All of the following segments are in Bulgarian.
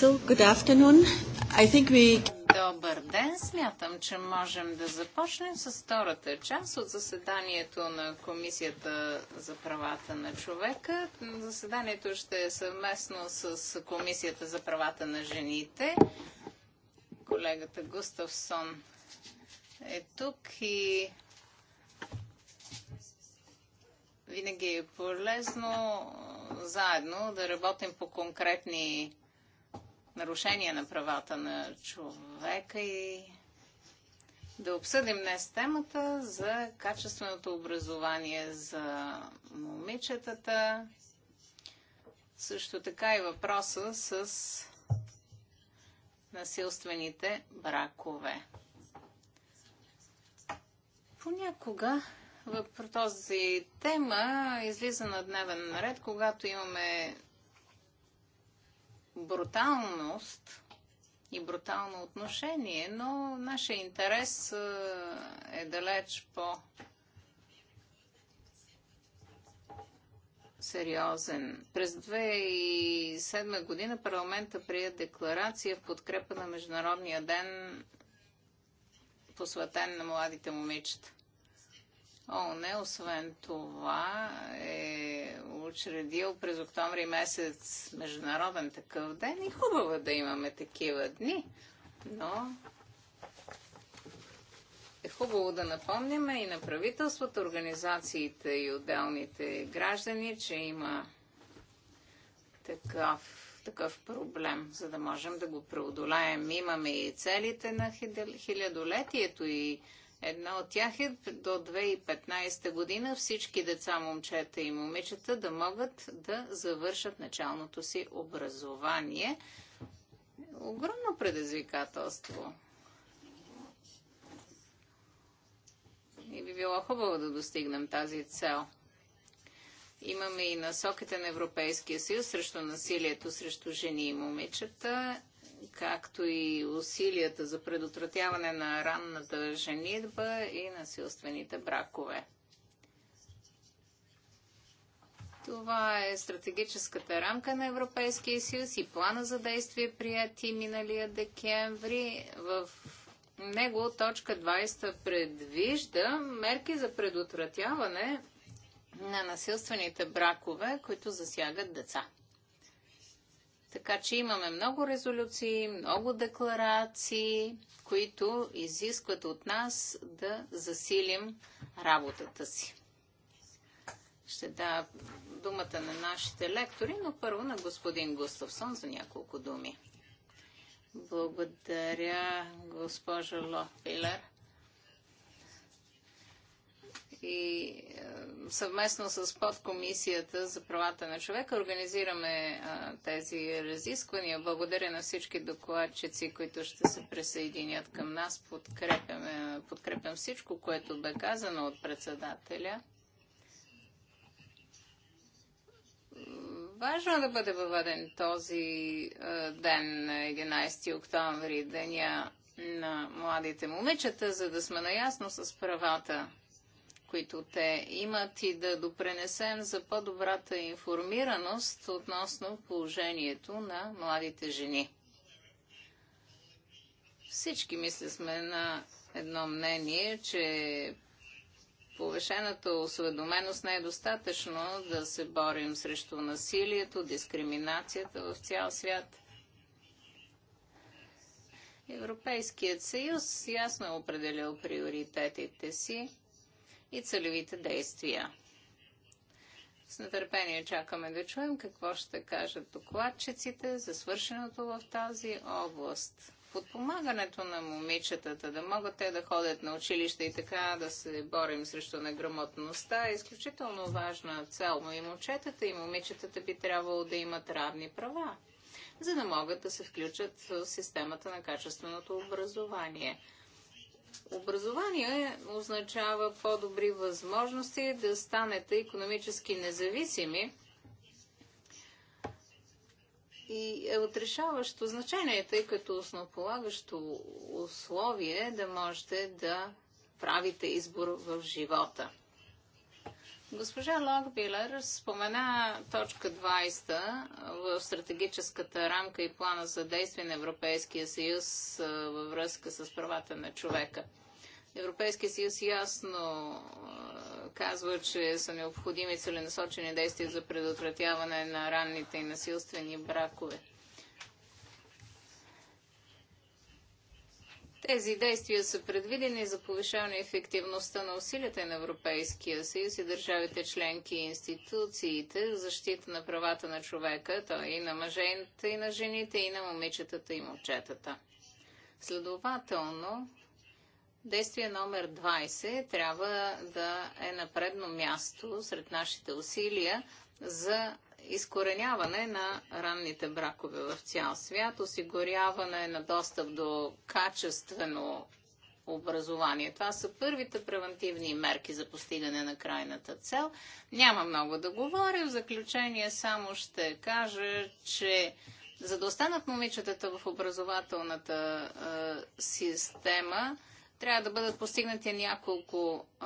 Council. Good afternoon. I think we... Добър ден! Смятам, че можем да започнем с втората част от заседанието на Комисията за правата на човека. Заседанието ще е съвместно с Комисията за правата на жените. Колегата Густавсон е тук и винаги е полезно заедно да работим по конкретни нарушения на правата на човека и да обсъдим днес темата за качественото образование за момичетата. Също така и въпроса с насилствените бракове. Понякога в този тема излиза на дневен наред, когато имаме бруталност и брутално отношение, но нашия интерес е далеч по сериозен. През 2007 година парламента прие декларация в подкрепа на Международния ден, посветен на младите момичета не, освен това, е учредил през октомври месец международен такъв ден и хубаво да имаме такива дни, но е хубаво да напомняме и на правителствата, организациите и отделните граждани, че има такъв такъв проблем, за да можем да го преодолеем. Имаме и целите на хилядолетието и Една от тях е до 2015 година всички деца, момчета и момичета да могат да завършат началното си образование. Огромно предизвикателство. И би било хубаво да достигнем тази цел. Имаме и насоките на Европейския съюз срещу насилието срещу жени и момичета както и усилията за предотвратяване на ранната женитба и насилствените бракове. Това е стратегическата рамка на Европейския съюз и плана за действие, прияти миналия декември. В него точка 20 предвижда мерки за предотвратяване на насилствените бракове, които засягат деца. Така че имаме много резолюции, много декларации, които изискват от нас да засилим работата си. Ще дам думата на нашите лектори, но първо на господин Густавсон за няколко думи. Благодаря, госпожо Лофилер и е, съвместно с подкомисията за правата на човека организираме е, тези разисквания. Благодаря на всички докладчици, които ще се присъединят към нас. Подкрепяме, подкрепям всичко, което бе казано от председателя. Важно е да бъде въведен този е, ден ден, 11 октомври, деня на младите момичета, за да сме наясно с правата които те имат и да допренесем за по-добрата информираност относно положението на младите жени. Всички, мисля, сме на едно мнение, че повешената осведоменост не е достатъчно да се борим срещу насилието, дискриминацията в цял свят. Европейският съюз ясно е определил приоритетите си и целевите действия. С нетърпение чакаме да чуем какво ще кажат докладчиците за свършеното в тази област. Подпомагането на момичетата, да могат те да ходят на училище и така да се борим срещу неграмотността е изключително важна цел, но и момчетата и момичетата би трябвало да имат равни права, за да могат да се включат в системата на качественото образование – Образование означава по-добри възможности да станете економически независими и е отрешаващо значение, тъй като основополагащо условие е да можете да правите избор в живота. Госпожа Локбилер спомена точка 20 в стратегическата рамка и плана за действие на Европейския съюз във връзка с правата на човека. Европейския съюз ясно казва, че са необходими целенасочени действия за предотвратяване на ранните и насилствени бракове. Тези действия са предвидени за повишаване ефективността на усилията на Европейския съюз и държавите членки и институциите за защита на правата на човека, то е и на мъжените, и на жените, и на момичетата и момчетата. Следователно, действие номер 20 трябва да е на предно място сред нашите усилия за изкореняване на ранните бракове в цял свят, осигуряване на достъп до качествено образование. Това са първите превентивни мерки за постигане на крайната цел. Няма много да говоря. В заключение само ще кажа, че за да останат момичетата в образователната е, система, трябва да бъдат постигнати няколко е,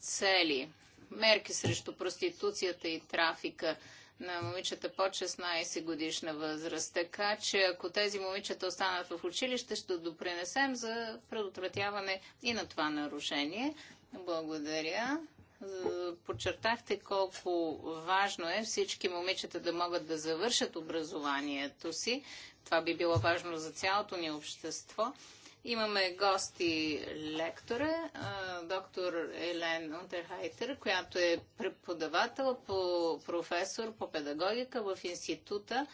цели. Мерки срещу проституцията и трафика – на момичета под 16 годишна възраст. Така че ако тези момичета останат в училище, ще допринесем за предотвратяване и на това нарушение. Благодаря. Подчертахте колко важно е всички момичета да могат да завършат образованието си. Това би било важно за цялото ни общество. Имаме гости лектора, доктор Елен Унтерхайтер, която е преподавател по професор по педагогика в Института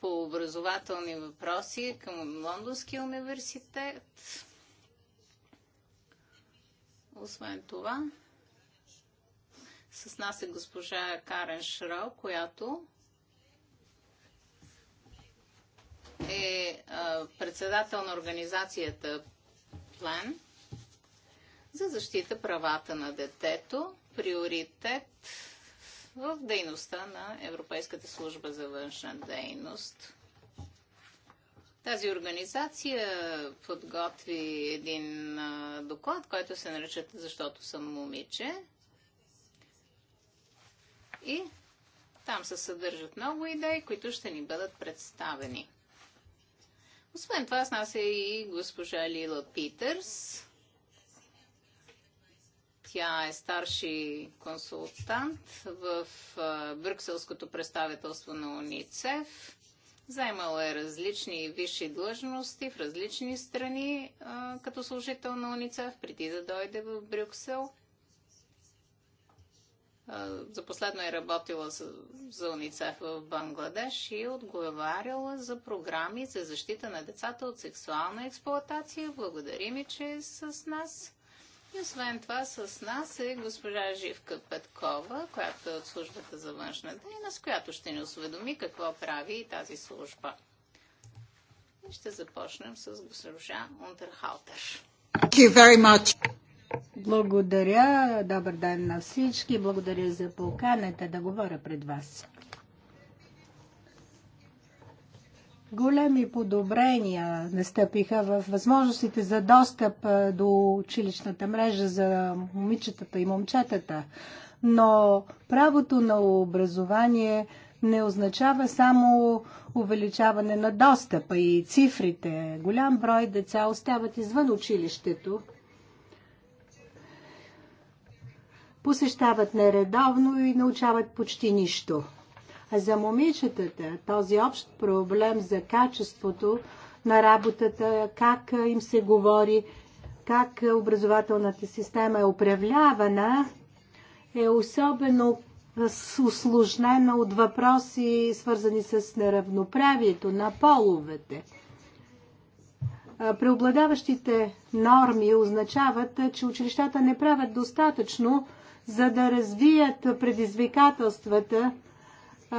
по образователни въпроси към Лондонския университет. Освен това, с нас е госпожа Карен Шро, която е председател на организацията План за защита правата на детето, приоритет в дейността на Европейската служба за външна дейност. Тази организация подготви един доклад, който се нарича Защото съм момиче. И там се съдържат много идеи, които ще ни бъдат представени. Освен това, с нас е и госпожа Лила Питърс. Тя е старши консултант в Брюкселското представителство на УНИЦЕФ. Займала е различни висши длъжности в различни страни като служител на УНИЦЕФ, преди да дойде в Брюксел – за последно е работила за, за УНИЦЕФ в Бангладеш и отговаряла за програми за защита на децата от сексуална експлоатация. Благодари ми, че е с нас. И освен това с нас е госпожа Живка Петкова, която е от службата за външна дейност, която ще ни осведоми какво прави и тази служба. И ще започнем с госпожа Унтерхалтер. Thank you very much. Благодаря. Добър ден на всички. Благодаря за поканата да говоря пред вас. Големи подобрения настъпиха в възможностите за достъп до училищната мрежа за момичетата и момчетата. Но правото на образование не означава само увеличаване на достъпа и цифрите. Голям брой деца остават извън училището посещават нередовно и научават почти нищо. А за момичетата този общ проблем за качеството на работата, как им се говори, как образователната система е управлявана, е особено усложнена от въпроси, свързани с неравноправието на половете. Преобладаващите норми означават, че училищата не правят достатъчно за да развият предизвикателствата а,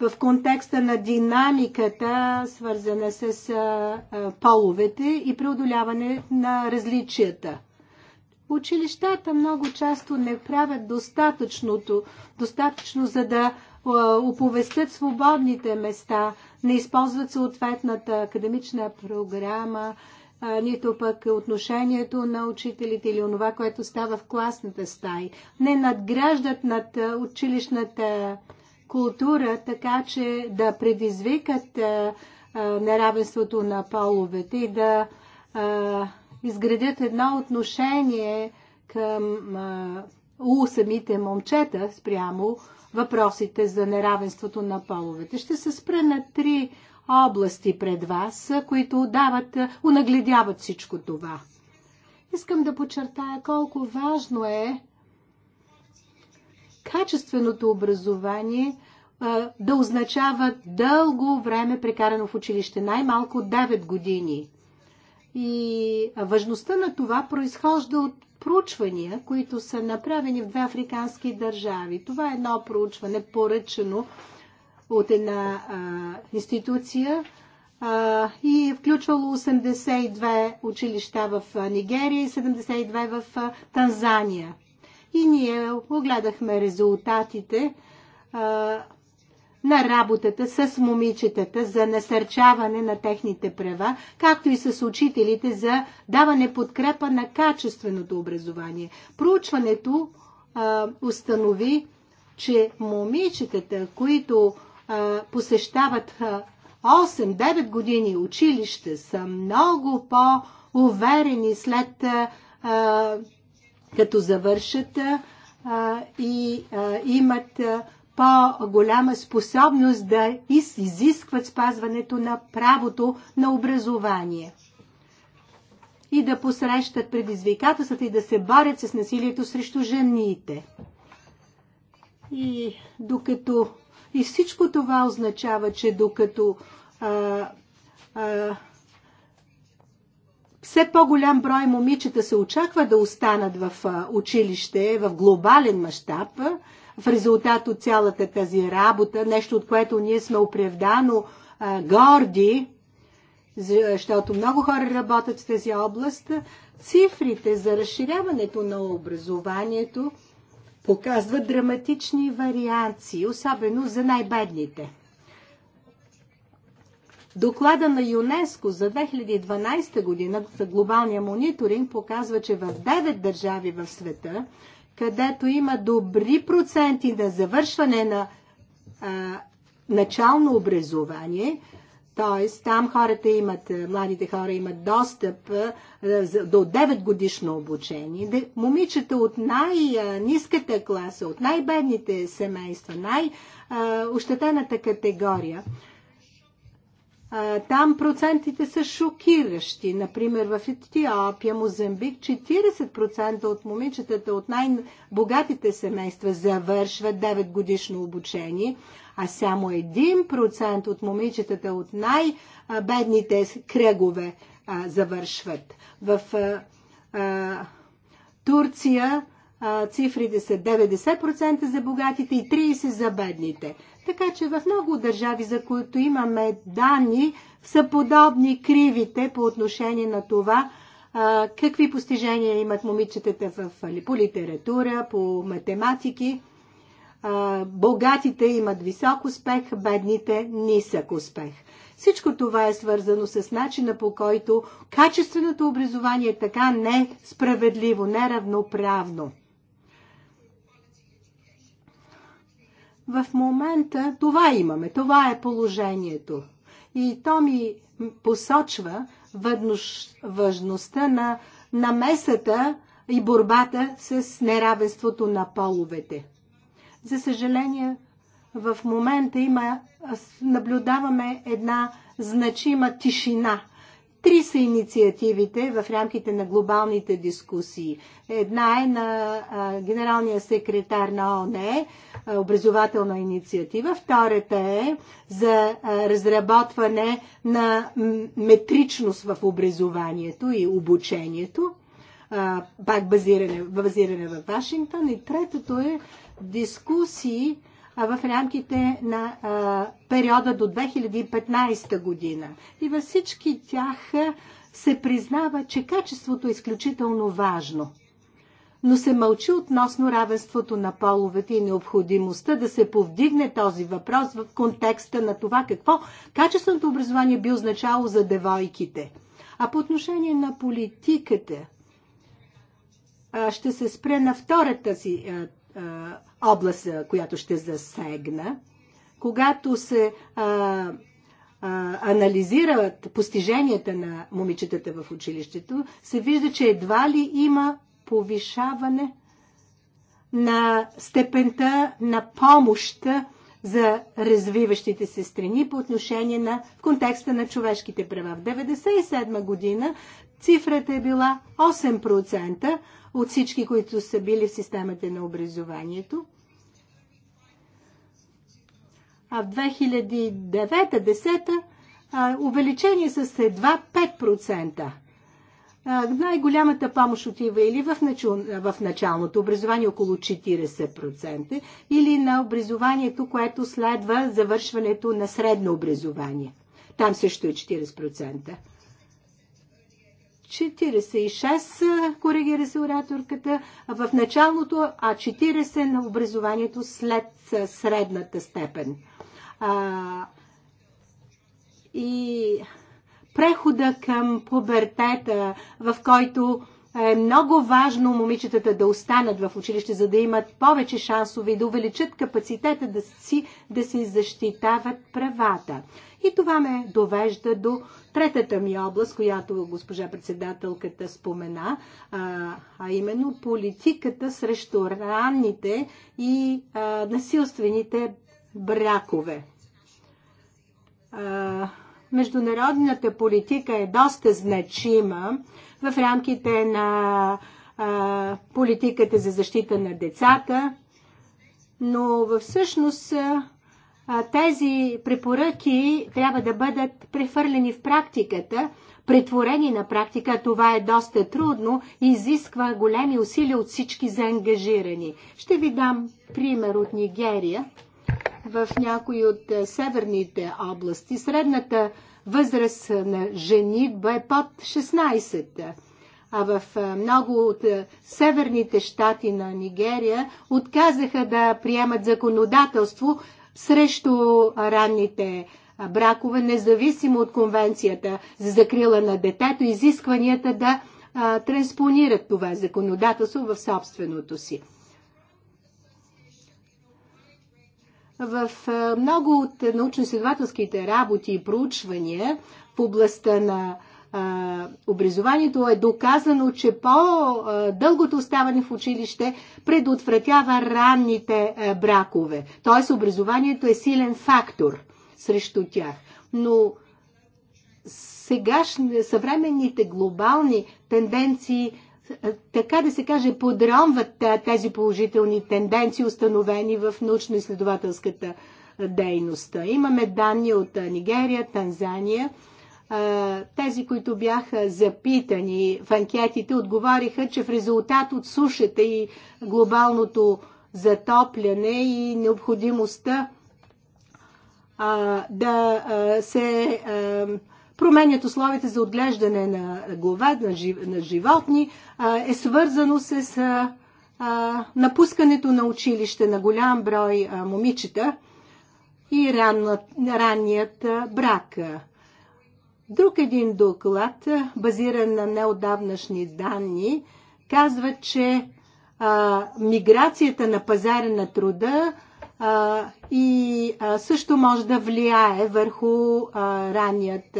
в контекста на динамиката, свързана с а, половете и преодоляване на различията. Училищата много често не правят достатъчното, достатъчно за да оповестят свободните места, не използват съответната академична програма нито пък отношението на учителите или онова, което става в класната стая. Не надграждат над училищната култура, така че да предизвикат неравенството на половете и да изградят едно отношение към а, у самите момчета спрямо въпросите за неравенството на половете. Ще се спра на три области пред вас, които дават, унагледяват всичко това. Искам да подчертая колко важно е качественото образование да означава дълго време прекарано в училище, най-малко 9 години. И важността на това произхожда от проучвания, които са направени в две африкански държави. Това е едно проучване, поръчено от една а, институция а, и е включвало 82 училища в Нигерия и 72 в а, Танзания. И ние огледахме резултатите а, на работата с момичетата за насърчаване на техните права, както и с учителите за даване подкрепа на качественото образование. Проучването а, установи, че момичетата, които посещават 8-9 години училище, са много по-уверени след като завършат и имат по-голяма способност да изискват спазването на правото на образование и да посрещат предизвикателствата и да се борят с насилието срещу жените. И докато и всичко това означава, че докато а, а, все по-голям брой момичета се очаква да останат в училище в глобален мащаб, в резултат от цялата тази работа, нещо от което ние сме оправдано а, горди, защото много хора работят в тази област, цифрите за разширяването на образованието показва драматични вариации, особено за най-бедните. Доклада на ЮНЕСКО за 2012 година за глобалния мониторинг показва, че в 9 държави в света, където има добри проценти на завършване на а, начално образование, Тоест, там хората имат, е, младите хора имат достъп е, до 9 годишно обучение. Момичета от най-низката класа, от най-бедните семейства, най-ощетената е, категория – там процентите са шокиращи. Например, в Етиопия, Мозамбик, 40% от момичетата от най-богатите семейства завършват 9 годишно обучение, а само 1% от момичетата от най-бедните кръгове завършват. В а, а, Турция цифрите са 90% за богатите и 30% за бедните. Така че в много държави, за които имаме данни, са подобни кривите по отношение на това, а, какви постижения имат момичетата в, по литература, по математики. А, богатите имат висок успех, бедните нисък успех. Всичко това е свързано с начина по който качественото образование е така несправедливо, неравноправно. в момента това имаме, това е положението. И то ми посочва важността на намесата и борбата с неравенството на половете. За съжаление, в момента има, наблюдаваме една значима тишина. Три са инициативите в рамките на глобалните дискусии. Една е на а, генералния секретар на ОНЕ е, образователна инициатива. Втората е за е, разработване на метричност в образованието и обучението, е, пак базиране, базиране в Вашингтон. И третото е дискусии в рамките на периода до 2015 година. И във всички тях се признава, че качеството е изключително важно – но се мълчи относно равенството на половете и необходимостта да се повдигне този въпрос в контекста на това какво качественото образование би означало за девойките. А по отношение на политиката, ще се спре на втората си област, която ще засегна. Когато се анализират постиженията на момичетата в училището, се вижда, че едва ли има повишаване на степента на помощта за развиващите се страни по отношение на в контекста на човешките права. В 1997 година цифрата е била 8% от всички, които са били в системата на образованието. А в 2009-2010 увеличение с едва 5% най-голямата помощ отива или в, начал, в началното образование около 40% или на образованието, което следва завършването на средно образование. Там също е 40%. 46, коригира се ораторката, в началото, а 40 на образованието след средната степен. А, и прехода към пубертета, в който е много важно момичетата да останат в училище, за да имат повече шансове и да увеличат капацитета да си, да си защитават правата. И това ме довежда до третата ми област, която госпожа председателката спомена, а, а именно политиката срещу ранните и а, насилствените бракове. А, международната политика е доста значима в рамките на а, политиката за защита на децата, но всъщност тези препоръки трябва да бъдат прехвърлени в практиката, претворени на практика. Това е доста трудно и изисква големи усилия от всички заангажирани. Ще ви дам пример от Нигерия. В някои от северните области средната възраст на женитба е под 16. А в много от северните щати на Нигерия отказаха да приемат законодателство срещу ранните бракове, независимо от конвенцията за закрила на детето, изискванията да а, транспонират това законодателство в собственото си. В е, много от научно-изследователските работи и проучвания в областта на е, образованието е доказано, че по-дългото оставане в училище предотвратява ранните е, бракове. Т.е. образованието е силен фактор срещу тях. Но сега съвременните глобални тенденции така да се каже, подрамват тези положителни тенденции, установени в научно-изследователската дейност. Имаме данни от Нигерия, Танзания. Тези, които бяха запитани в анкетите, отговариха, че в резултат от сушата и глобалното затопляне и необходимостта да се променят условията за отглеждане на глава, на животни, е свързано с напускането на училище на голям брой момичета и ранният брак. Друг един доклад, базиран на неодавнашни данни, казва, че а, миграцията на пазара на труда и също може да влияе върху ранният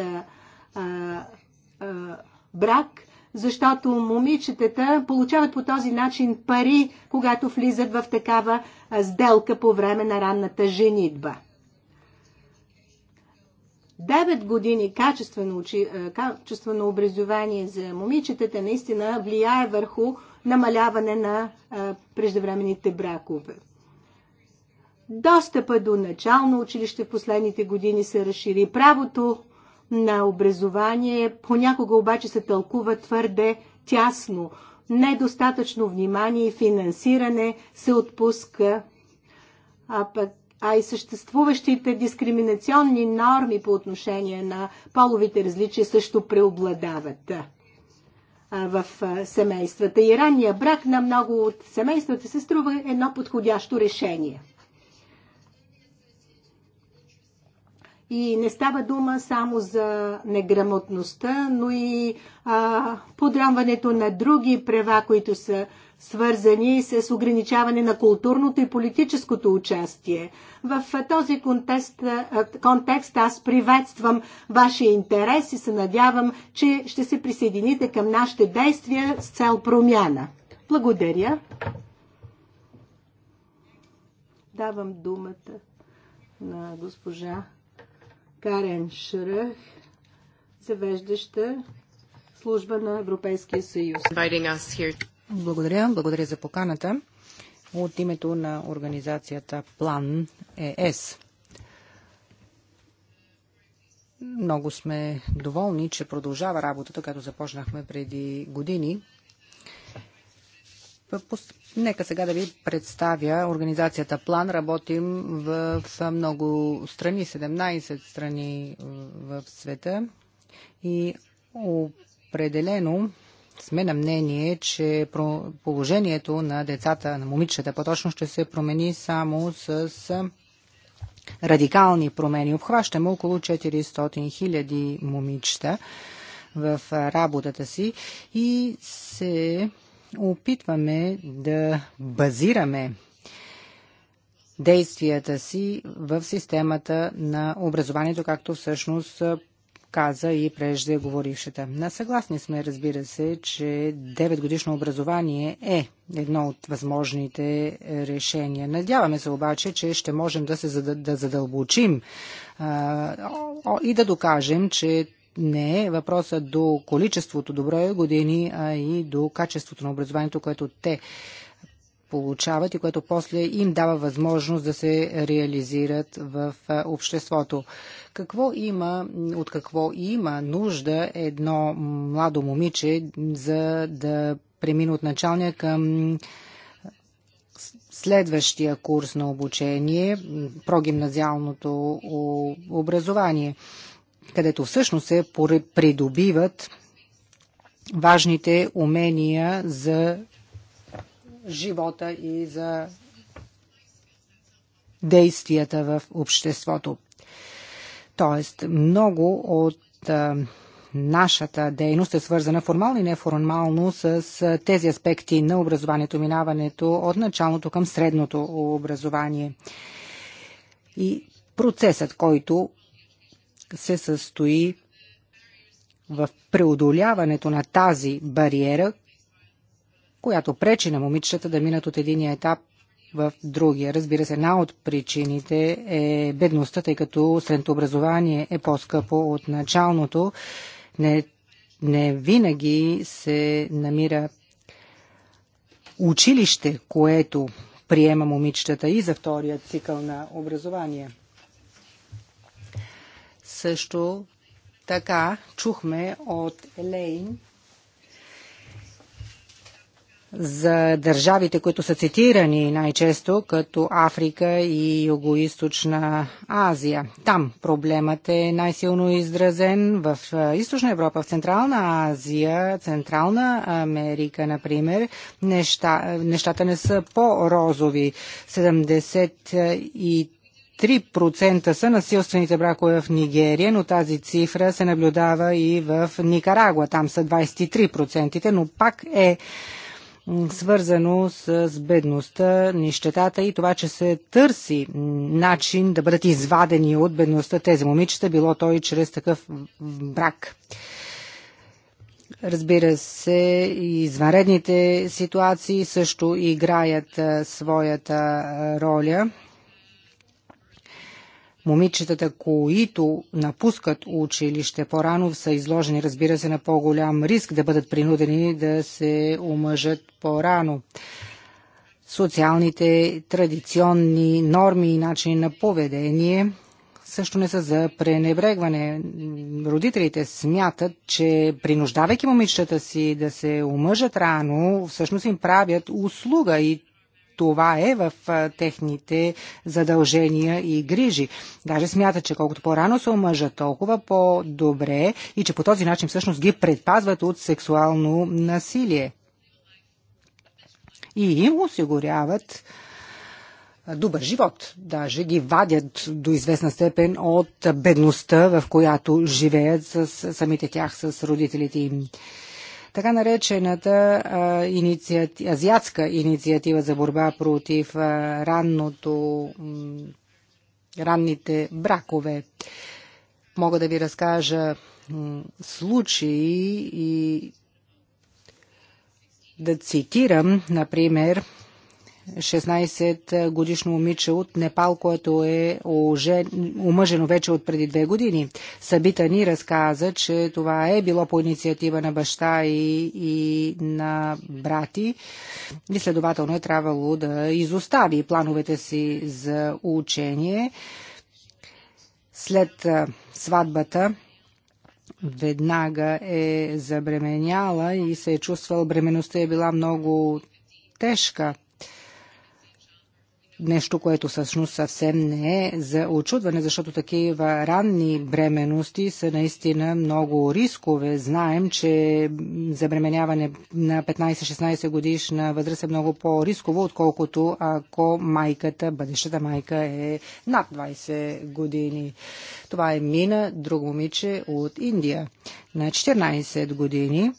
брак, защото момичетата получават по този начин пари, когато влизат в такава сделка по време на ранната женитба. Девет години качествено, качествено образование за момичетата наистина влияе върху намаляване на преждевременните бракове. Достъпа до начално училище в последните години се разшири. Правото на образование понякога обаче се тълкува твърде тясно. Недостатъчно внимание и финансиране се отпуска, а пък а и съществуващите дискриминационни норми по отношение на половите различия също преобладават в семействата. И ранния брак на много от семействата се струва едно подходящо решение. И не става дума само за неграмотността, но и а, подрамването на други права, които са свързани с ограничаване на културното и политическото участие. В този контекст, контекст аз приветствам вашия интерес и се надявам, че ще се присъедините към нашите действия с цел промяна. Благодаря. Давам думата на госпожа Карен Шръх, завеждаща служба на Европейския съюз. Благодаря, благодаря за поканата от името на организацията План е ЕС. Много сме доволни, че продължава работата, която започнахме преди години Нека сега да ви представя организацията План. Работим в много страни, 17 страни е, в света и определено сме на мнение, че положението на децата, на момичета по-точно ще се промени само с е, радикални промени. Обхващаме около 400 хиляди момичета в работата си и се опитваме да базираме действията си в системата на образованието, както всъщност каза и прежде говорившата. съгласни сме, разбира се, че 9 годишно образование е едно от възможните решения. Надяваме се обаче, че ще можем да се задълбочим а, и да докажем, че не е въпроса до количеството добро е години, а и до качеството на образованието, което те получават и което после им дава възможност да се реализират в обществото. Какво има, от какво има нужда едно младо момиче, за да премине от началния към следващия курс на обучение, прогимназиалното образование където всъщност се придобиват важните умения за живота и за действията в обществото. Тоест, много от а, нашата дейност е свързана формално и неформално с, с тези аспекти на образованието, минаването от началното към средното образование. И процесът, който се състои в преодоляването на тази бариера, която пречи на момичетата да минат от единия етап в другия. Разбира се, една от причините е бедността, тъй като средното образование е по-скъпо от началното. Не, не винаги се намира училище, което приема момичетата и за втория цикъл на образование. Също така чухме от Елейн за държавите, които са цитирани най-често, като Африка и Юго-Источна Азия. Там проблемът е най-силно изразен в Източна Европа, в Централна Азия, Централна Америка, например. Неща, нещата не са по-розови. 3% са насилствените бракове в Нигерия, но тази цифра се наблюдава и в Никарагуа. Там са 23%, но пак е свързано с бедността, нищетата и това, че се търси начин да бъдат извадени от бедността тези момичета, било той чрез такъв брак. Разбира се, и извънредните ситуации също играят своята роля момичетата, които напускат училище по-рано, са изложени, разбира се, на по-голям риск да бъдат принудени да се омъжат по-рано. Социалните традиционни норми и начини на поведение също не са за пренебрегване. Родителите смятат, че принуждавайки момичетата си да се омъжат рано, всъщност им правят услуга и това е в техните задължения и грижи. Даже смята, че колкото по-рано се омъжат, толкова по-добре и че по този начин всъщност ги предпазват от сексуално насилие. И им осигуряват добър живот. Даже ги вадят до известна степен от бедността, в която живеят с самите тях, с родителите им. Така наречената а, инициати... азиатска инициатива за борба против а, ранното, ранните бракове. Мога да ви разкажа случаи и да цитирам, например, 16 годишно момиче от Непал, което е омъжено вече от преди две години. Сабита ни разказа, че това е било по инициатива на баща и, и на брати и следователно е трябвало да изостави плановете си за учение. След сватбата веднага е забременяла и се е чувствала, бременността е била много тежка. Нещо, което всъщност съвсем не е за очудване, защото такива ранни бременности са наистина много рискове. Знаем, че забременяване на 15-16 годишна възраст е много по-рисково, отколкото ако майката, бъдещата майка е над 20 години. Това е Мина, друг момиче от Индия на 14 години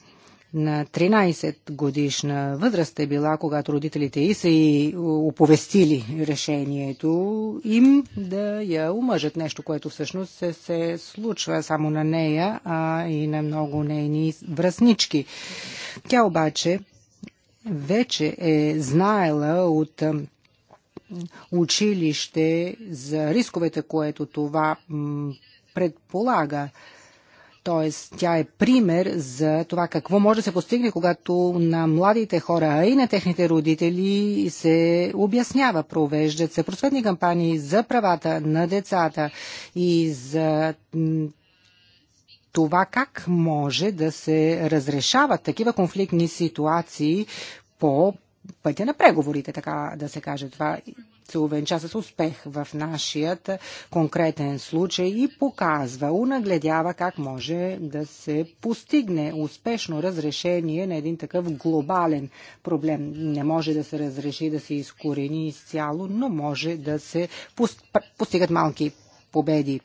на 13 годишна възраст е била, когато родителите й са и оповестили решението им да я омъжат. Нещо, което всъщност се, се случва само на нея, а и на много нейни връзнички. Тя обаче вече е знаела от училище за рисковете, което това предполага. Т.е. тя е пример за това какво може да се постигне, когато на младите хора, а и на техните родители се обяснява, провеждат се просветни кампании за правата на децата и за това как може да се разрешават такива конфликтни ситуации по пътя на преговорите, така да се каже. Това се увенча с успех в нашият конкретен случай и показва, унагледява как може да се постигне успешно разрешение на един такъв глобален проблем. Не може да се разреши да се изкорени изцяло, но може да се постигат малки победи.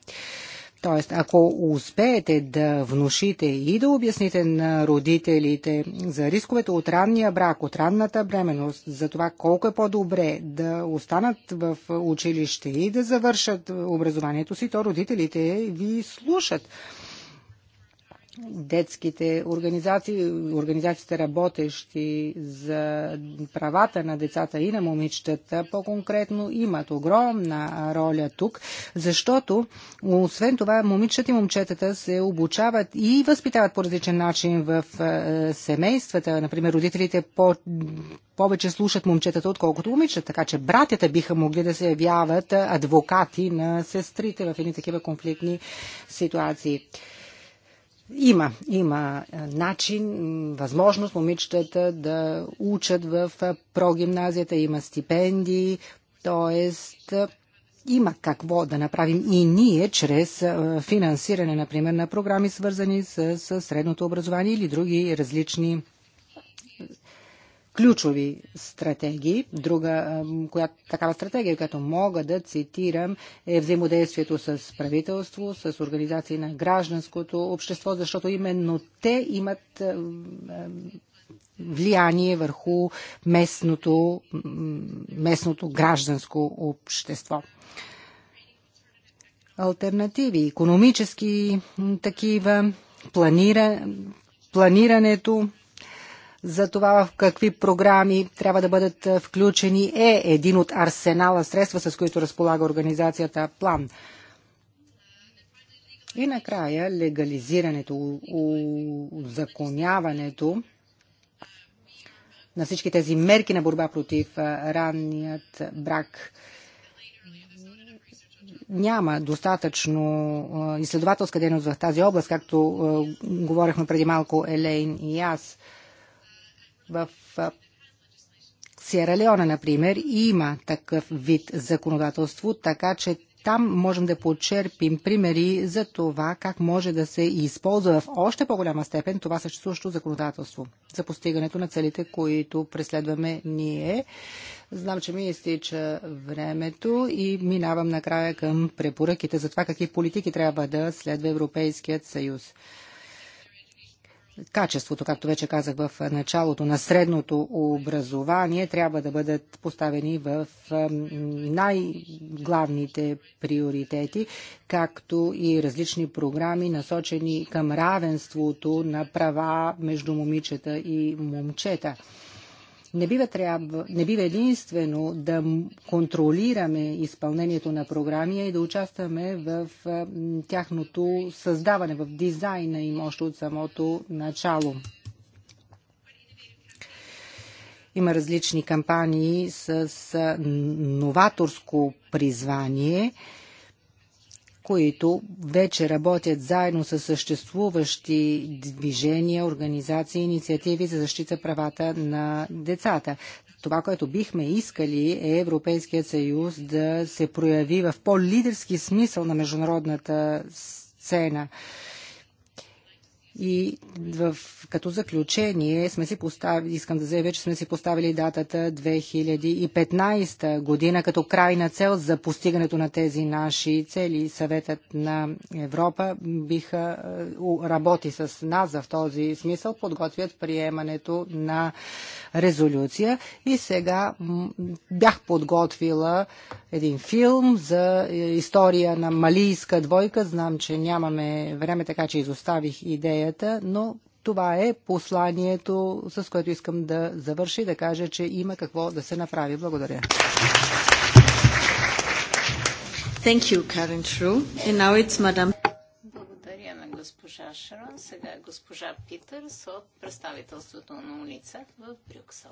Тоест, ако успеете да внушите и да обясните на родителите за рисковете от ранния брак, от ранната бременност, за това колко е по-добре да останат в училище и да завършат образованието си, то родителите ви слушат детските организации, организациите работещи за правата на децата и на момичетата, по-конкретно имат огромна роля тук, защото освен това момичетата и момчетата се обучават и възпитават по различен начин в е, семействата. Например, родителите по повече слушат момчетата, отколкото момичета. Така че братята биха могли да се явяват адвокати на сестрите в едни такива конфликтни ситуации. Има, има начин, възможност момичетата да учат в прогимназията, има стипендии, т.е. има какво да направим и ние чрез финансиране, например, на програми свързани с, с средното образование или други различни ключови стратегии. Друга коя, такава стратегия, която мога да цитирам, е взаимодействието с правителство, с организации на гражданското общество, защото именно те имат влияние върху местното, местното гражданско общество альтернативи, економически такива, планира, планирането, за това в какви програми трябва да бъдат включени е един от арсенала средства, с които разполага организацията План. И накрая легализирането, узаконяването на всички тези мерки на борба против ранният брак няма достатъчно изследователска дейност в тази област, както говорихме преди малко Елейн и аз. В Сиера Леона, например, има такъв вид законодателство, така че там можем да почерпим примери за това как може да се използва в още по-голяма степен това съществуващо законодателство за постигането на целите, които преследваме ние. Знам, че ми изтича времето и минавам накрая към препоръките за това какви политики трябва да следва Европейският съюз качеството, както вече казах в началото, на средното образование трябва да бъдат поставени в най-главните приоритети, както и различни програми, насочени към равенството на права между момичета и момчета. Не бива, трябва, не бива единствено да контролираме изпълнението на програми и да участваме в тяхното създаване, в дизайна им още от самото начало. Има различни кампании с новаторско призвание – които вече работят заедно с съществуващи движения, организации, инициативи за защита правата на децата. Това, което бихме искали е Европейският съюз да се прояви в по-лидерски смисъл на международната сцена. И в, като заключение сме си поставили, искам да заявя, че сме си поставили датата 2015 година като крайна цел за постигането на тези наши цели. Съветът на Европа биха е, работи с нас в този смисъл, подготвят приемането на резолюция. И сега бях подготвила един филм за е, история на малийска двойка. Знам, че нямаме време, така че изоставих идея идеята, но това е посланието, с което искам да завърши, да кажа, че има какво да се направи. Благодаря. Thank you, Karen True. And now it's Madame... Благодаря на госпожа Шарон. Сега е госпожа Питърс от представителството на улица в Брюксел.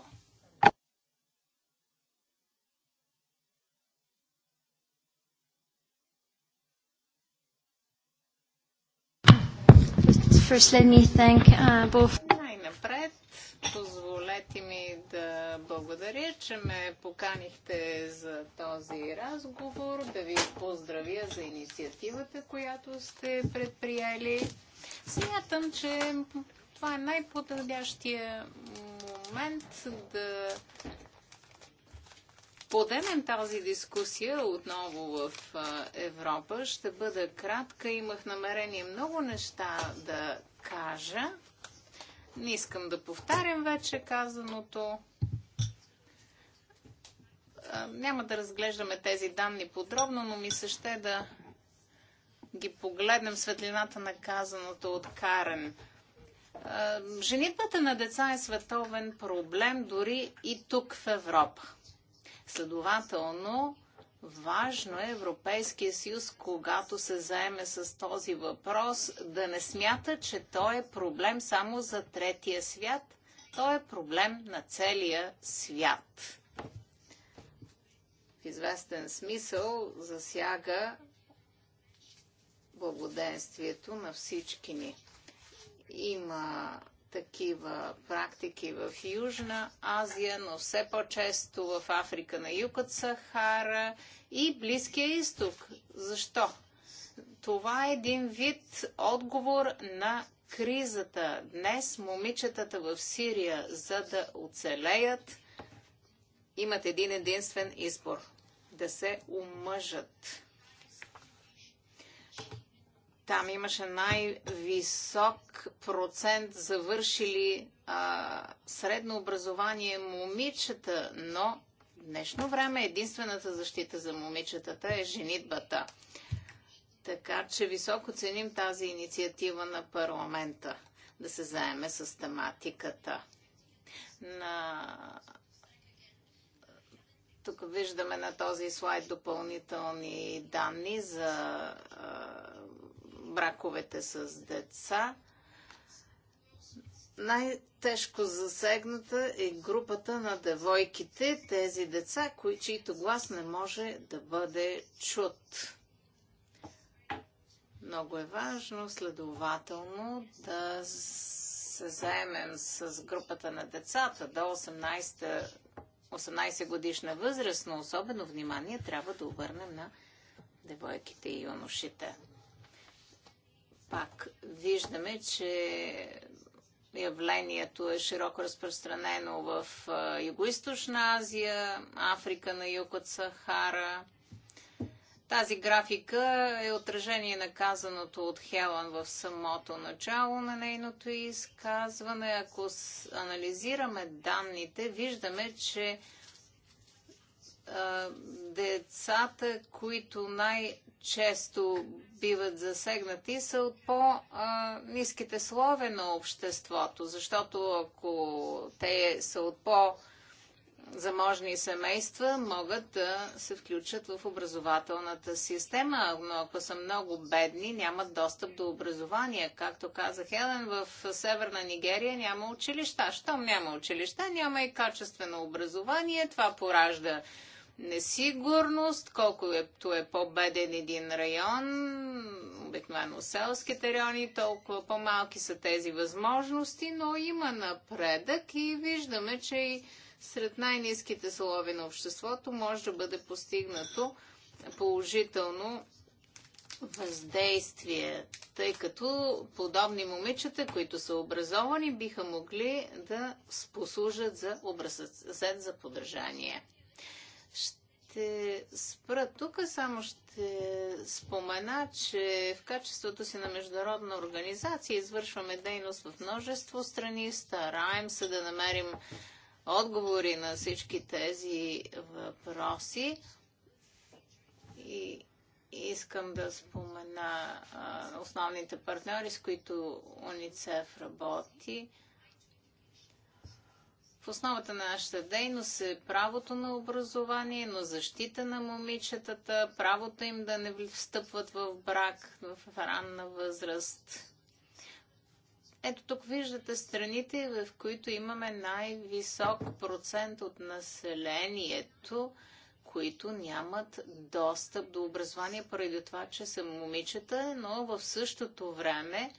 First, let me thank uh, both. Най-напред, позволете ми да благодаря, че ме поканихте за този разговор, да ви поздравя за инициативата, която сте предприели. Смятам, че това е най-подходящия момент да Споделям тази дискусия отново в Европа. Ще бъда кратка. Имах намерение много неща да кажа. Не искам да повтарям вече казаното. Няма да разглеждаме тези данни подробно, но ми се ще да ги погледнем светлината на казаното от Карен. Женитбата на деца е световен проблем дори и тук в Европа. Следователно, Важно е Европейския съюз, когато се заеме с този въпрос, да не смята, че той е проблем само за третия свят. Той е проблем на целия свят. В известен смисъл засяга благоденствието на всички ни. Има такива практики в Южна Азия, но все по-често в Африка на юг от Сахара и Близкия изток. Защо? Това е един вид отговор на кризата. Днес момичетата в Сирия, за да оцелеят, имат един единствен избор да се омъжат. Там имаше най-висок процент завършили а, средно образование момичета, но в днешно време единствената защита за момичетата е женитбата. Така че високо ценим тази инициатива на парламента да се заеме с тематиката. На... Тук виждаме на този слайд допълнителни данни за а, браковете с деца. Най-тежко засегната е групата на девойките, тези деца, кои, чието глас не може да бъде чут. Много е важно, следователно, да се заемем с групата на децата до 18, 18 годишна възраст, но особено внимание трябва да обърнем на девойките и юношите пак виждаме, че явлението е широко разпространено в Юго-Источна Азия, Африка на юг от Сахара. Тази графика е отражение на казаното от Хелън в самото начало на нейното изказване. Ако анализираме данните, виждаме, че децата, които най-често биват засегнати, са от по-низките слове на обществото, защото ако те са от по- заможни семейства могат да се включат в образователната система, но ако са много бедни, нямат достъп до образование. Както каза Хелен, в Северна Нигерия няма училища. Щом няма училища, няма и качествено образование. Това поражда несигурност, колкото е по-беден един район, обикновено селските райони, толкова по-малки са тези възможности, но има напредък и виждаме, че и сред най-низките слови на обществото може да бъде постигнато положително въздействие, тъй като подобни момичета, които са образовани, биха могли да послужат за образец за подражание. Ще спра тук, само ще спомена, че в качеството си на международна организация извършваме дейност в множество страни, стараем се да намерим отговори на всички тези въпроси. И искам да спомена а, основните партньори, с които УНИЦЕФ работи. В основата на нашата дейност е правото на образование, но защита на момичетата, правото им да не встъпват в брак в ранна възраст. Ето тук виждате страните, в които имаме най-висок процент от населението, които нямат достъп до образование поради това, че са момичета, но в същото време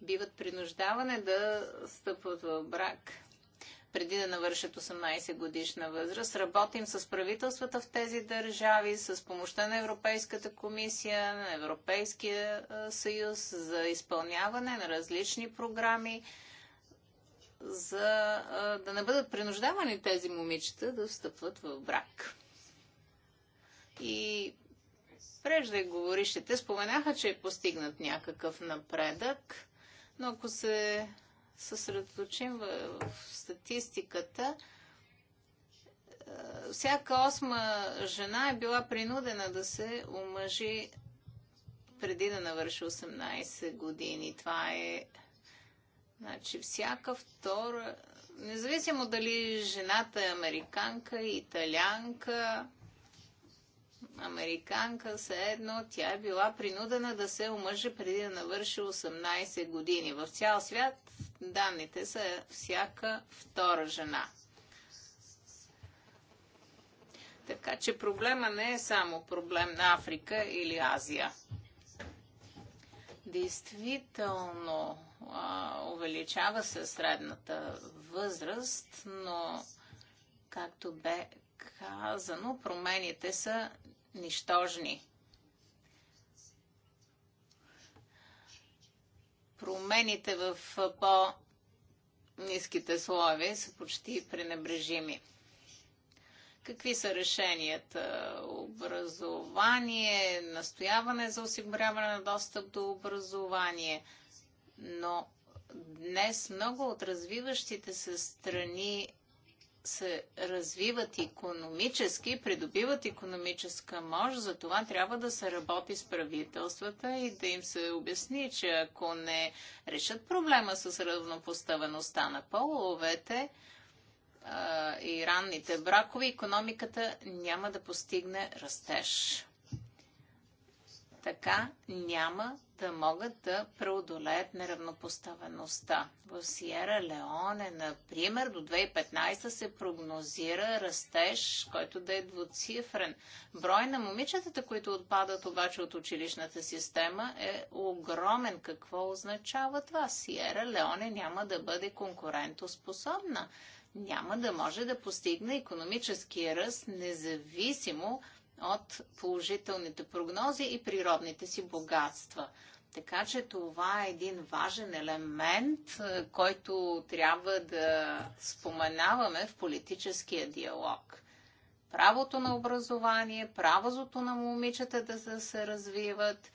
биват принуждавани да стъпват в брак преди да навършат 18 годишна възраст. Работим с правителствата в тези държави, с помощта на Европейската комисия, на Европейския съюз за изпълняване на различни програми, за да не бъдат принуждавани тези момичета да встъпват в брак. И преждеговорившите споменаха, че е постигнат някакъв напредък, но ако се съсредоточим в, в статистиката, е, всяка осма жена е била принудена да се омъжи преди да навърши 18 години. Това е. Значи, всяка втора. Независимо дали жената е американка, италянка, американка, все едно тя е била принудена да се омъжи преди да навърши 18 години. В цял свят данните са всяка втора жена. Така че проблема не е само проблем на Африка или Азия. Действително а, увеличава се средната възраст, но както бе казано, промените са нищожни. Промените в по-низките слови са почти пренебрежими. Какви са решенията? Образование, настояване за осигуряване на достъп до образование. Но днес много от развиващите се страни се развиват економически, придобиват економическа мощ, за това трябва да се работи с правителствата и да им се обясни, че ако не решат проблема с равнопоставеността на половете а, и ранните бракове, економиката няма да постигне растеж така няма да могат да преодолеят неравнопоставеността. В Сиера Леоне, например, до 2015 се прогнозира растеж, който да е двуцифрен. Брой на момичетата, които отпадат обаче от училищната система е огромен. Какво означава това? Сиера Леоне няма да бъде конкурентоспособна. Няма да може да постигне економически ръст, независимо от от положителните прогнози и природните си богатства. Така че това е един важен елемент, е, който трябва да споменаваме в политическия диалог. Правото на образование, правото на момичета да се развиват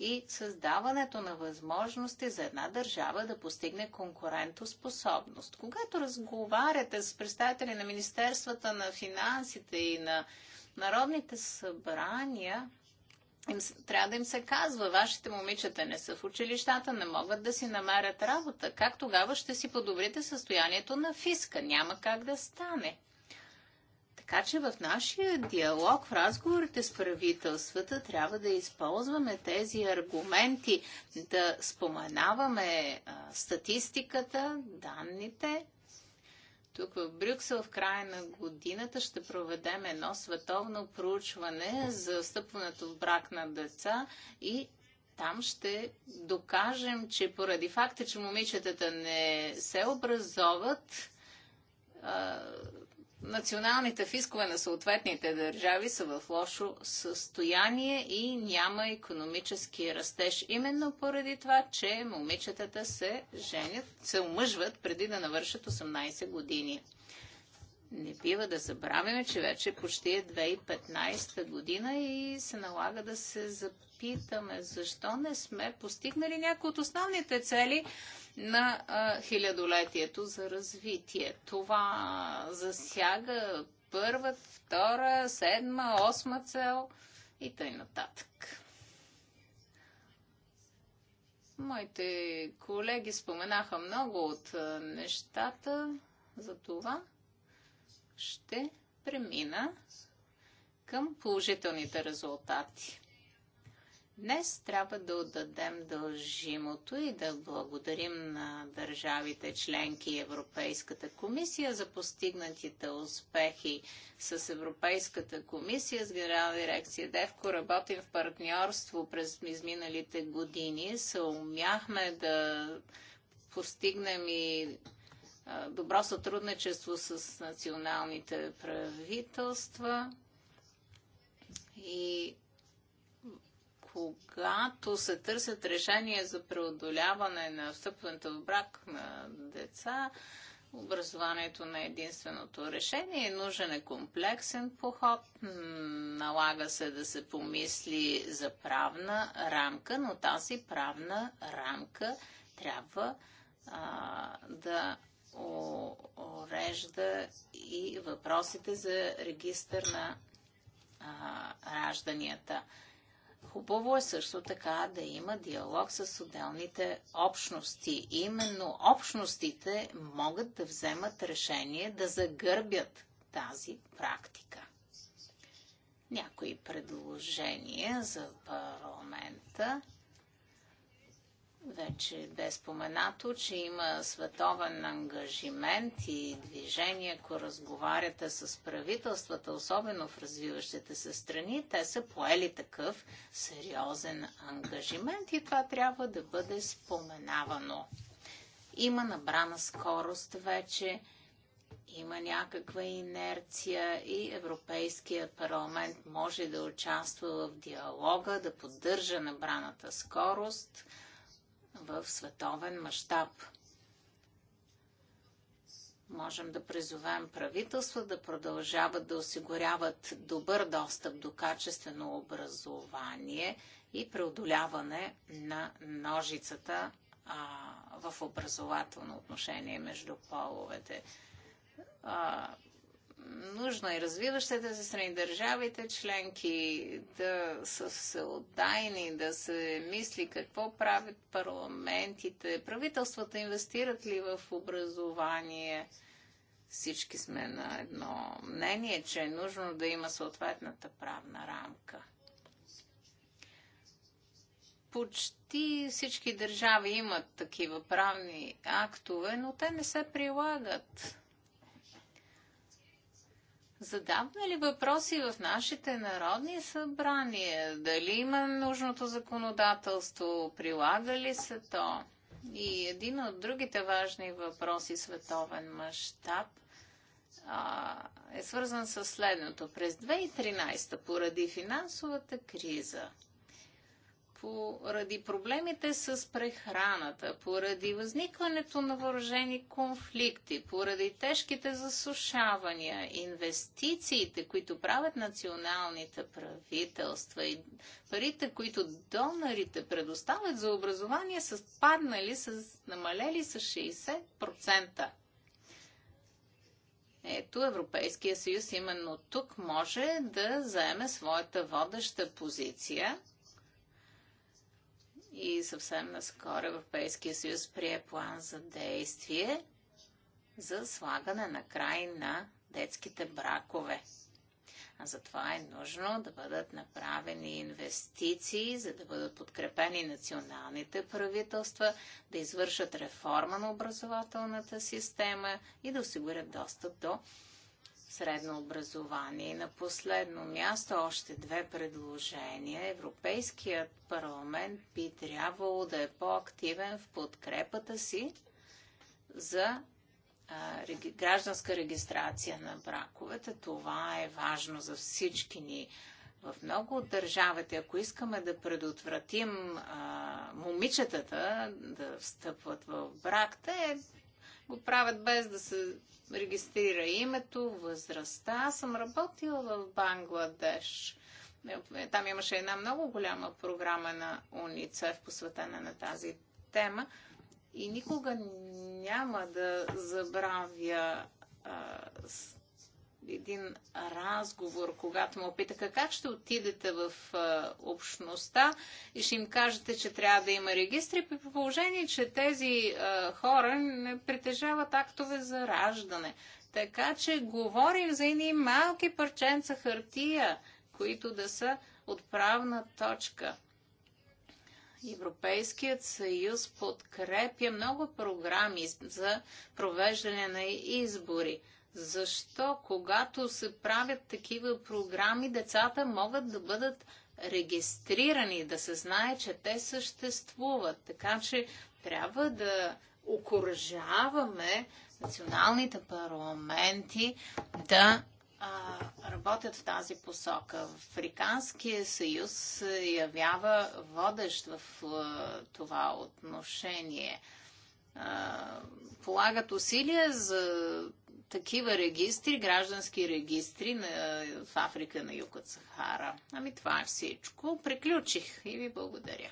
и създаването на възможности за една държава да постигне конкурентоспособност. Когато разговаряте с представители на Министерствата на финансите и на народните събрания им, трябва да им се казва, вашите момичета не са в училищата, не могат да си намерят работа. Как тогава ще си подобрите състоянието на фиска? Няма как да стане. Така че в нашия диалог, в разговорите с правителствата, трябва да използваме тези аргументи, да споменаваме а, статистиката, данните, тук в Брюксел в края на годината ще проведем едно световно проучване за встъпването в брак на деца и там ще докажем, че поради факта, че момичетата не се образоват, националните фискове на съответните държави са в лошо състояние и няма економически растеж. Именно поради това, че момичетата се женят, се омъжват преди да навършат 18 години. Не бива да забравяме, че вече почти е 2015 година и се налага да се запитаме защо не сме постигнали някои от основните цели на а, хилядолетието за развитие. Това засяга първа, втора, седма, осма цел и тъй нататък. Моите колеги споменаха много от нещата, за това ще премина към положителните резултати. Днес трябва да отдадем дължимото и да благодарим на държавите членки и Европейската комисия за постигнатите успехи с Европейската комисия, с Генерална дирекция ДЕВКО. Работим в партньорство през изминалите години. Съумяхме да постигнем и добро сътрудничество с националните правителства и когато се търсят решения за преодоляване на встъпването в брак на деца, образованието на единственото решение. Е нужен е комплексен поход, налага се да се помисли за правна рамка, но тази правна рамка трябва а, да урежда и въпросите за регистър на а, ражданията. Хубаво е също така да има диалог с отделните общности. Именно общностите могат да вземат решение да загърбят тази практика. Някои предложения за парламента вече бе споменато, че има световен ангажимент и движение, ако разговаряте с правителствата, особено в развиващите се страни, те са поели такъв сериозен ангажимент и това трябва да бъде споменавано. Има набрана скорост вече, има някаква инерция и Европейския парламент може да участва в диалога, да поддържа набраната скорост – в световен мащаб. Можем да призовем правителства да продължават да осигуряват добър достъп до качествено образование и преодоляване на ножицата а, в образователно отношение между половете. А, нужно и развиващите се страни, държавите членки да са отдайни, да се мисли какво правят парламентите, правителствата инвестират ли в образование. Всички сме на едно мнение, че е нужно да има съответната правна рамка почти всички държави имат такива правни актове, но те не се прилагат. Задаваме ли въпроси в нашите народни събрания? Дали има нужното законодателство? Прилага ли се то? И един от другите важни въпроси световен мащаб е свързан с следното. През 2013 поради финансовата криза поради проблемите с прехраната, поради възникването на въоръжени конфликти, поради тежките засушавания, инвестициите, които правят националните правителства и парите, които донорите предоставят за образование, са спаднали, са намалели с 60%. Ето, Европейския съюз именно тук може да заеме своята водеща позиция – и съвсем наскоро Европейския съюз прие план за действие за слагане на край на детските бракове. А затова е нужно да бъдат направени инвестиции, за да бъдат подкрепени националните правителства, да извършат реформа на образователната система и да осигурят достъп до средно образование. И на последно място още две предложения. Европейският парламент би трябвало да е по-активен в подкрепата си за гражданска регистрация на браковете. Това е важно за всички ни. В много от държавите, ако искаме да предотвратим а, момичетата да встъпват в брак, те го правят без да се регистрира името, възрастта. Аз съм работила в Бангладеш. Там имаше една много голяма програма на УНИЦЕФ, посветена на тази тема. И никога няма да забравя а, един разговор, когато му питаха как ще отидете в общността и ще им кажете, че трябва да има регистри, при положение, че тези хора не притежават актове за раждане. Така че говорим за едни малки парченца хартия, които да са отправна точка. Европейският съюз подкрепя много програми за провеждане на избори. Защо, когато се правят такива програми, децата могат да бъдат регистрирани, да се знае, че те съществуват. Така че трябва да окоръжаваме националните парламенти да а, работят в тази посока. Африканския съюз се явява водещ в а, това отношение. А, полагат усилия за такива регистри, граждански регистри на, в Африка на юг от Сахара. Ами това е всичко. Приключих и ви благодаря.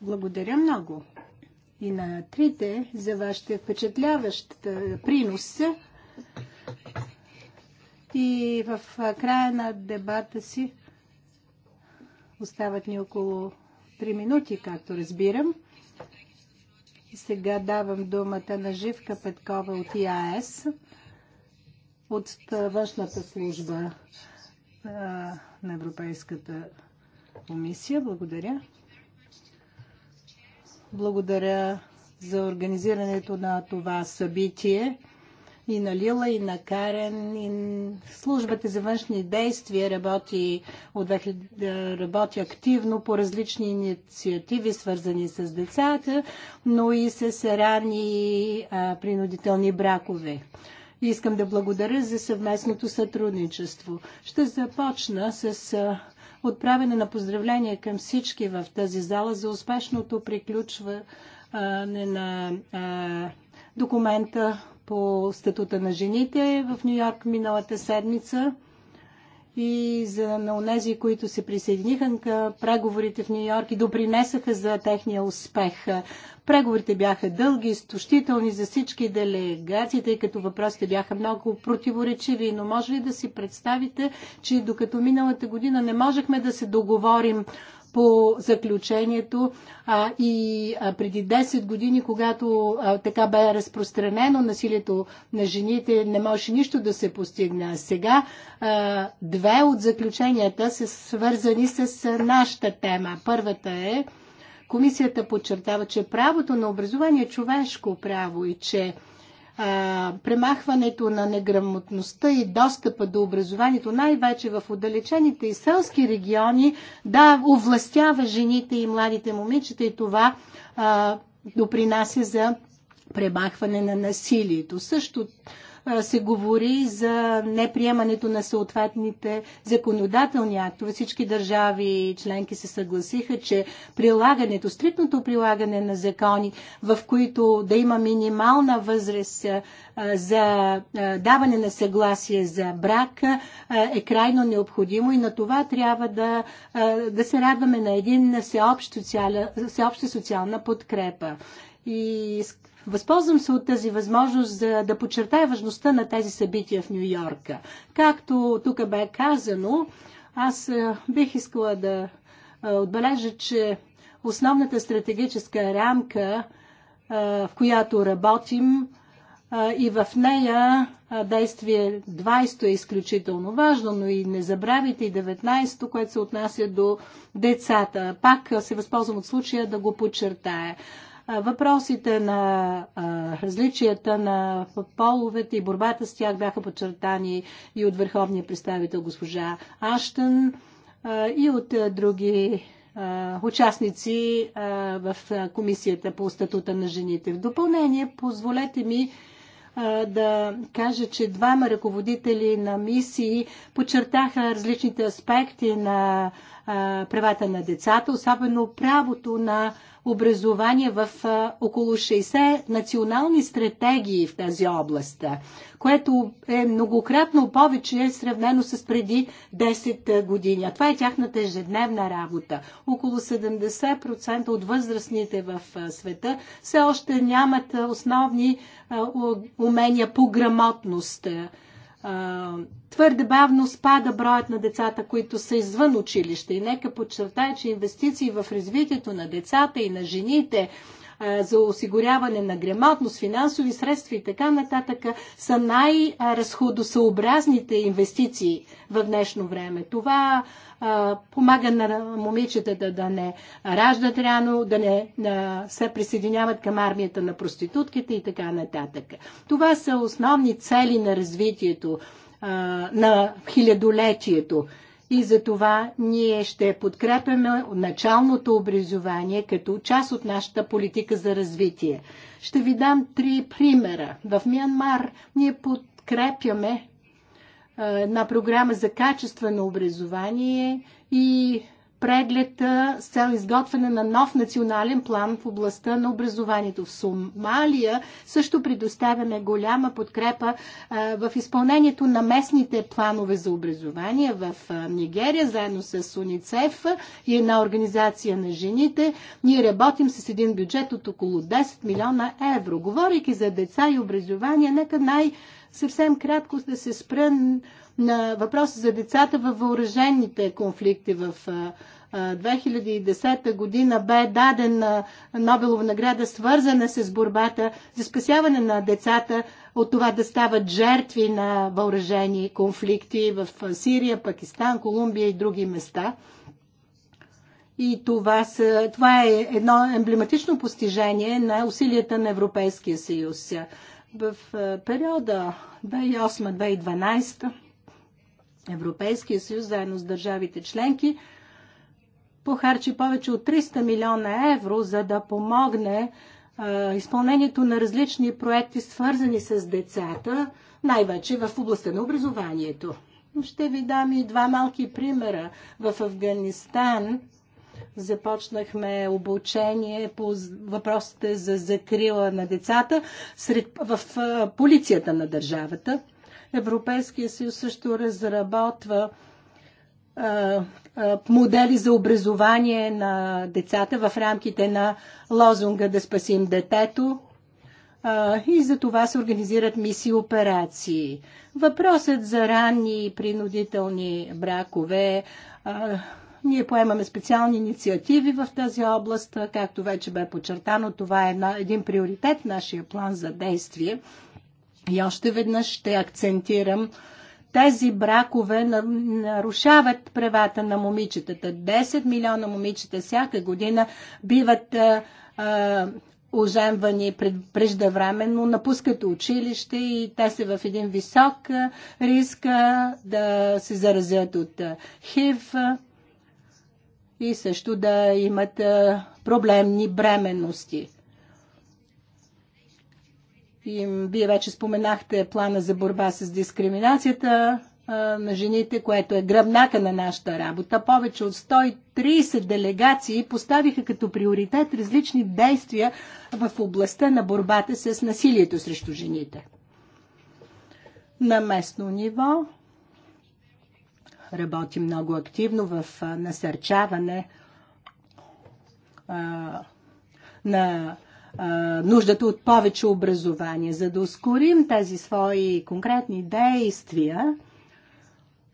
Благодаря много и на трите за вашите впечатляващ принос и в края на дебата си остават ни около 3 минути, както разбирам. И сега давам думата на Живка Петкова от ИАС, от външната служба на Европейската комисия. Благодаря. Благодаря за организирането на това събитие и на Лила, и на Карен. И службата за външни действия работи, от 2000, е, работи активно по различни инициативи, свързани с децата, но и с ранни а, е, принудителни бракове. Искам да благодаря за съвместното сътрудничество. Ще започна с е, отправяне на поздравления към всички в тази зала за успешното приключване на документа по статута на жените в Нью Йорк миналата седмица и за на онези, които се присъединиха към преговорите в Нью Йорк и допринесаха за техния успех. Преговорите бяха дълги, изтощителни за всички делегации, тъй като въпросите бяха много противоречиви, но може ли да си представите, че докато миналата година не можехме да се договорим по заключението а, и а, преди 10 години, когато а, така бе разпространено насилието на жените, не можеше нищо да се постигне. А сега а, две от заключенията са свързани с нашата тема. Първата е, комисията подчертава, че правото на образование е човешко право и че а, премахването на неграмотността и достъпа до образованието, най-вече в отдалечените и селски региони, да овластява жените и младите момичета и това а, допринася за премахване на насилието. Също се говори за неприемането на съответните законодателни актове. Всички държави и членки се съгласиха, че прилагането, стритното прилагане на закони, в които да има минимална възраст за даване на съгласие за брак е крайно необходимо и на това трябва да, да се радваме на един всеобща социална подкрепа. И Възползвам се от тази възможност за да подчертая важността на тези събития в Нью йорка Както тук бе казано, аз е, бих искала да е, отбележа, че основната стратегическа рамка, е, в която работим, и в нея действие 20 е изключително важно, но и не забравяйте и 19, което се отнася до децата. Пак се възползвам от случая да го подчертая. Въпросите на различията на половете и борбата с тях бяха подчертани и от върховния представител госпожа Аштън и от други участници в Комисията по статута на жените. В допълнение, позволете ми да кажа, че двама ръководители на мисии подчертаха различните аспекти на правата на децата, особено правото на образование в около 60 национални стратегии в тази област, което е многократно повече сравнено с преди 10 години. А това е тяхната ежедневна работа. Около 70% от възрастните в света все още нямат основни умения по грамотност твърде бавно спада броят на децата, които са извън училище. И нека подчертая, че инвестиции в развитието на децата и на жените, за осигуряване на грамотност, финансови средства и така нататък са най-разходосъобразните инвестиции в днешно време. Това а, помага на момичетата да не раждат рано, да не а, се присъединяват към армията на проститутките и така нататък. Това са основни цели на развитието а, на хилядолетието и за това ние ще подкрепяме началното образование като част от нашата политика за развитие. Ще ви дам три примера. В Мянмар ние подкрепяме една програма за качествено образование и преглед с цел изготвяне на нов национален план в областта на образованието. В Сомалия също предоставяме голяма подкрепа в изпълнението на местните планове за образование в Нигерия, заедно с УНИЦЕФ и една организация на жените. Ние работим с един бюджет от около 10 милиона евро. Говорейки за деца и образование, нека най- съвсем кратко да се спра на въпроса за децата във въоръжените конфликти в 2010 година бе дадена Нобелова награда, свързана с борбата за спасяване на децата от това да стават жертви на въоръжени конфликти в Сирия, Пакистан, Колумбия и други места. И това, са, това е едно емблематично постижение на усилията на Европейския съюз. В периода 2008-2012 Европейския съюз, заедно с държавите членки, похарчи повече от 300 милиона евро, за да помогне а, изпълнението на различни проекти, свързани с децата, най-вече в областта на образованието. Ще ви дам и два малки примера. В Афганистан започнахме обучение по въпросите за закрила на децата сред, в полицията на държавата. Европейския съюз също разработва модели за образование на децата в рамките на лозунга да спасим детето. И за това се организират мисии операции. Въпросът за ранни и принудителни бракове. Ние поемаме специални инициативи в тази област. Както вече бе подчертано, това е един приоритет нашия план за действие. И още веднъж ще акцентирам, тези бракове нарушават правата на момичетата. 10 милиона момичета всяка година биват а, а, оженвани пред, преждевременно, напускат училище и те са в един висок риск да се заразят от ХИВ и също да имат проблемни бременности. И, вие вече споменахте плана за борба с дискриминацията на жените, което е гръбнака на нашата работа. Повече от 130 делегации поставиха като приоритет различни действия в областта на борбата с насилието срещу жените. На местно ниво работи много активно в насърчаване а, на нуждата от повече образование. За да ускорим тези свои конкретни действия,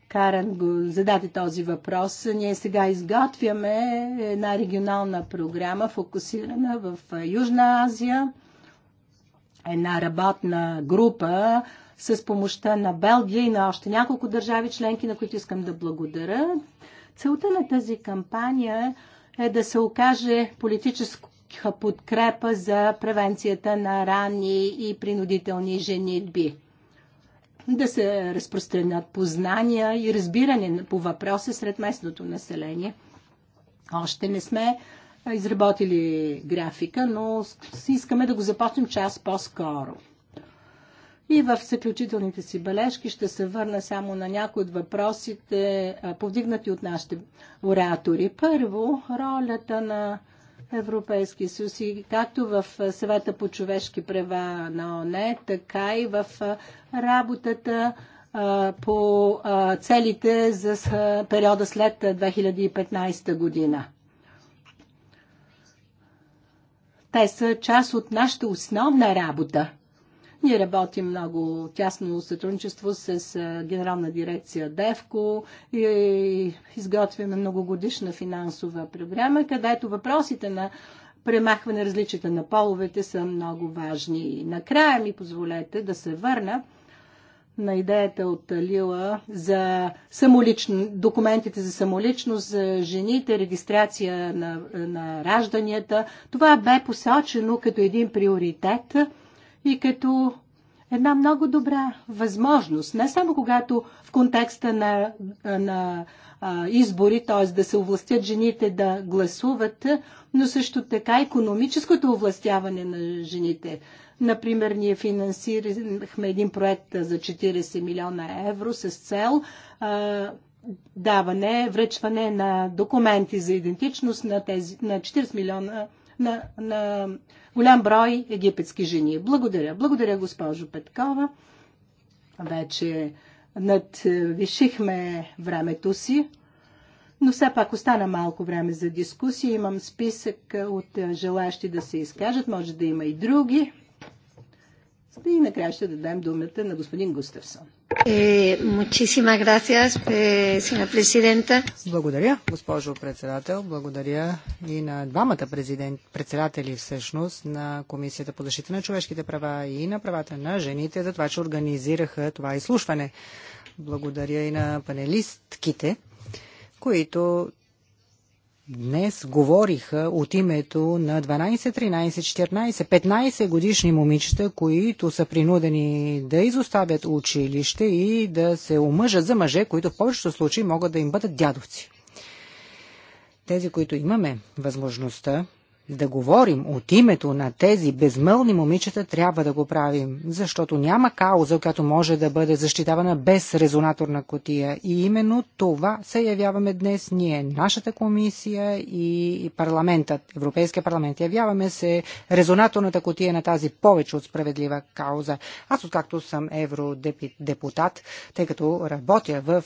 Карен го зададе този въпрос. Ние сега изготвяме една регионална програма, фокусирана в Южна Азия. Една работна група с помощта на Белгия и на още няколко държави членки, на които искам да благодаря. Целта на тази кампания е да се окаже политическо получиха подкрепа за превенцията на ранни и принудителни женитби. Да се разпространят познания и разбиране по въпроса сред местното население. Още не сме изработили графика, но искаме да го започнем час по-скоро. И в заключителните си бележки ще се върна само на някои от въпросите, повдигнати от нашите оратори. Първо, ролята на Европейски съюз и както в съвета по човешки права на ОНЕ, така и в работата по целите за периода след 2015 година. Те са част от нашата основна работа – ние работим много тясно сътрудничество с Генерална дирекция ДЕВКО и изготвяме многогодишна финансова програма, където въпросите на премахване различията на половете са много важни. И накрая ми позволете да се върна на идеята от Лила за самолично, документите за самоличност, за жените, регистрация на, на ражданията. Това бе посочено като един приоритет – и като една много добра възможност, не само когато в контекста на, на а, избори, т.е. да се овластят жените да гласуват, но също така економическото овластяване на жените. Например, ние финансирахме един проект за 40 милиона евро с цел а, даване, връчване на документи за идентичност на, тези, на 40 милиона евро на, на голям брой египетски жени. Благодаря. Благодаря, госпожо Петкова. Вече надвишихме времето си, но все пак остана малко време за дискусия. Имам списък от желащи да се изкажат. Може да има и други. И накрая ще дадем думата на господин Густавсон. Е, е, Благодаря, госпожо председател. Благодаря и на двамата председатели всъщност на Комисията по защита на човешките права и на правата на жените за това, че организираха това изслушване. Благодаря и на панелистките, които днес говориха от името на 12, 13, 14, 15 годишни момичета, които са принудени да изоставят училище и да се омъжат за мъже, които в повечето случаи могат да им бъдат дядовци. Тези, които имаме възможността да говорим от името на тези безмълни момичета, трябва да го правим, защото няма кауза, която може да бъде защитавана без резонаторна котия. И именно това се явяваме днес ние, нашата комисия и парламентът, Европейския парламент. Явяваме се резонаторната котия на тази повече от справедлива кауза. Аз откакто съм евродепутат, тъй като работя в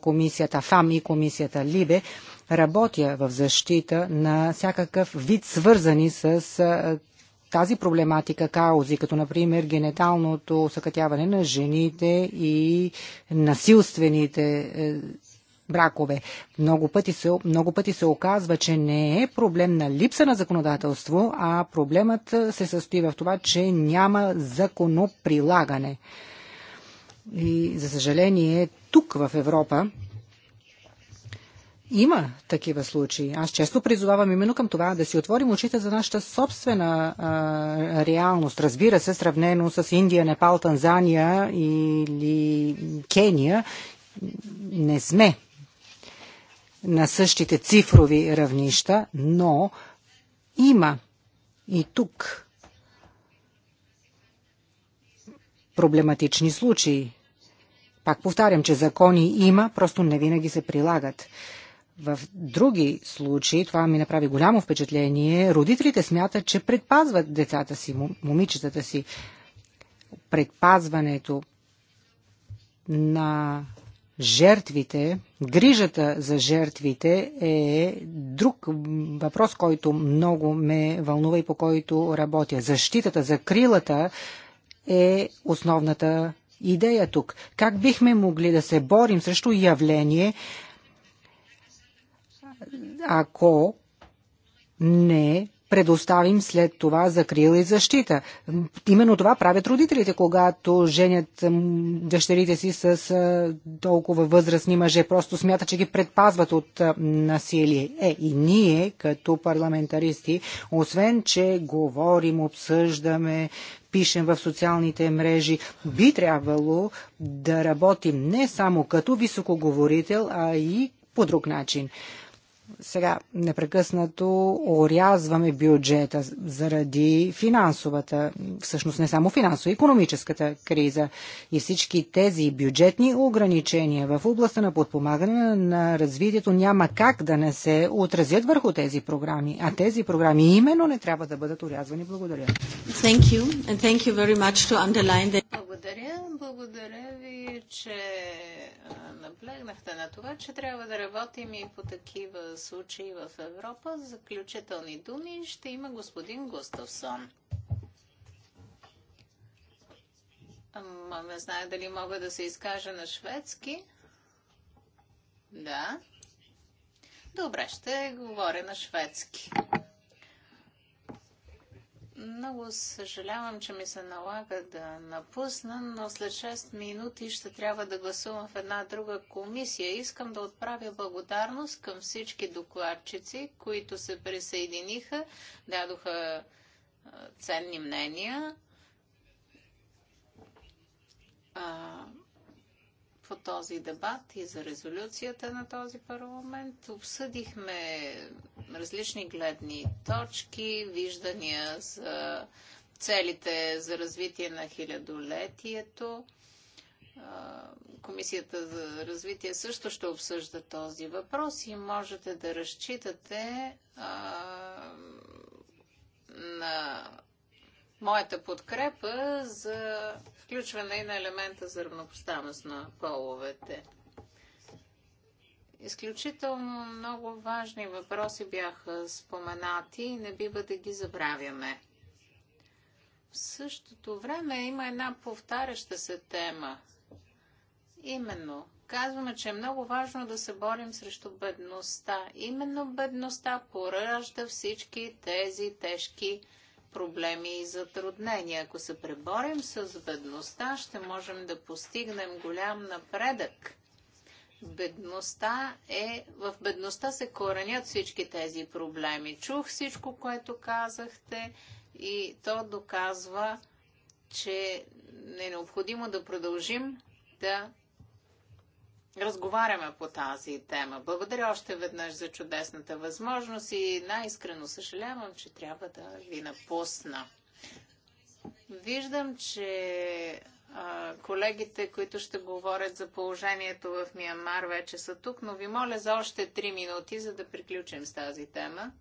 комисията ФАМ и комисията ЛИБЕ, работя в защита на всякакъв вид свързани с тази проблематика каузи, като например генеталното съкътяване на жените и насилствените е, бракове. Много пъти, се, много пъти се оказва, че не е проблем на липса на законодателство, а проблемът е, се състои в това, че няма законоприлагане. И, за съжаление, тук в Европа има такива случаи. Аз често призовавам именно към това да си отворим очите за нашата собствена а, реалност. Разбира се, сравнено с Индия, Непал, Танзания или Кения, не сме на същите цифрови равнища, но има и тук проблематични случаи. Пак повтарям, че закони има, просто не винаги се прилагат. В други случаи, това ми направи голямо впечатление, родителите смятат, че предпазват децата си, момичетата си. Предпазването на жертвите, грижата за жертвите е друг въпрос, който много ме вълнува и по който работя. Защитата, закрилата е основната идея тук. Как бихме могли да се борим срещу явление, ако не предоставим след това закрила и защита. Именно това правят родителите, когато женят дъщерите си с толкова възрастни мъже. Просто смятат, че ги предпазват от насилие. Е, и ние, като парламентаристи, освен, че говорим, обсъждаме, пишем в социалните мрежи, би трябвало да работим не само като високоговорител, а и по друг начин. Сега непрекъснато орязваме бюджета заради финансовата, всъщност не само финансово, економическата криза и всички тези бюджетни ограничения в областта на подпомагане на развитието няма как да не се отразят върху тези програми, а тези програми именно не трябва да бъдат орязвани. Благодаря. Thank you. And thank you very much to underline that... Благодаря. Благодаря ви, че наблегнахте на това, че трябва да работим и по такива случаи в Европа. Заключителни думи ще има господин Густавсон. не знае дали мога да се изкажа на шведски. Да. Добре, ще говоря на шведски. Много съжалявам, че ми се налага да напусна, но след 6 минути ще трябва да гласувам в една друга комисия. Искам да отправя благодарност към всички докладчици, които се присъединиха, дадоха ценни мнения по този дебат и за резолюцията на този парламент. Обсъдихме различни гледни точки, виждания за целите за развитие на хилядолетието. Комисията за развитие също ще обсъжда този въпрос и можете да разчитате а, на моята подкрепа за включване на елемента за равнопоставност на половете. Изключително много важни въпроси бяха споменати и не бива да ги забравяме. В същото време има една повтаряща се тема. Именно, казваме, че е много важно да се борим срещу бедността. Именно бедността поражда всички тези тежки проблеми и затруднения. Ако се преборим с бедността, ще можем да постигнем голям напредък. Бедността е, в бедността се коренят всички тези проблеми. Чух всичко, което казахте и то доказва, че е необходимо да продължим да разговаряме по тази тема. Благодаря още веднъж за чудесната възможност и най-искрено съжалявам, че трябва да ви напусна. Виждам, че а, колегите, които ще говорят за положението в Миянмар, вече са тук, но ви моля за още 3 минути, за да приключим с тази тема.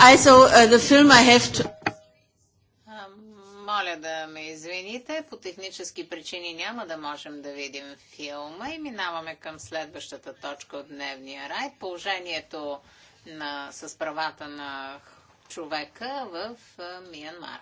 also, uh, the film I have to... Моля да ме извините, по технически причини няма да можем да видим филма и минаваме към следващата точка от дневния рай. Положението на, с правата на човека в Миянмар.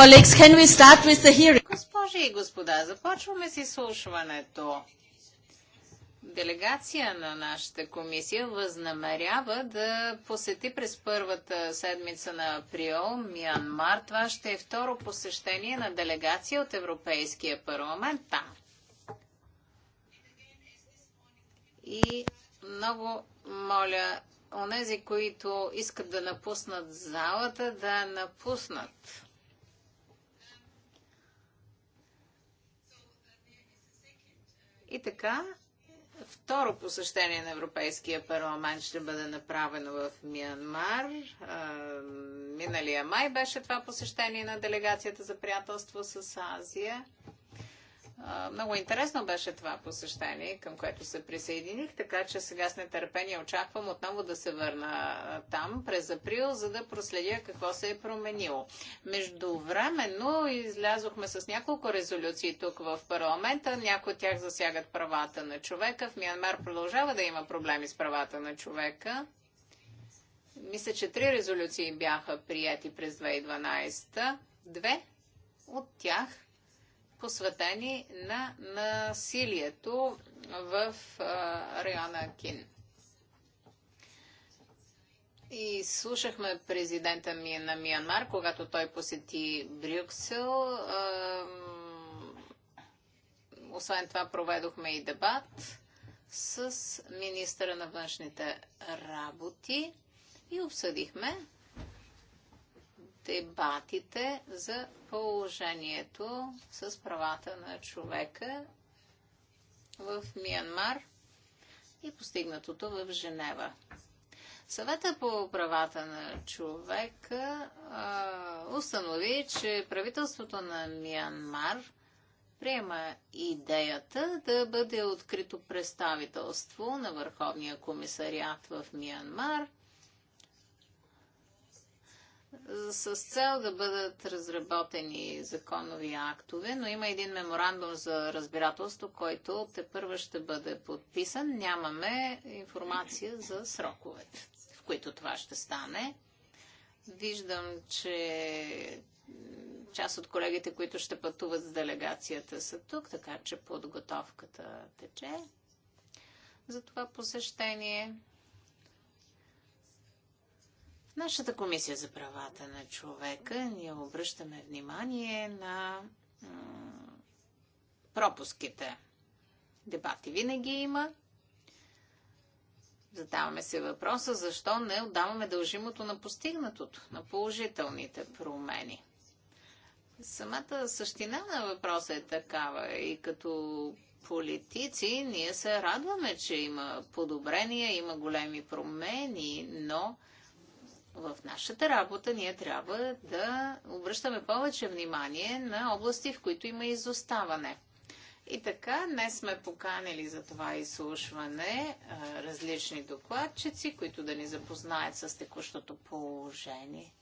colleagues, can we start with the hearing? Госпожи и господа, започваме с изслушването. Делегация на нашата комисия възнамерява да посети през първата седмица на април Мянмар. Това ще е второ посещение на делегация от Европейския парламент там. И много моля онези, които искат да напуснат залата, да напуснат. И така, второ посещение на Европейския парламент ще бъде направено в Миянмар. Миналия май беше това посещение на делегацията за приятелство с Азия. Много интересно беше това посещение, към което се присъединих, така че сега с нетърпение очаквам отново да се върна там през април, за да проследя какво се е променило. Междувременно излязохме с няколко резолюции тук в парламента. Някои от тях засягат правата на човека. В Миянмар продължава да има проблеми с правата на човека. Мисля, че три резолюции бяха прияти през 2012. Две от тях – посветени на насилието в района Кин. И слушахме президента ми на Миянмар, когато той посети Брюксел. Освен това проведохме и дебат с министъра на външните работи и обсъдихме дебатите за положението с правата на човека в Миянмар и постигнатото в Женева. Съвета по правата на човека а, установи, че правителството на Миянмар приема идеята да бъде открито представителство на Върховния комисариат в Миянмар – с цел да бъдат разработени законови актове, но има един меморандум за разбирателство, който те първа ще бъде подписан. Нямаме информация за сроковете, в които това ще стане. Виждам, че част от колегите, които ще пътуват с делегацията са тук, така че подготовката тече за това посещение. В нашата комисия за правата на човека ние обръщаме внимание на пропуските. Дебати винаги има. Задаваме се въпроса, защо не отдаваме дължимото на постигнатото, на положителните промени. Самата същина на въпроса е такава и като политици ние се радваме, че има подобрения, има големи промени, но в нашата работа ние трябва да обръщаме повече внимание на области, в които има изоставане. И така, днес сме поканили за това изслушване различни докладчици, които да ни запознаят с текущото положение.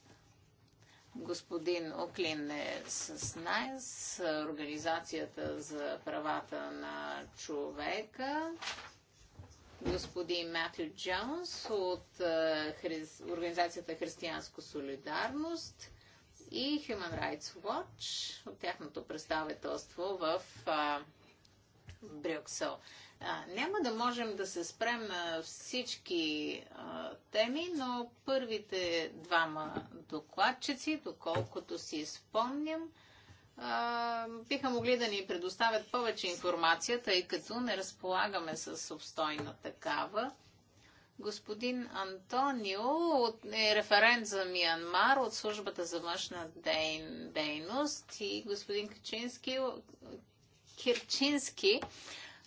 Господин Оклин е с нас, Организацията за правата на човека господин Матю Джонс от е, Организацията Християнско солидарност и Human Rights Watch от тяхното представителство в а, е, Брюксел. А, няма да можем да се спрем на всички а, е, теми, но първите двама докладчици, доколкото си спомням, биха могли да ни предоставят повече информация, тъй като не разполагаме с обстойна такава. Господин Антонио е референт за Миянмар от службата за външна дейн, дейност и господин Качински, Кирчински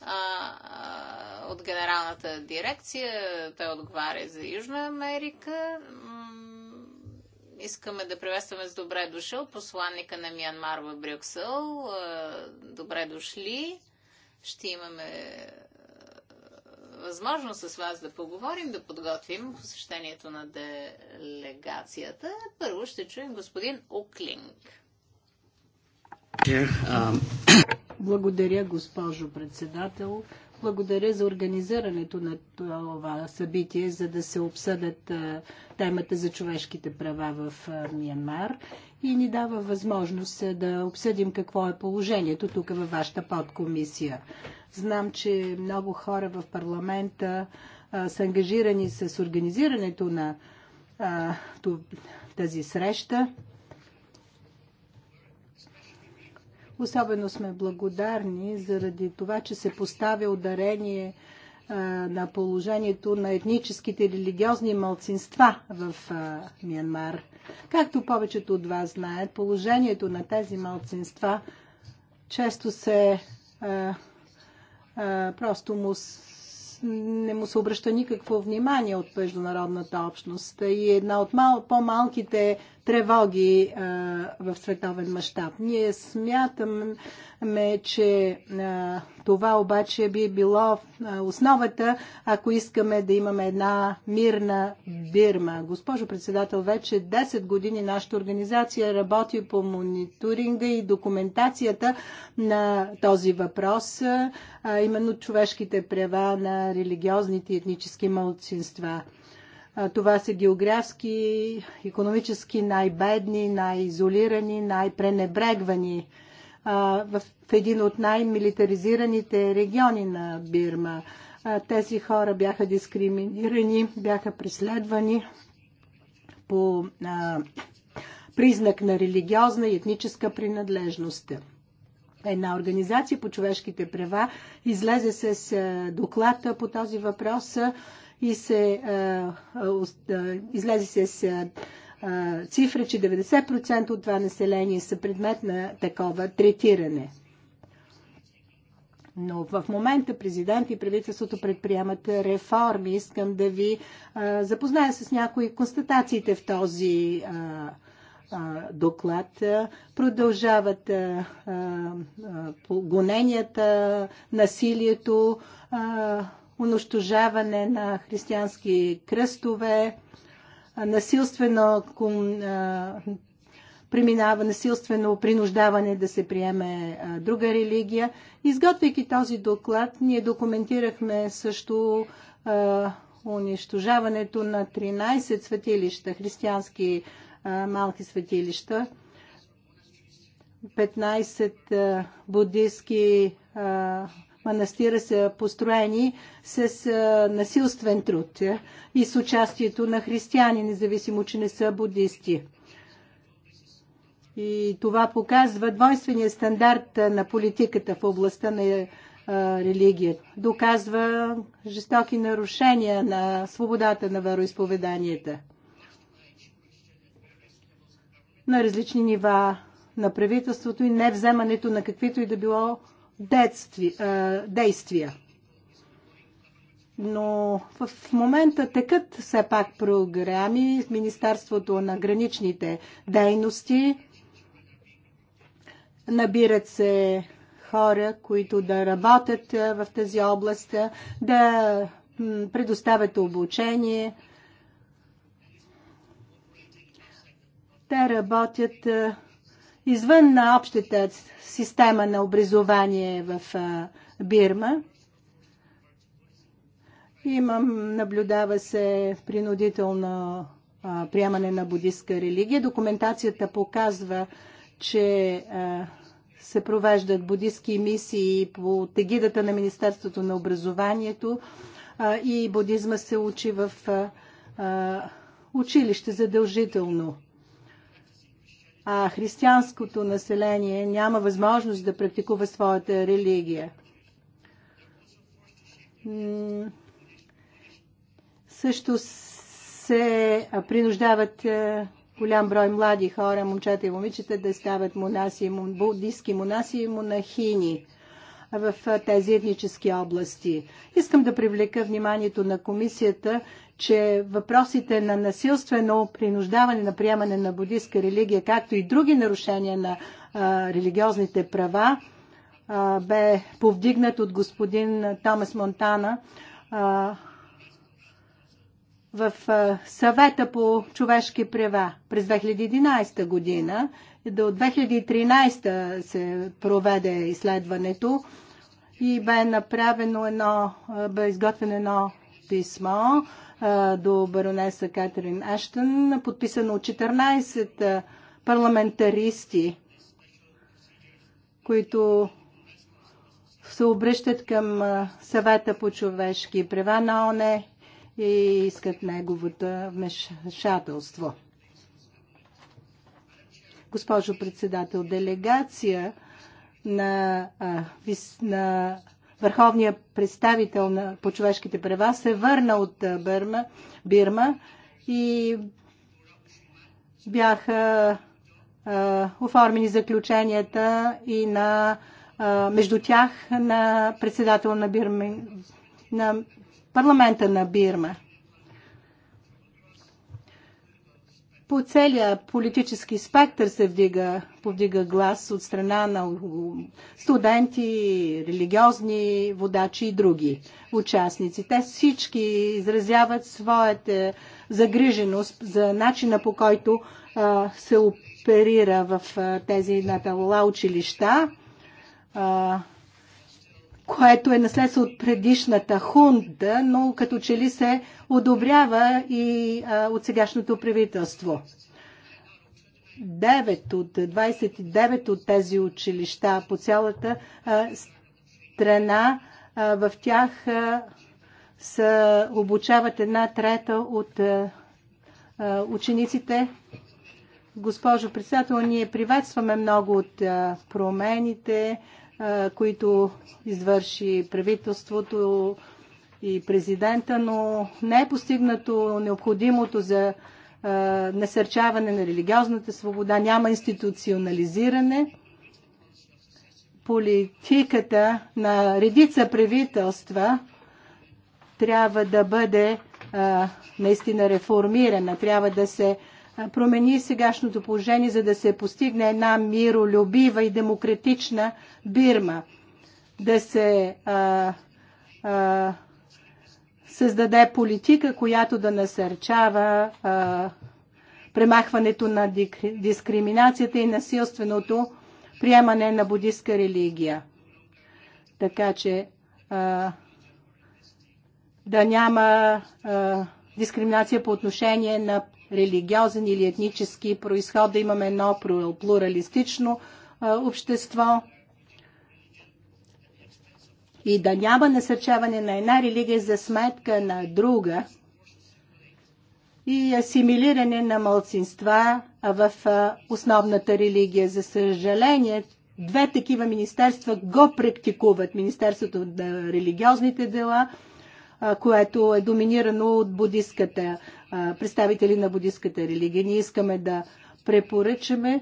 а, а, от генералната дирекция, той отговаря за Южна Америка. Искаме да приветстваме с добре дошъл посланника на Миянмар в Брюксел. Е, добре дошли. Ще имаме е, възможност с вас да поговорим, да подготвим посещението на делегацията. Първо ще чуем господин Оклинг. Е, Благодаря, госпожо председател. Благодаря за организирането на това събитие, за да се обсъдят темата за човешките права в Миянмар и ни дава възможност да обсъдим какво е положението тук във вашата подкомисия. Знам, че много хора в парламента са ангажирани с организирането на тази среща. Особено сме благодарни заради това, че се поставя ударение а, на положението на етническите и религиозни малцинства в а, Миянмар. Както повечето от вас знаят, положението на тези малцинства често се а, просто му не му се обръща никакво внимание от международната общност. И една от мал, по-малките тревоги в световен мащаб. Ние смятаме, че това обаче би било основата, ако искаме да имаме една мирна Бирма. Госпожо председател, вече 10 години нашата организация работи по мониторинга и документацията на този въпрос, именно човешките права на религиозните и етнически малцинства. Това са географски, економически най-бедни, най-изолирани, най-пренебрегвани в един от най-милитаризираните региони на Бирма. Тези хора бяха дискриминирани, бяха преследвани по признак на религиозна и етническа принадлежност. Една организация по човешките права излезе с доклада по този въпрос и се излезе с цифра, че 90% от това население са предмет на такова третиране. Но в момента президент и правителството предприемат реформи. Искам да ви запозная с някои констатациите в този доклад. Продължават гоненията, насилието унищожаване на християнски кръстове, насилствено преминава насилствено принуждаване да се приеме а, друга религия. Изготвяйки този доклад, ние документирахме също а, унищожаването на 13 светилища, християнски а, малки светилища, 15 буддийски манастира са построени с насилствен труд е, и с участието на християни, независимо, че не са буддисти. И това показва двойствения стандарт на политиката в областта на религия. Доказва жестоки нарушения на свободата на вероисповеданията на различни нива на правителството и не вземането на каквито и да било действия. Но в момента текат все пак програми в Министерството на граничните дейности. Набират се хора, които да работят в тази област, да предоставят обучение. Те работят извън на общата система на образование в Бирма. Имам, наблюдава се принудително а, приемане на будистка религия. Документацията показва, че а, се провеждат будистки мисии по тегидата на Министерството на образованието а, и будизма се учи в а, училище задължително а християнското население няма възможност да практикува своята религия. Също се принуждават е, голям брой млади хора, момчета и момичета, да стават монаси, буддийски монаси и монахини в тези етнически области. Искам да привлека вниманието на комисията, че въпросите на насилствено принуждаване на приемане на будистка религия, както и други нарушения на а, религиозните права, а, бе повдигнат от господин Томас Монтана а, в а, съвета по човешки права през 2011 година. До 2013 се проведе изследването и бе направено едно, бе изготвено едно писмо до баронеса Катерин Аштън, подписано от 14 парламентаристи, които се обръщат към съвета по човешки права на ОНЕ и искат неговото вмешателство. Госпожо председател, делегация на, на върховният представител на, по човешките права се върна от Бирма, Бирма и бяха а, оформени заключенията и на, а, между тях на председател на, Бирма, на парламента на Бирма. по целия политически спектър се вдига, повдига глас от страна на студенти, религиозни водачи и други участници. Те всички изразяват своята загриженост за начина по който а, се оперира в а, тези натала училища. А, което е наследство от предишната хунда, но като че ли се одобрява и а, от сегашното правителство. 9 от 29 от тези училища по цялата а, страна а, в тях а, са, обучават една трета от а, а, учениците. Госпожо председател, ние приветстваме много от а, промените, които извърши правителството и президента, но не е постигнато необходимото за насърчаване на религиозната свобода, няма институционализиране. Политиката на редица правителства трябва да бъде наистина реформирана, трябва да се промени сегашното положение, за да се постигне една миролюбива и демократична Бирма. Да се а, а, създаде политика, която да насърчава а, премахването на дискриминацията и насилственото приемане на будистка религия. Така че а, да няма а, дискриминация по отношение на религиозен или етнически происход, да имаме едно плуралистично общество и да няма насърчаване на една религия за сметка на друга и асимилиране на малцинства в основната религия. За съжаление, две такива министерства го практикуват. Министерството на религиозните дела – което е доминирано от будистката, представители на будистката религия. Ние искаме да препоръчаме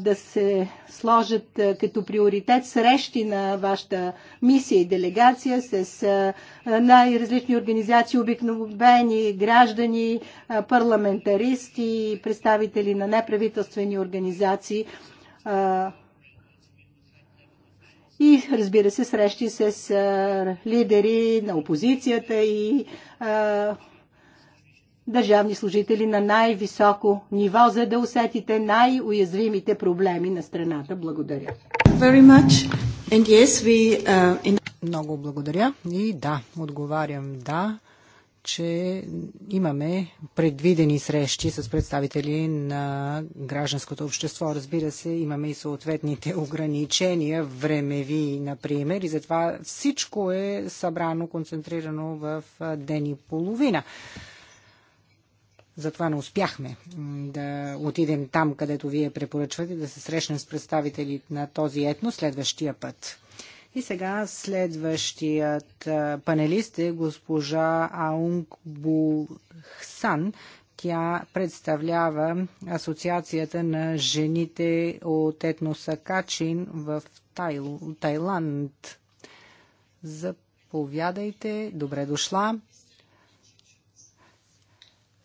да се сложат като приоритет срещи на вашата мисия и делегация с най-различни организации, обикновени граждани, парламентаристи, представители на неправителствени организации, и разбира се срещи с а, лидери на опозицията и а, държавни служители на най-високо ниво, за да усетите най-уязвимите проблеми на страната. Благодаря. Yes, we, uh, in... Много благодаря. И да, отговарям да че имаме предвидени срещи с представители на гражданското общество. Разбира се, имаме и съответните ограничения, времеви, например, и затова всичко е събрано, концентрирано в ден и половина. Затова не успяхме да отидем там, където вие препоръчвате, да се срещнем с представители на този етно следващия път. И сега следващият панелист е госпожа Аунг Бухсан. Тя представлява Асоциацията на жените от етноса Качин в Тайл... Тайланд. Заповядайте, добре дошла.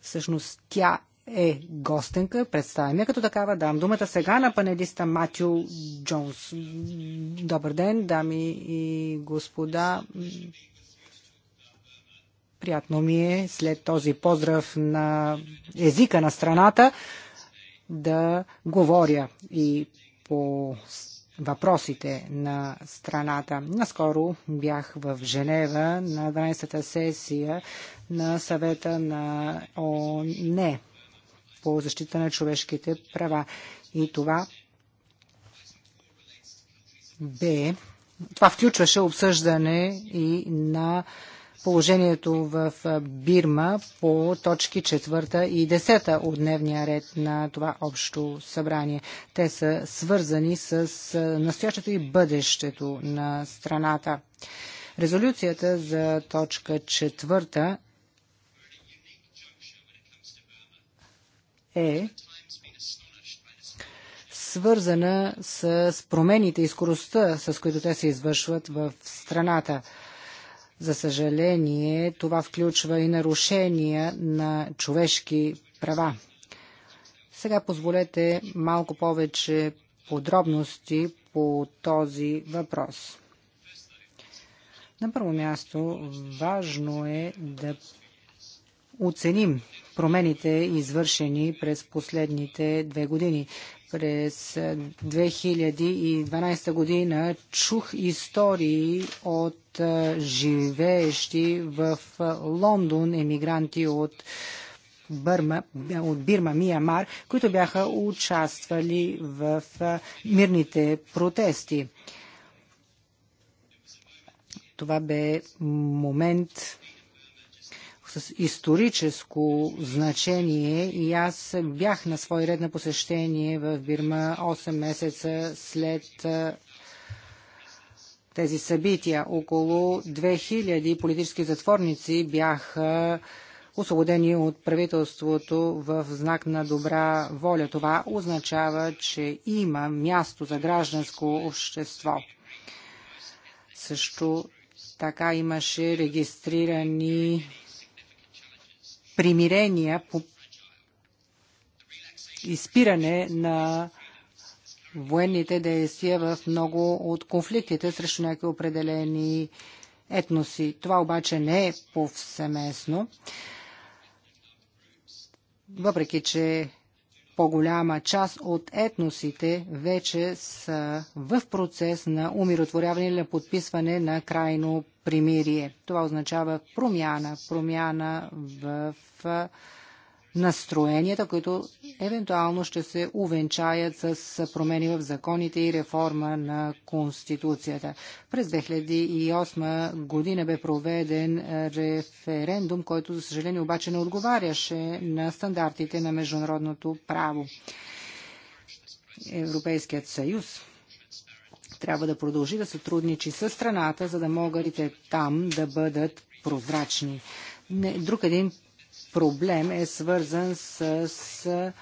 Всъщност тя е гостенка, представяме като такава. Дам думата сега на панелиста Матю Джонс. Добър ден, дами и господа. Приятно ми е след този поздрав на езика на страната да говоря и по въпросите на страната. Наскоро бях в Женева на 12-та сесия на съвета на ОНЕ по защита на човешките права. И това бе. Това включваше обсъждане и на положението в Бирма по точки четвърта и десета от дневния ред на това общо събрание. Те са свързани с настоящето и бъдещето на страната. Резолюцията за точка е свързана с промените и скоростта, с които те се извършват в страната. За съжаление, това включва и нарушения на човешки права. Сега позволете малко повече подробности по този въпрос. На първо място, важно е да оценим промените, извършени през последните две години. През 2012 е, година чух истории от е, живеещи в е, Лондон емигранти от Бърма, от Бирма, Миямар, които бяха участвали в мирните протести. Това бе момент, с историческо значение и аз бях на свой ред на посещение в Бирма 8 месеца след тези събития. Около 2000 политически затворници бяха освободени от правителството в знак на добра воля. Това означава, че има място за гражданско общество. Също така имаше регистрирани примирения по изпиране на военните действия в много от конфликтите срещу някои определени етноси. Това обаче не е повсеместно, въпреки че по-голяма част от етносите вече са в процес на умиротворяване или на подписване на крайно примирие. Това означава промяна, промяна в настроенията, които евентуално ще се увенчаят с промени в законите и реформа на Конституцията. През 2008 година бе проведен е, референдум, който, за съжаление, обаче не отговаряше на стандартите на международното право. Европейският съюз трябва да продължи да сътрудничи с страната, за да могат там да бъдат прозрачни. Друг един проблем е свързан с, с е,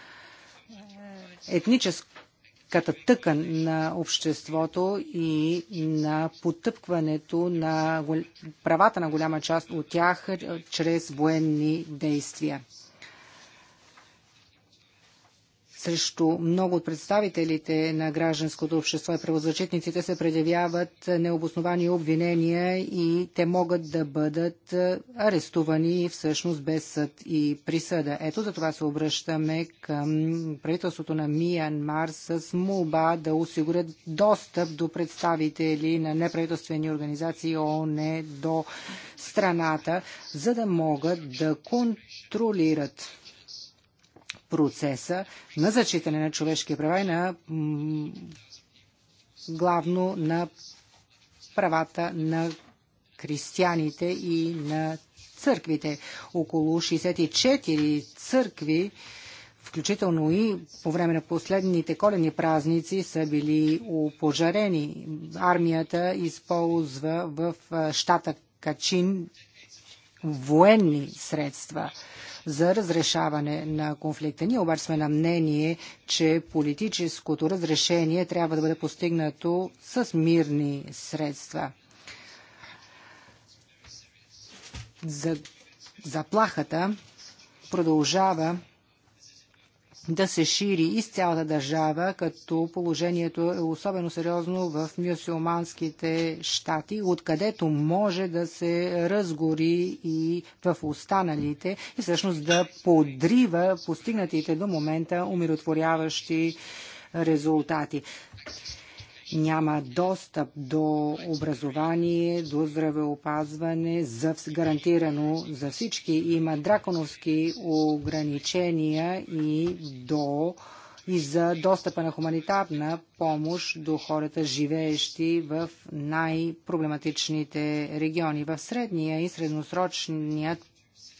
етническата тъкан на обществото и на потъпкването на правата на голяма част от тях е, чрез военни действия срещу много от представителите на гражданското общество и правозащитниците се предявяват необосновани обвинения и те могат да бъдат е, арестувани всъщност без съд и присъда. Ето за това се обръщаме към правителството на Миянмар с молба да осигурят достъп до представители на неправителствени организации ООН до страната, за да могат да контролират процеса на зачитане на човешки права и на главно на правата на християните и на църквите. Около 64 църкви, включително и по време на последните колени празници, са били опожарени. Армията използва в щата Качин военни средства за разрешаване на конфликта. Ние обаче сме на мнение, че политическото разрешение трябва да бъде постигнато с мирни средства. За, заплахата продължава да се шири из цялата държава, като положението е особено сериозно в мюсюлманските щати, откъдето може да се разгори и в останалите и всъщност да подрива постигнатите до момента умиротворяващи резултати няма достъп до образование, до здравеопазване, за гарантирано за всички. Има драконовски ограничения и до и за достъпа на хуманитарна помощ до хората, живеещи в най-проблематичните региони. В средния и средносрочният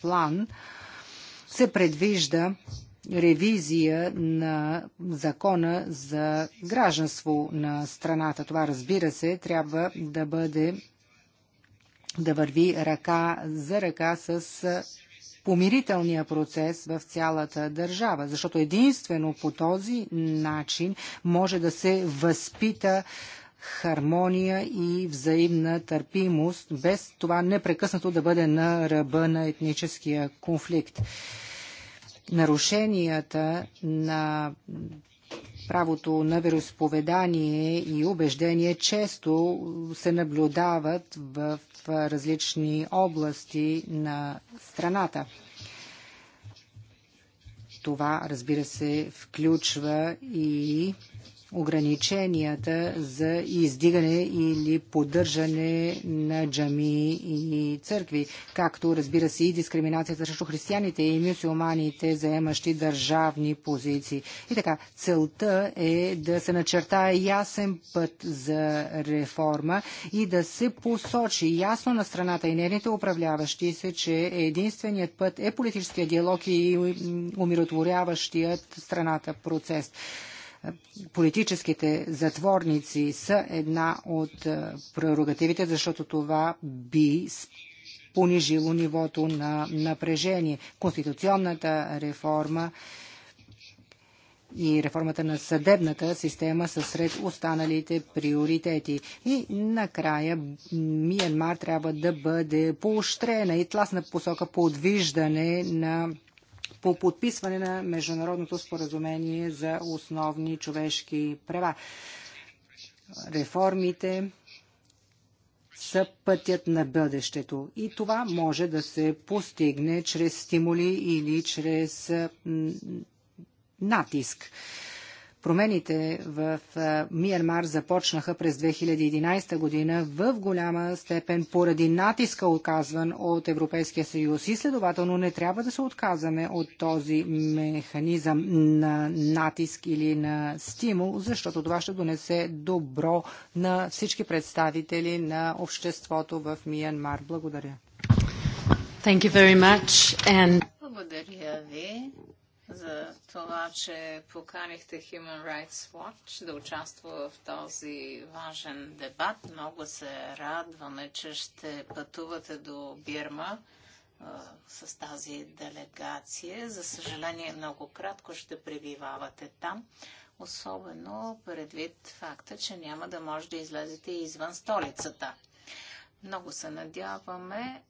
план се предвижда ревизия на закона за гражданство на страната. Това, разбира се, трябва да бъде да върви ръка за ръка с помирителния процес в цялата държава, защото единствено по този начин може да се възпита хармония и взаимна търпимост, без това непрекъснато да бъде на ръба на етническия конфликт нарушенията на правото на вероисповедание и убеждение често се наблюдават в различни области на страната. Това, разбира се, включва и ограниченията за издигане или поддържане на джами и църкви, както разбира се и дискриминацията срещу християните и мюсюлманите, заемащи държавни позиции. И така, целта е да се начертае ясен път за реформа и да се посочи ясно на страната и нейните управляващи се, че единственият път е политическия диалог и умиротворяващият страната процес политическите затворници са една от е, прерогативите, защото това би понижило нивото на напрежение. Конституционната реформа и реформата на съдебната система са сред останалите приоритети. И накрая Миенмар трябва да бъде поощрена и тласна посока подвиждане на по подписване на Международното споразумение за основни човешки права. Реформите са пътят на бъдещето. И това може да се постигне чрез стимули или чрез натиск. Промените в Миянмар започнаха през 2011 година в голяма степен поради натиска оказван от Европейския съюз и следователно не трябва да се отказваме от този механизъм на натиск или на стимул, защото това ще донесе добро на всички представители на обществото в Миянмар. Благодаря. Thank you very much and... Благодаря ви за това, че поканихте Human Rights Watch да участва в този важен дебат. Много се радваме, че ще пътувате до Бирма а, с тази делегация. За съжаление, много кратко ще пребивавате там, особено предвид факта, че няма да може да излезете извън столицата. Много се надяваме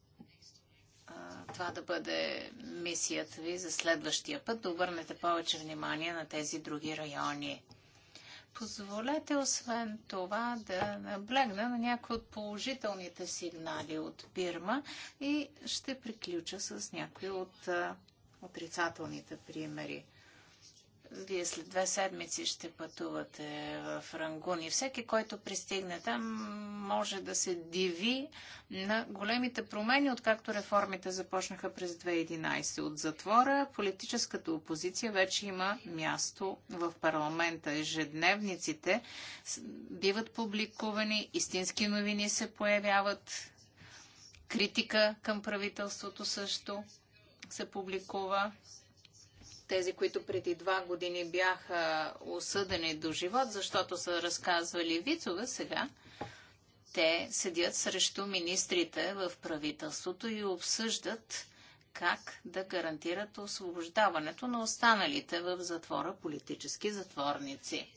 това да бъде мисията ви за следващия път, да обърнете повече внимание на тези други райони. Позволете освен това да наблегна на някои от положителните сигнали от Бирма и ще приключа с някои от отрицателните примери. Вие след две седмици ще пътувате в Рангун и всеки, който пристигне там, може да се диви на големите промени, откакто реформите започнаха през 2011. От затвора политическата опозиция вече има място в парламента. Ежедневниците биват публикувани, истински новини се появяват, критика към правителството също се публикува тези, които преди два години бяха осъдени до живот, защото са разказвали вицове, сега те седят срещу министрите в правителството и обсъждат как да гарантират освобождаването на останалите в затвора политически затворници.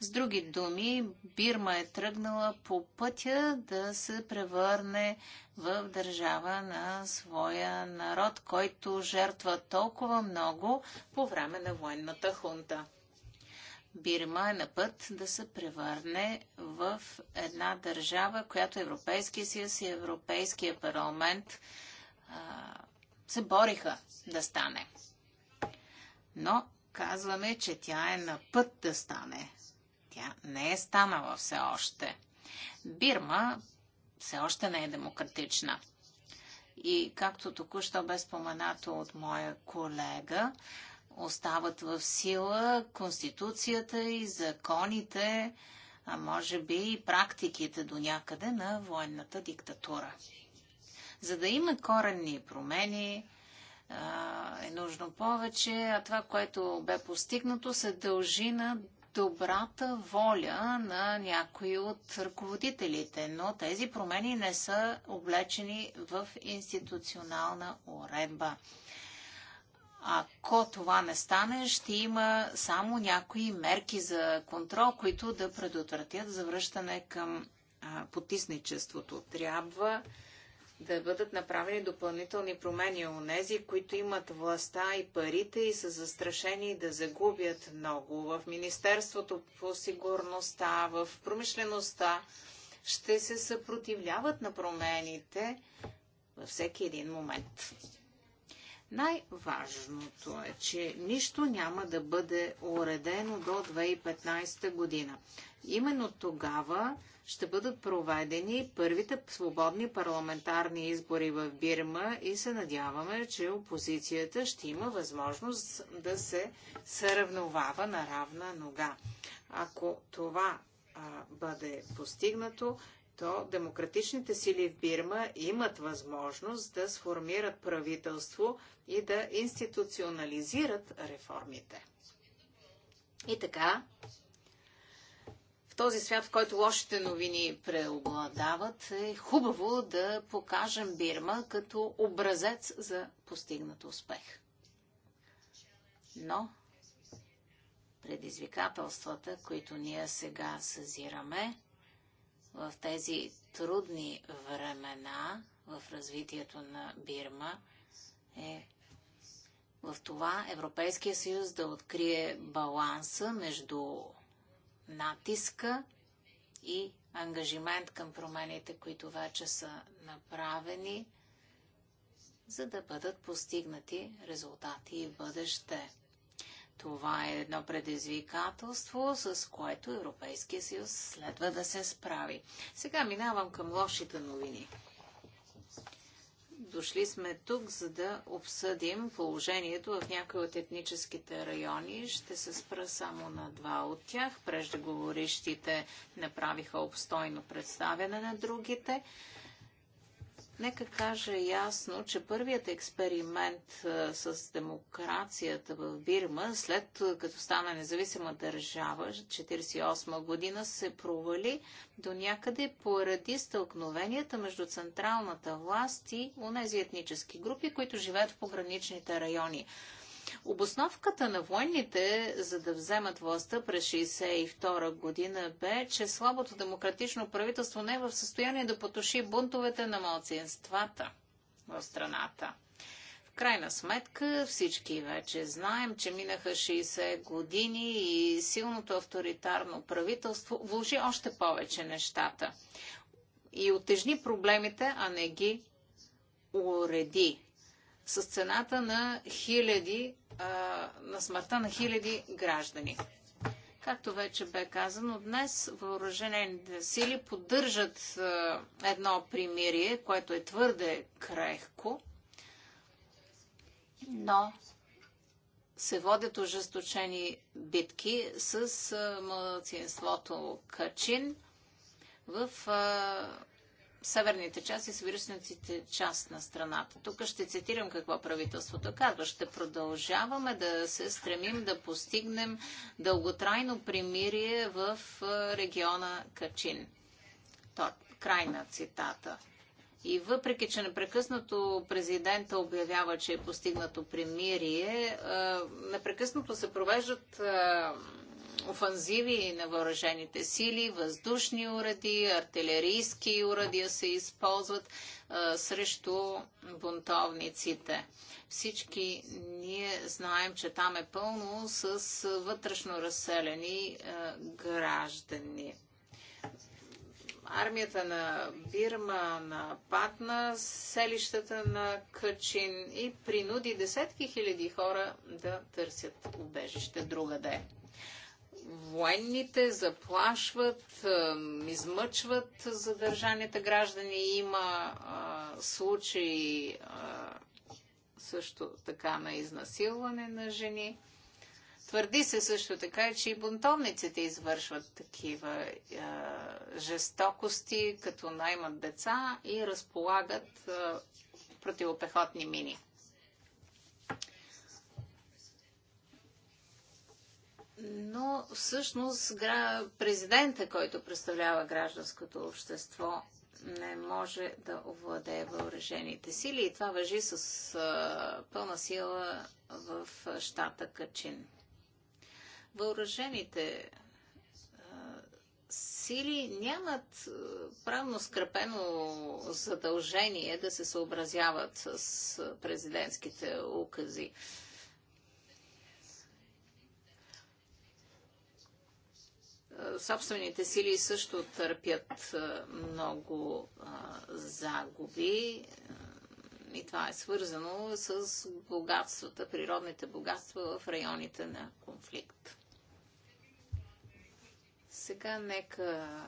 С други думи, Бирма е тръгнала по пътя да се превърне в държава на своя народ, който жертва толкова много по време на военната хунта. Бирма е на път да се превърне в една държава, която Европейския съюз и Европейския парламент а, се бориха да стане. Но казваме, че тя е на път да стане тя не е станала все още. Бирма все още не е демократична. И както току-що бе споменато от моя колега, остават в сила конституцията и законите, а може би и практиките до някъде на военната диктатура. За да има коренни промени, е нужно повече, а това, което бе постигнато, се дължи на добрата воля на някои от ръководителите, но тези промени не са облечени в институционална уредба. Ако това не стане, ще има само някои мерки за контрол, които да предотвратят завръщане към потисничеството. Трябва да бъдат направени допълнителни промени. у нези, които имат властта и парите и са застрашени да загубят много в Министерството по сигурността, в промишлеността, ще се съпротивляват на промените във всеки един момент. Най-важното е, че нищо няма да бъде уредено до 2015 година. Именно тогава ще бъдат проведени първите свободни парламентарни избори в Бирма и се надяваме, че опозицията ще има възможност да се съравновава на равна нога. Ако това а, бъде постигнато, то демократичните сили в Бирма имат възможност да сформират правителство и да институционализират реформите. И така, този свят, в който лошите новини преобладават, е хубаво да покажем Бирма като образец за постигнат успех. Но предизвикателствата, които ние сега съзираме в тези трудни времена в развитието на Бирма, е в това Европейския съюз да открие баланса между натиска и ангажимент към промените, които вече са направени, за да бъдат постигнати резултати и бъдеще. Това е едно предизвикателство, с което Европейския съюз следва да се справи. Сега минавам към лошите новини. Дошли сме тук, за да обсъдим положението в някои от етническите райони. Ще се спра само на два от тях. Преждеговорищите направиха обстойно представяне на другите. Нека кажа ясно, че първият експеримент а, с демокрацията в Бирма, след като стана независима държава, 1948 година, се провали до някъде поради стълкновенията между централната власт и онези етнически групи, които живеят в пограничните райони. Обосновката на военните, за да вземат властта през 1962 година, бе, че слабото демократично правителство не е в състояние да потуши бунтовете на малцинствата в страната В крайна сметка всички вече знаем, че минаха 60 години и силното авторитарно правителство вложи още повече нещата и отежни проблемите, а не ги уреди. С цената на хиляди на смъртта на хиляди граждани. Както вече бе казано, днес въоръжените сили поддържат едно примирие, което е твърде крехко, но се водят ожесточени битки с младсинството Качин в северните части, северичните част на страната. Тук ще цитирам какво правителството казва. Ще продължаваме да се стремим да постигнем дълготрайно примирие в региона Качин. То, край на цитата. И въпреки, че непрекъснато президента обявява, че е постигнато примирие, непрекъснато се провеждат офанзиви на въоръжените сили, въздушни уреди, артилерийски уреди се използват а, срещу бунтовниците. Всички ние знаем, че там е пълно с вътрешно разселени а, граждани армията на Бирма, на Патна, селищата на Качин и принуди десетки хиляди хора да търсят убежище другаде военните заплашват, измъчват задържаните граждани. Има а, случаи а, също така на изнасилване на жени. Твърди се също така, че и бунтовниците извършват такива а, жестокости, като наймат деца и разполагат противопехотни мини. Но всъщност президента, който представлява гражданското общество, не може да овладее въоръжените сили и това въжи с а, пълна сила в щата Качин. Въоръжените а, сили нямат правно скрепено задължение да се съобразяват с президентските укази. Е, собствените сили също търпят е, много е, загуби и това е свързано с богатствата, природните богатства в районите на конфликт. Сега нека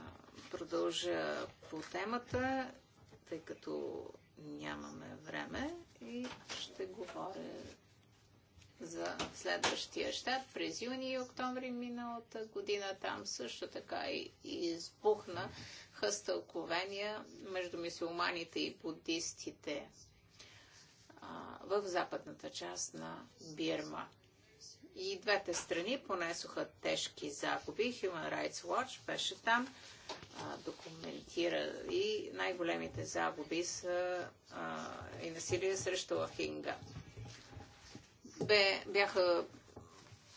продължа по темата, тъй като нямаме време и ще говоря за следващия щаб през юни и октомври миналата година. Там също така и избухна хъстълковения между мисулманите и буддистите в западната част на Бирма. И двете страни понесоха тежки загуби. Human Rights Watch беше там, а, документира и най-големите загуби са а, и насилие срещу Лахинга бе, бяха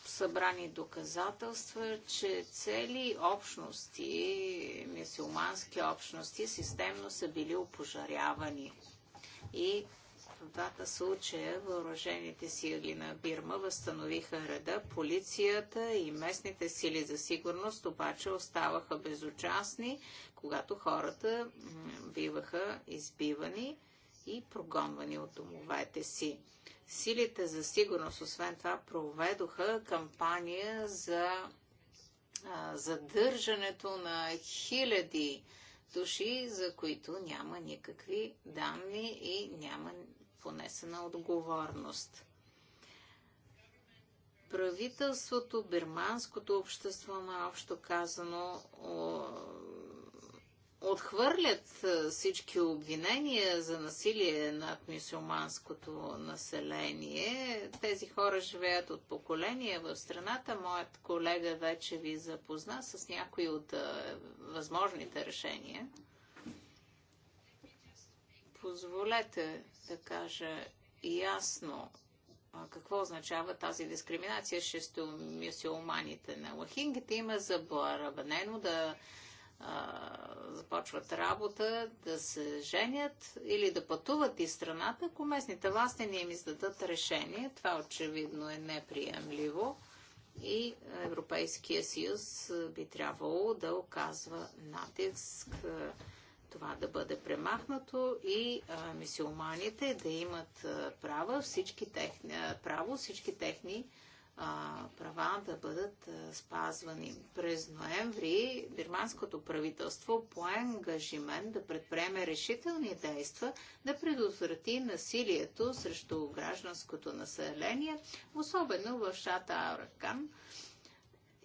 събрани доказателства, че цели общности, мисиомански общности, системно са били опожарявани. И в двата случая въоръжените сили на Бирма възстановиха реда, полицията и местните сили за сигурност обаче оставаха безучастни, когато хората биваха избивани и прогонвани от домовете си. Силите за сигурност, освен това, проведоха кампания за задържането на хиляди души, за които няма никакви данни и няма понесена отговорност. Правителството, бирманското общество, общо казано, отхвърлят всички обвинения за насилие над мюсюлманското население. Тези хора живеят от поколения в страната. Моят колега вече ви запозна с някои от възможните решения. Позволете да кажа ясно какво означава тази дискриминация шесто мюсюлманите на лахингите. Има забравнено да започват работа, да се женят или да пътуват из страната, ако местните власти не им издадат решение. Това очевидно е неприемливо и Европейския съюз би трябвало да оказва натиск това да бъде премахнато и мисиоманите да имат права, всички техни, право всички техни права да бъдат спазвани. През ноември бирманското правителство пое ангажимент да предприеме решителни действа да предотврати насилието срещу гражданското население, особено в щата Аракан.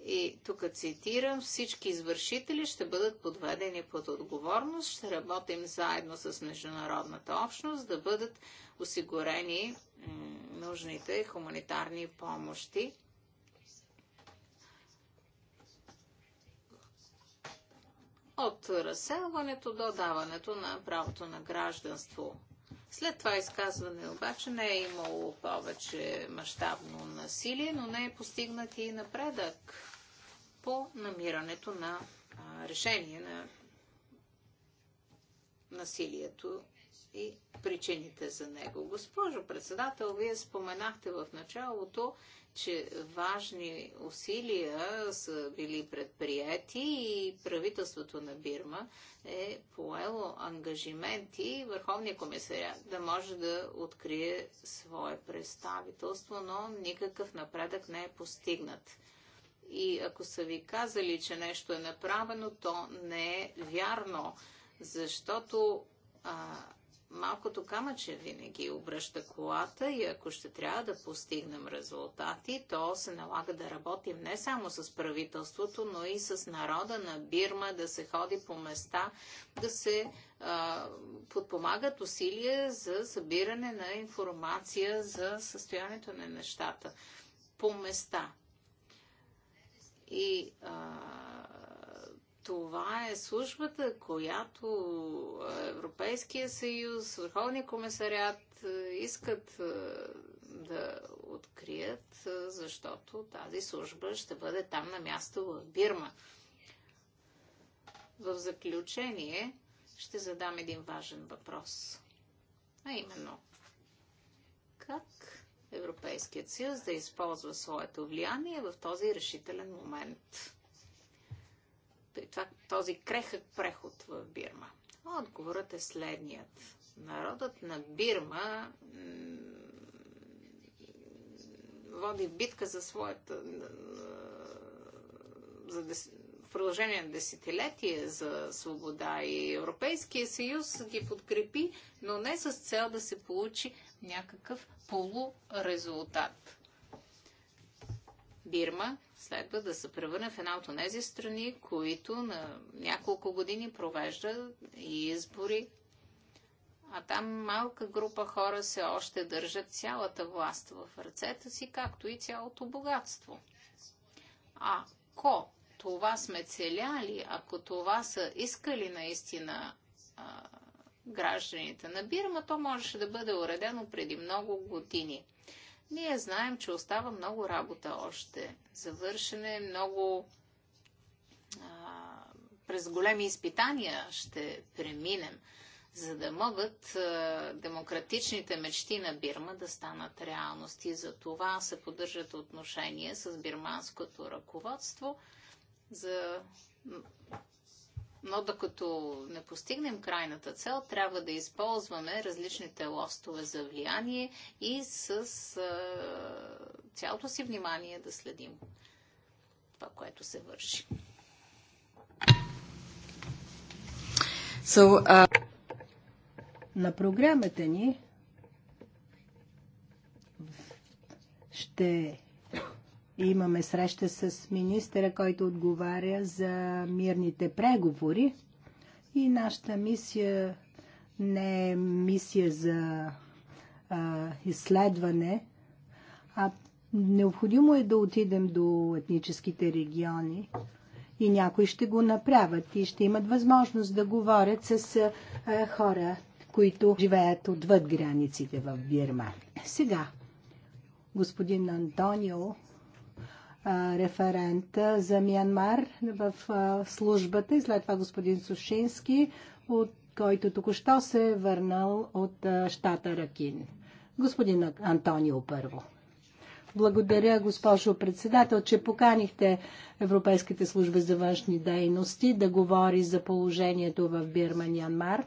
И тук цитирам, всички извършители ще бъдат подведени под отговорност, ще работим заедно с международната общност да бъдат осигурени нужните хуманитарни помощи. От разселването до даването на правото на гражданство. След това изказване обаче не е имало повече мащабно насилие, но не е постигнат и напредък по намирането на решение на насилието и причините за него. Госпожо председател, вие споменахте в началото, че важни усилия са били предприяти и правителството на Бирма е поело ангажименти Върховния комисариат да може да открие свое представителство, но никакъв напредък не е постигнат. И ако са ви казали, че нещо е направено, то не е вярно, защото а, малкото камъче винаги обръща колата и ако ще трябва да постигнем резултати, то се налага да работим не само с правителството, но и с народа на Бирма, да се ходи по места, да се а, подпомагат усилия за събиране на информация за състоянието на нещата по места. И а, това е службата, която Европейския съюз, Върховния комисарят искат да открият, защото тази служба ще бъде там на място в Бирма. В заключение ще задам един важен въпрос. А именно, как Европейският съюз да използва своето влияние в този решителен момент? това, този крехък преход в Бирма? Отговорът е следният. Народът на Бирма води битка за своята. За дес... в продължение на десетилетие за свобода и Европейския съюз ги подкрепи, но не с цел да се получи някакъв полурезултат. Бирма следва да се превърне в една от тези страни, които на няколко години провежда и избори, а там малка група хора се още държат цялата власт в ръцете си, както и цялото богатство. Ако това сме целяли, ако това са искали наистина а, гражданите на Бирма, то можеше да бъде уредено преди много години. Ние знаем, че остава много работа още. Завършене много а, през големи изпитания ще преминем, за да могат а, демократичните мечти на Бирма да станат реалност. И за това се поддържат отношения с бирманското ръководство за но докато не постигнем крайната цел, трябва да използваме различните лостове за влияние и с а, цялото си внимание да следим това, което се върши. So, uh... На програмата ни ще имаме среща с министъра, който отговаря за мирните преговори. И нашата мисия не е мисия за а, изследване, а необходимо е да отидем до етническите региони и някои ще го направят и ще имат възможност да говорят с а, хора, които живеят отвъд границите в Бирма. Сега, господин Антонио референт за Мянмар в службата и след това господин Сушински, от който току-що се е върнал от щата Ракин. Господин Антонио първо. Благодаря, госпожо председател, че поканихте Европейските служби за външни дейности да говори за положението в Бирма Янмар.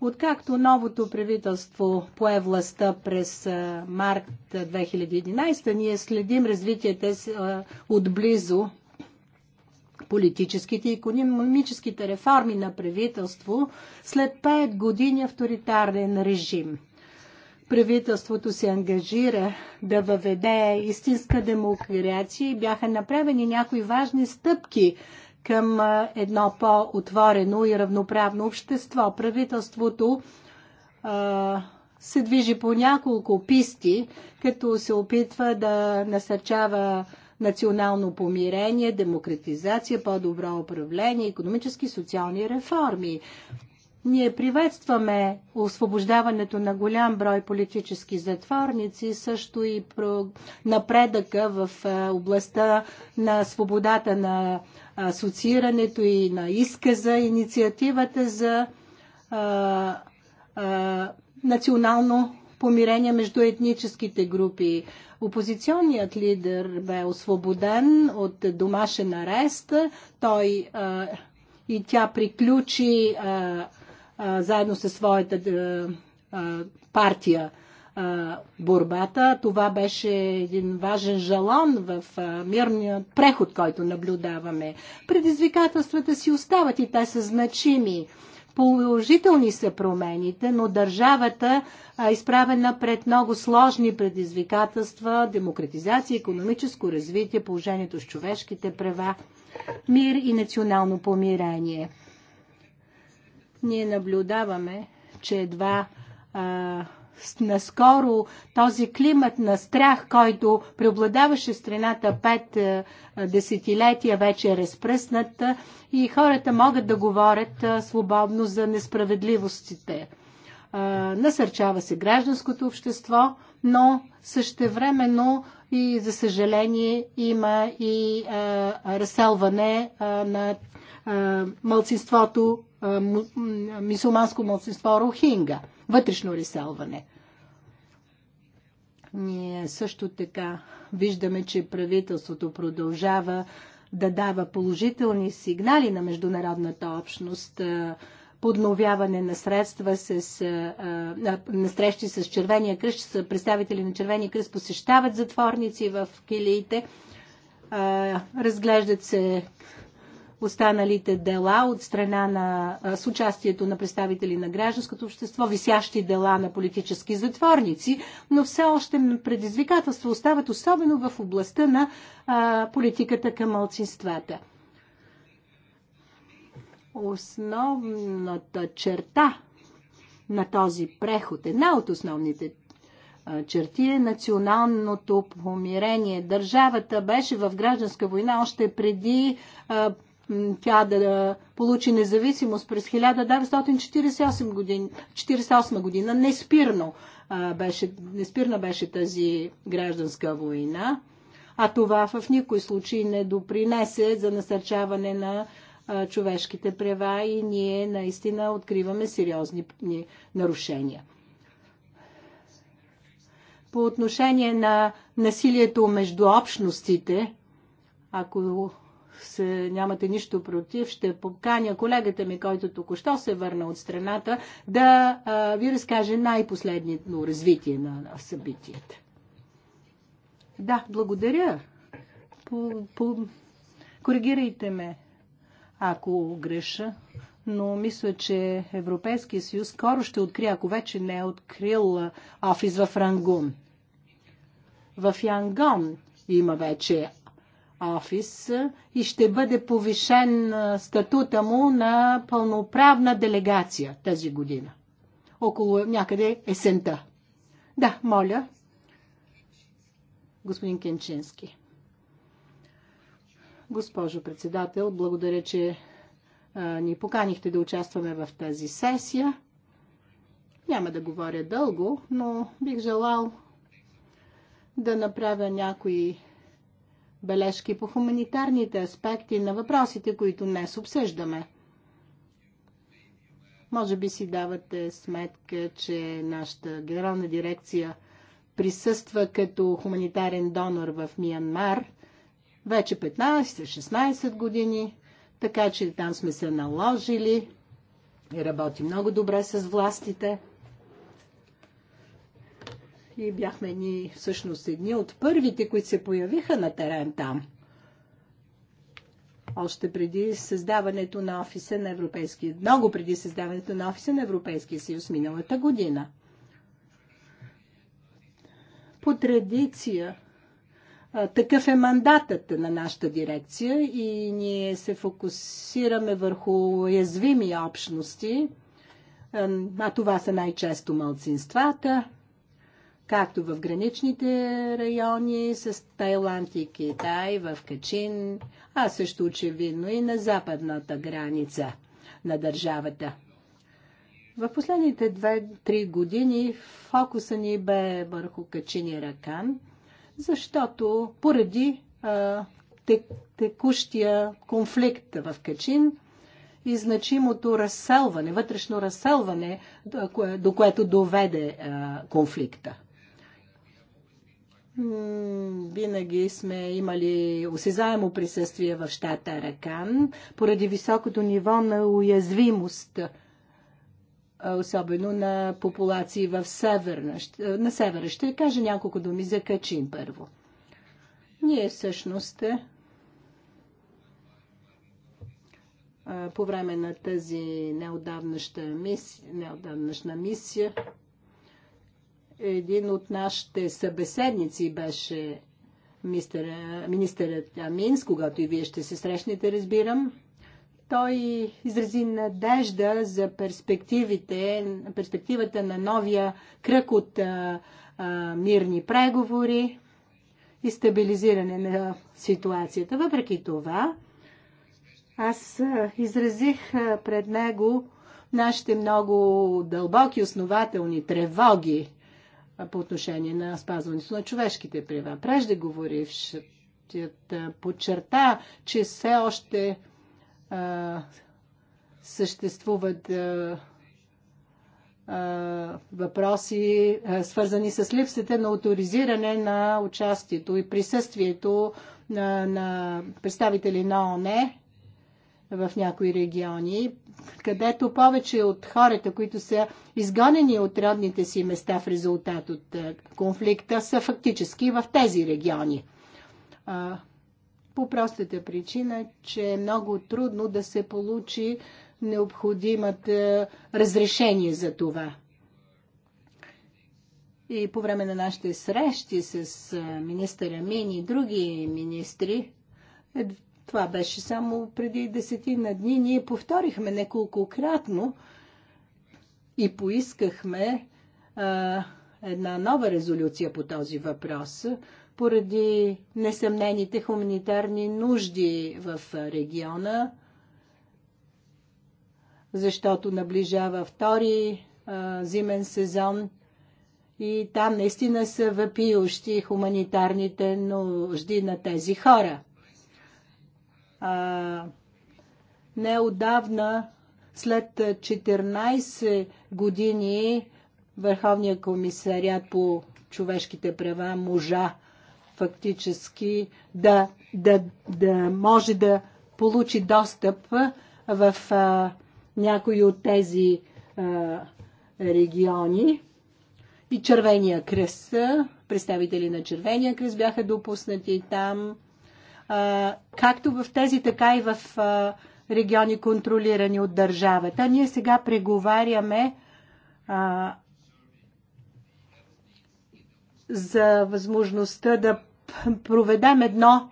Откакто новото правителство пое властта през март 2011, ние следим развитието отблизо политическите и економическите реформи на правителство след 5 години авторитарен режим. Правителството се ангажира да въведе истинска демокрация и бяха направени някои важни стъпки – към едно по-отворено и равноправно общество. Правителството а, се движи по няколко писти, като се опитва да насърчава национално помирение, демократизация, по-добро управление, економически и социални реформи. Ние приветстваме освобождаването на голям брой политически затворници, също и напредъка в областта на свободата на асоциирането и на изказа, инициативата за а, а, национално помирение между етническите групи. Опозиционният лидер бе освободен от домашен арест. Той а, и тя приключи а, а, заедно със своята а, а, партия борбата. Това беше един важен жалон в а, мирния преход, който наблюдаваме. Предизвикателствата си остават и те са значими. Положителни са промените, но държавата е изправена пред много сложни предизвикателства демократизация, економическо развитие, положението с човешките права, мир и национално помирение. Ние наблюдаваме, че едва а, наскоро този климат на страх, който преобладаваше страната пет е, десетилетия, вече е разпръснат е, и хората могат да говорят е, свободно за несправедливостите. Насърчава се гражданското общество, но същевременно и за съжаление има и разселване на мълцинството, мисулманско мълцинство Рохинга – вътрешно реселване. Ние също така виждаме, че правителството продължава да дава положителни сигнали на международната общност, подновяване на средства с, на срещи с Червения кръст. Представители на Червения кръст посещават затворници в килиите. Разглеждат се останалите дела от страна на, с участието на представители на гражданското общество, висящи дела на политически затворници, но все още предизвикателства остават особено в областта на а, политиката към мълцинствата. Основната черта на този преход, една от основните черти е националното помирение. Държавата беше в гражданска война още преди а, тя да получи независимост през 1948 година, 48 година неспирно беше, неспирна беше тази гражданска война, а това в никой случай не допринесе за насърчаване на човешките права и ние наистина откриваме сериозни нарушения. По отношение на насилието между общностите, ако се, нямате нищо против, ще поканя колегата ми, който току-що се върна от страната, да а, ви разкаже най-последното развитие на, на събитията. Да, благодаря. По, по... Коригирайте ме, ако греша, но мисля, че Европейския съюз скоро ще открие, ако вече не е открил офис в Рангун. В Янгон има вече офис и ще бъде повишен статута му на пълноправна делегация тази година. Около е, някъде есента. Да, моля. Господин Кенчински. Госпожо председател, благодаря, че а, ни поканихте да участваме в тази сесия. Няма да говоря дълго, но бих желал да направя някои бележки по хуманитарните аспекти на въпросите, които днес обсъждаме. Може би си давате сметка, че нашата генерална дирекция присъства като хуманитарен донор в Миянмар вече 15-16 години, така че там сме се наложили и работи много добре с властите и бяхме ни всъщност едни от първите, които се появиха на терен там. Още преди създаването на офиса на Европейския, много преди създаването на офиса на Европейския съюз миналата година. По традиция, такъв е мандатът на нашата дирекция и ние се фокусираме върху уязвими общности, а това са най-често мълцинствата, както в граничните райони с Тайланд и Китай, в Качин, а също очевидно и на западната граница на държавата. В последните 2-3 години фокуса ни бе върху Качин и Ракан, защото поради а, текущия конфликт в Качин и значимото разселване, вътрешно разселване, до което доведе а, конфликта винаги сме имали осезаемо присъствие в щата Аракан, поради високото ниво на уязвимост, особено на популации в северна, на севера. Ще кажа няколко думи за Качин първо. Ние всъщност по време на тази неодавнаща мисия, неодавнашна мисия един от нашите събеседници беше мистер, министърът Аминс, когато и вие ще се срещнете, разбирам. Той изрази надежда за перспективите, перспективата на новия кръг от а, а, мирни преговори и стабилизиране на ситуацията. Въпреки това, аз изразих пред него нашите много дълбоки основателни тревоги по отношение на спазването на човешките права. Преждеговорившият подчерта, че все още а, съществуват а, а, въпроси, а, свързани с липсата на авторизиране на участието и присъствието на, на представители на ОНЕ в някои региони, където повече от хората, които са изгонени от родните си места в резултат от конфликта, са фактически в тези региони. По простата причина, че е много трудно да се получи необходимата разрешение за това. И по време на нашите срещи с министъра Мин и други министри, това беше само преди десетина дни. Ние повторихме неколкократно и поискахме а, една нова резолюция по този въпрос, поради несъмнените хуманитарни нужди в региона, защото наближава втори а, зимен сезон и там наистина са въпиющи хуманитарните нужди на тези хора а, неодавна, след 14 години, Върховния комисарят по човешките права можа фактически да, да, да може да получи достъп в а, някои от тези а, региони. И Червения кръст, представители на Червения кръст бяха допуснати там както в тези, така и в региони, контролирани от държавата. Ние сега преговаряме за възможността да проведем едно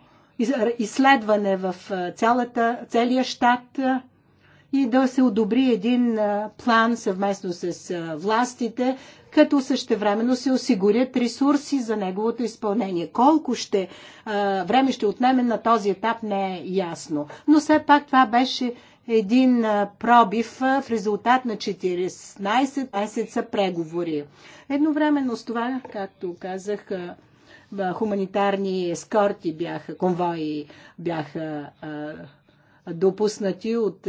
изследване в цялата, целия щат и да се одобри един план съвместно с властите като същевременно се осигурят ресурси за неговото изпълнение. Колко ще, а, време ще отнеме на този етап не е ясно. Но все пак това беше един пробив в резултат на 14 месеца преговори. Едновременно с това, както казах, хуманитарни ескорти бяха, конвои бяха а, допуснати от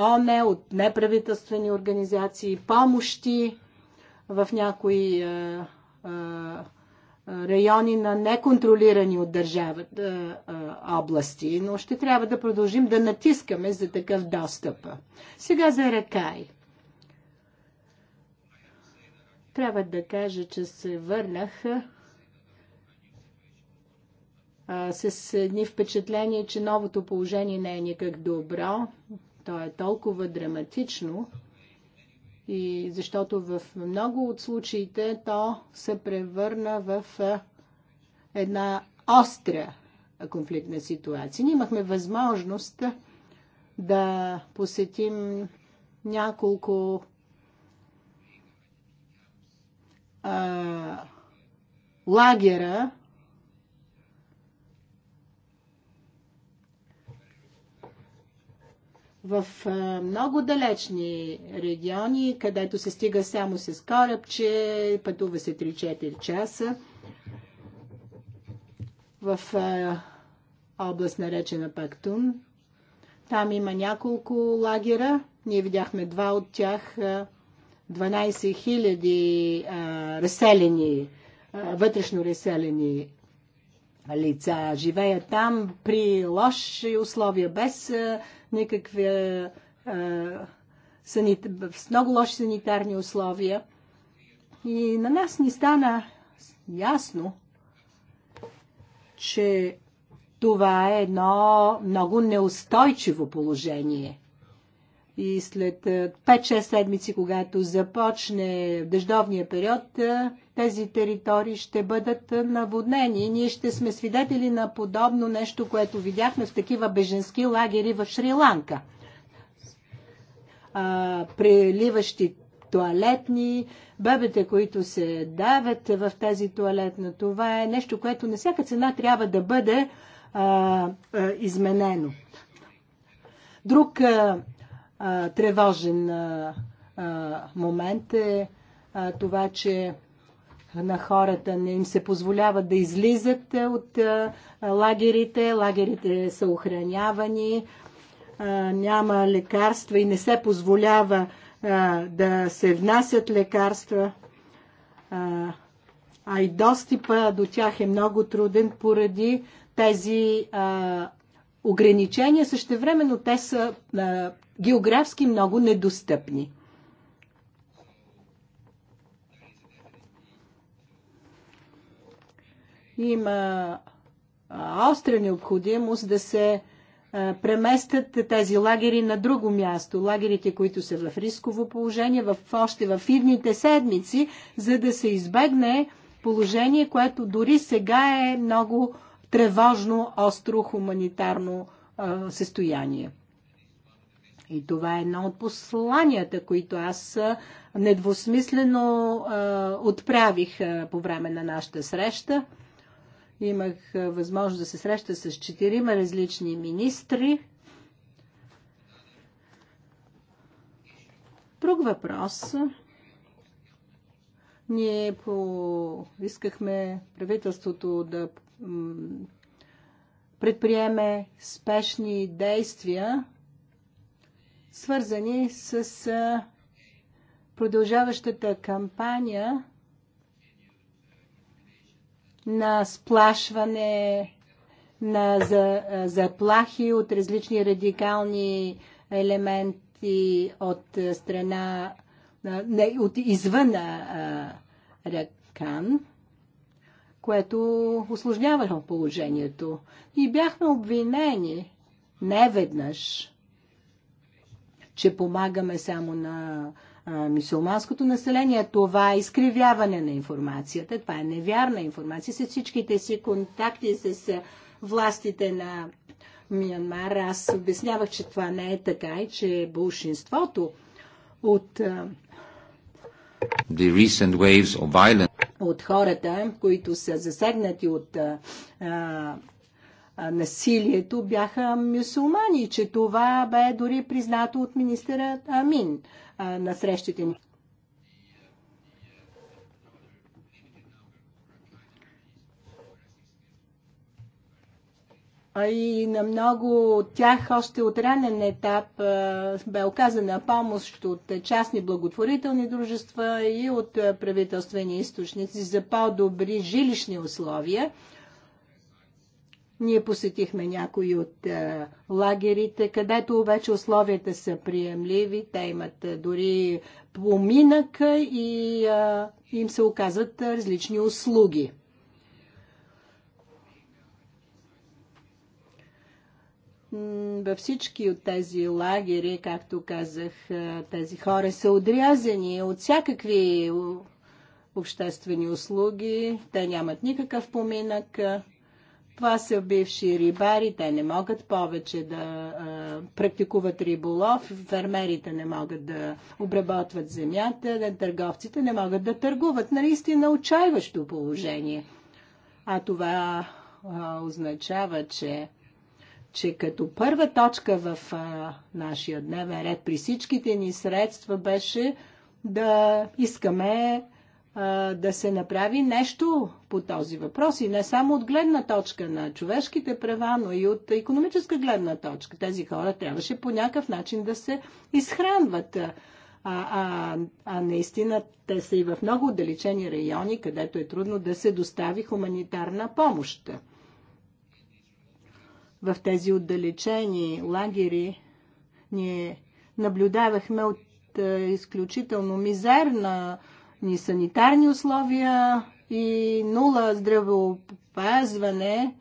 ОНЕ, от неправителствени организации, помощи в някои а, е, а, е, райони на неконтролирани от държавата е, области, но ще трябва да продължим да натискаме за такъв достъп. Сега за Ракай. Трябва да кажа, че се върнах а, с едни впечатления, че новото положение не е никак добро. То е толкова драматично, и защото в много от случаите то се превърна в една остра конфликтна ситуация. Ние имахме възможност да посетим няколко а, лагера в много далечни региони, където се стига само с корабче, пътува се 3-4 часа. В област наречена Пактун. Там има няколко лагера. Ние видяхме два от тях. 12 000 разселени, вътрешно разселени лица живеят там при лоши условия, без никакви с много лоши санитарни условия. И на нас ни стана ясно, че това е едно много неустойчиво положение и след 5-6 е, седмици, когато започне дъждовния период, е, тези територии ще бъдат е, наводнени. ние ще сме свидетели на подобно нещо, което видяхме в такива беженски лагери в Шри-Ланка. Преливащи туалетни, бебете, които се давят в тази туалетна. Това е нещо, което на всяка цена трябва да бъде а, а, изменено. Друг а, а, тревожен а, а, момент е а, това, че на хората не им се позволява да излизат от а, лагерите. Лагерите са охранявани, а, няма лекарства и не се позволява а, да се внасят лекарства. А, а и достъпа до тях е много труден поради тези а, ограничения, същевременно те са а, географски много недостъпни. Има остра необходимост да се преместят тези лагери на друго място. Лагерите, които са в рисково положение, в, още в идните седмици, за да се избегне положение, което дори сега е много тревожно, остро хуманитарно а, състояние. И това е едно от посланията, които аз недвусмислено а, отправих а, по време на нашата среща. Имах а, възможност да се среща с четирима различни министри. Друг въпрос. Ние поискахме правителството да предприеме спешни действия, свързани с продължаващата кампания на сплашване, на заплахи от различни радикални елементи от страна, от извън Ракан което осложнявало положението. И бяхме обвинени неведнъж, че помагаме само на мисулманското население. Това е изкривяване на информацията, това е невярна информация. С всичките си контакти с властите на Миянмар, аз обяснявах, че това не е така и че бълшинството от The recent waves of violence от хората, които са засегнати от а, насилието бяха мюсулмани, че това бе дори признато от министъра Амин а, на срещите ни. и на много от тях още от ранен етап бе оказана помощ от частни благотворителни дружества и от правителствени източници за по-добри жилищни условия. Ние посетихме някои от лагерите, където вече условията са приемливи, те имат дори поминък и им се оказват различни услуги. във всички от тези лагери, както казах, тези хора са отрязани от всякакви обществени услуги, те нямат никакъв поминък. Това са бивши рибари, те не могат повече да а, практикуват риболов, фермерите не могат да обработват земята, търговците не могат да търгуват. Наистина отчаиващо положение. А това а, означава, че че като първа точка в а, нашия дневен ред при всичките ни средства беше да искаме а, да се направи нещо по този въпрос и не само от гледна точка на човешките права, но и от економическа гледна точка. Тези хора трябваше по някакъв начин да се изхранват. А, а, а наистина те са и в много отдалечени райони, където е трудно да се достави хуманитарна помощ в тези отдалечени лагери ние наблюдавахме от е, изключително мизерна ни санитарни условия и нула здравеопазване.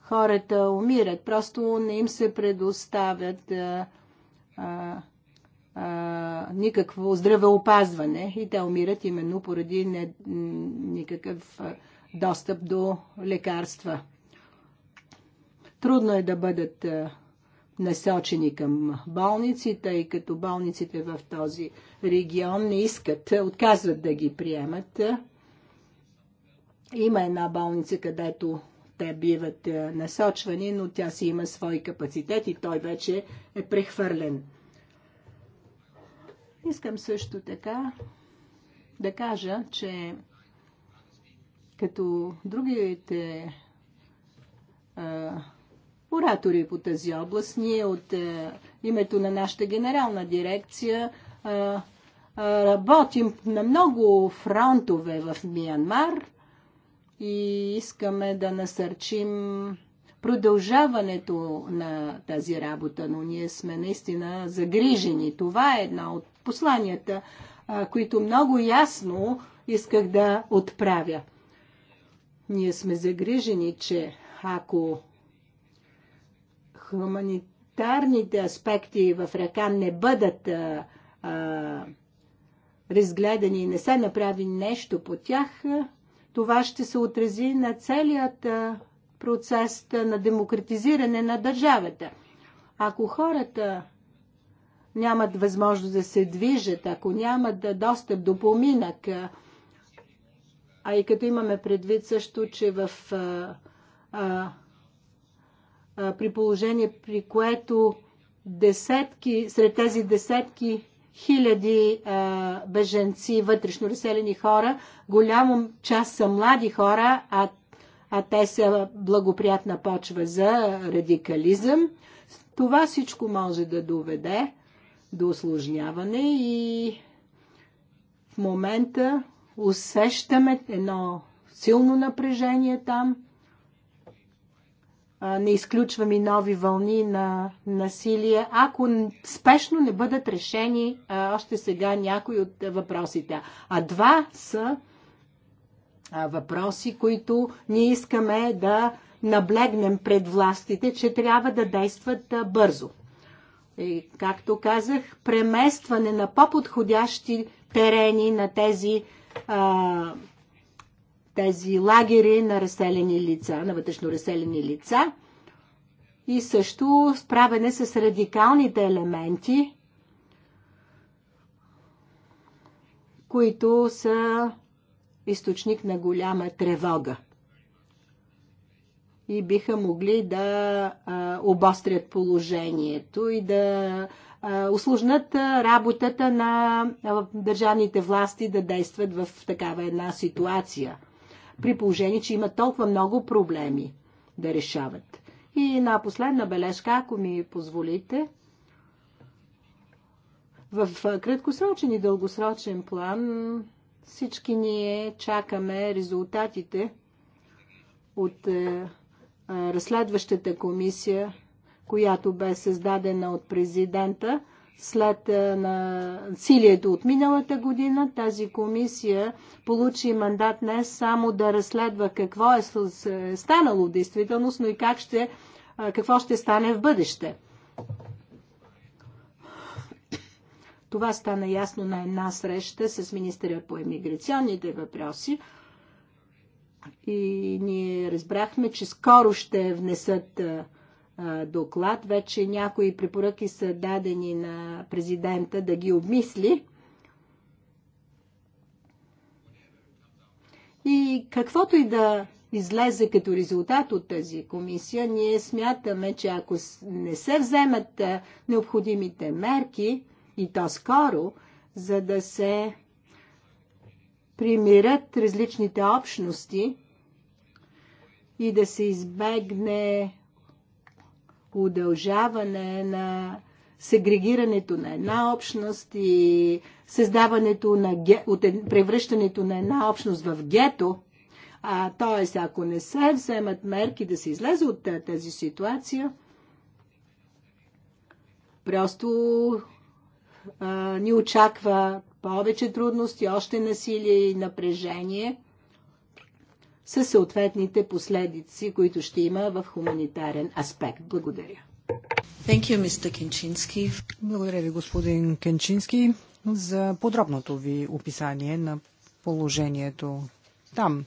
Хората умират, просто не им се предоставят е, а, а, никакво здравеопазване и те умират именно поради не, никакъв а, е, достъп до лекарства. Трудно е да бъдат е, насочени към болници, тъй като болниците в този регион не искат, е, отказват да ги приемат. Е, има една болница, където те биват насочвани, но тя си има свой капацитет и той вече е прехвърлен. Искам също така да кажа, че като другите а, оратори по тази област, ние от а, името на нашата генерална дирекция а, работим на много фронтове в Миянмар и искаме да насърчим продължаването на тази работа, но ние сме наистина загрижени. Това е една от посланията, които много ясно исках да отправя. Ние сме загрижени, че ако хуманитарните аспекти в река не бъдат а, а, разгледани и не се направи нещо по тях, това ще се отрази на целият процес на демократизиране на държавата. Ако хората нямат възможност да се движат, ако нямат достъп до поминък, а и като имаме предвид също, че в, а, а, а, при положение, при което десетки, сред тези десетки хиляди а, беженци, вътрешно разселени хора, голяма част са млади хора, а, а те са благоприятна почва за радикализъм. Това всичко може да доведе до осложняване и в момента усещаме едно силно напрежение там. Не изключваме нови вълни на насилие, ако спешно не бъдат решени още сега някои от въпросите. А два са въпроси, които ние искаме да наблегнем пред властите, че трябва да действат бързо. И, както казах, преместване на по-подходящи терени на тези а, тези лагери на разселени лица, на вътрешно разселени лица и също справяне с радикалните елементи, които са източник на голяма тревога и биха могли да а, обострят положението и да осложнат работата на държавните власти да действат в такава една ситуация. При положение, че има толкова много проблеми да решават. И на последна бележка, ако ми позволите, в краткосрочен и дългосрочен план всички ние чакаме резултатите от разследващата комисия която бе създадена от президента след е, силието от миналата година. Тази комисия получи мандат не само да разследва какво е, е станало в действителност, но и как ще, е, какво ще стане в бъдеще. Това стана ясно на една среща с министъра по емиграционните въпроси. И ние разбрахме, че скоро ще внесат доклад. Вече някои препоръки са дадени на президента да ги обмисли. И каквото и да излезе като резултат от тази комисия, ние смятаме, че ако не се вземат необходимите мерки, и то скоро, за да се примират различните общности и да се избегне удължаване на сегрегирането на една общност и създаването на ге... от превръщането на една общност в гето, а, т.е. ако не се вземат мерки да се излезе от тази ситуация, просто а, ни очаква повече трудности, още насилие и напрежение – със съответните последици, които ще има в хуманитарен аспект. Благодаря. Thank you, Mr. Благодаря ви, господин Кенчински, за подробното ви описание на положението там.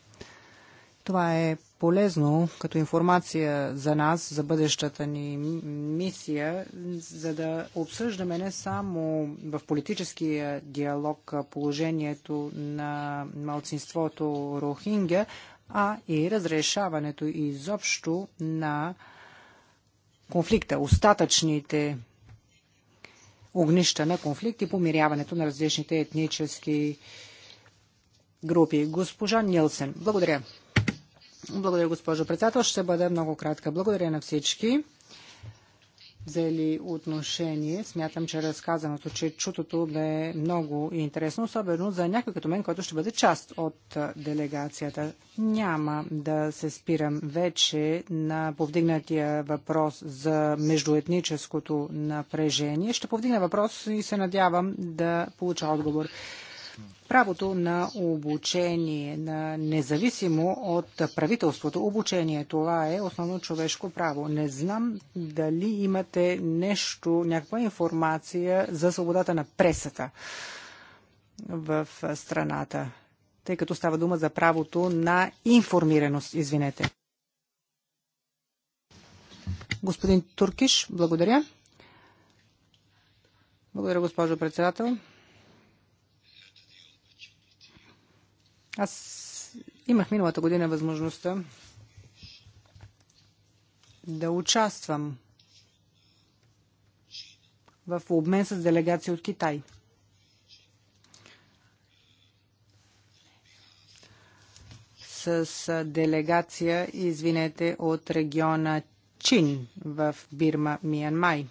Това е полезно като информация за нас, за бъдещата ни мисия, за да обсъждаме не само в политическия диалог положението на малцинството Рохингя, а и разрешаването изобщо на конфликта, остатъчните огнища на конфликт и помиряването на различните етнически групи. Госпожа Нилсен, благодаря. Благодаря, госпожо председател. Ще бъда много кратка. Благодаря на всички взели отношение. Смятам, че разказаното, че чутото да е много интересно, особено за някой като мен, който ще бъде част от делегацията. Няма да се спирам вече на повдигнатия въпрос за междуетническото напрежение. Ще повдигна въпрос и се надявам да получа отговор правото на обучение, на независимо от правителството обучение. Това е основно човешко право. Не знам дали имате нещо, някаква информация за свободата на пресата в страната, тъй като става дума за правото на информираност. Извинете. Господин Туркиш, благодаря. Благодаря, госпожо председател. Аз имах миналата година възможността да участвам в обмен с делегация от Китай. С делегация, извинете, от региона Чин в Бирма, Миянмай.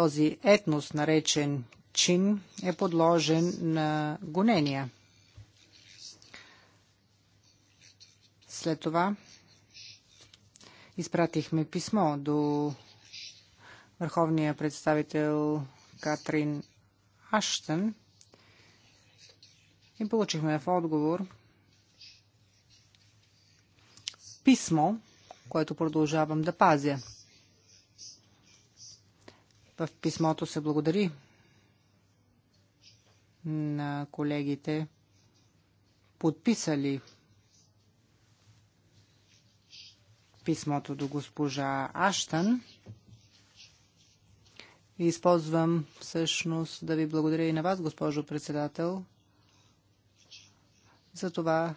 този етнос, наречен Чин, е подложен на гонения. След това изпратихме писмо до върховния представител Катрин Аштън и получихме в отговор писмо, което продължавам да пазя. В писмото се благодари на колегите, подписали писмото до госпожа Аштан. И използвам всъщност да ви благодаря и на вас, госпожо председател, за това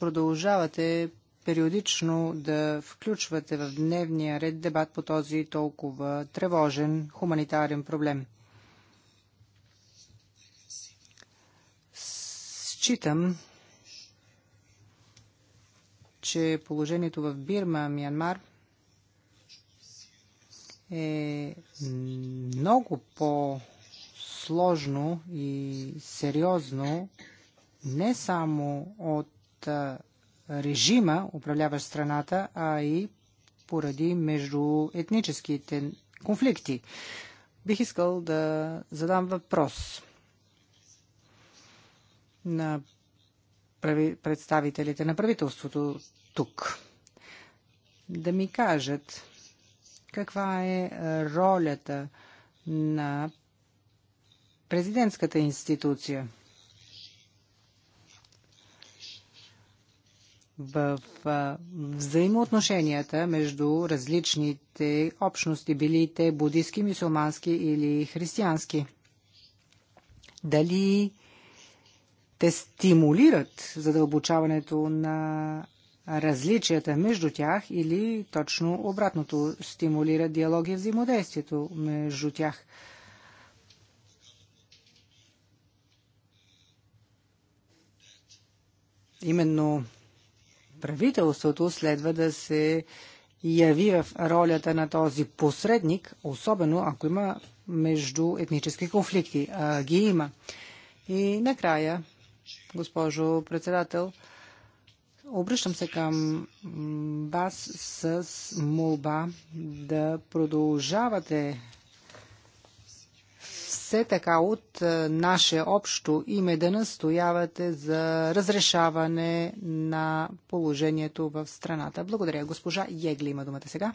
продължавате периодично да включвате в дневния ред дебат по този толкова тревожен хуманитарен проблем. Считам, че положението в Бирма, Миянмар е много по-сложно и сериозно не само от режима, управляващ страната, а и поради междуетническите конфликти. Бих искал да задам въпрос на представителите на правителството тук. Да ми кажат каква е ролята на президентската институция – в взаимоотношенията между различните общности, били те будистки, мусулмански или християнски. Дали те стимулират задълбочаването на различията между тях или точно обратното стимулират диалоги и взаимодействието между тях. Именно правителството следва да се яви в ролята на този посредник, особено ако има между етнически конфликти. А ги има. И накрая, госпожо председател, Обръщам се към вас с молба да продължавате все така от е, наше общо име да настоявате за разрешаване на положението в страната. Благодаря. Госпожа Егли има думата сега.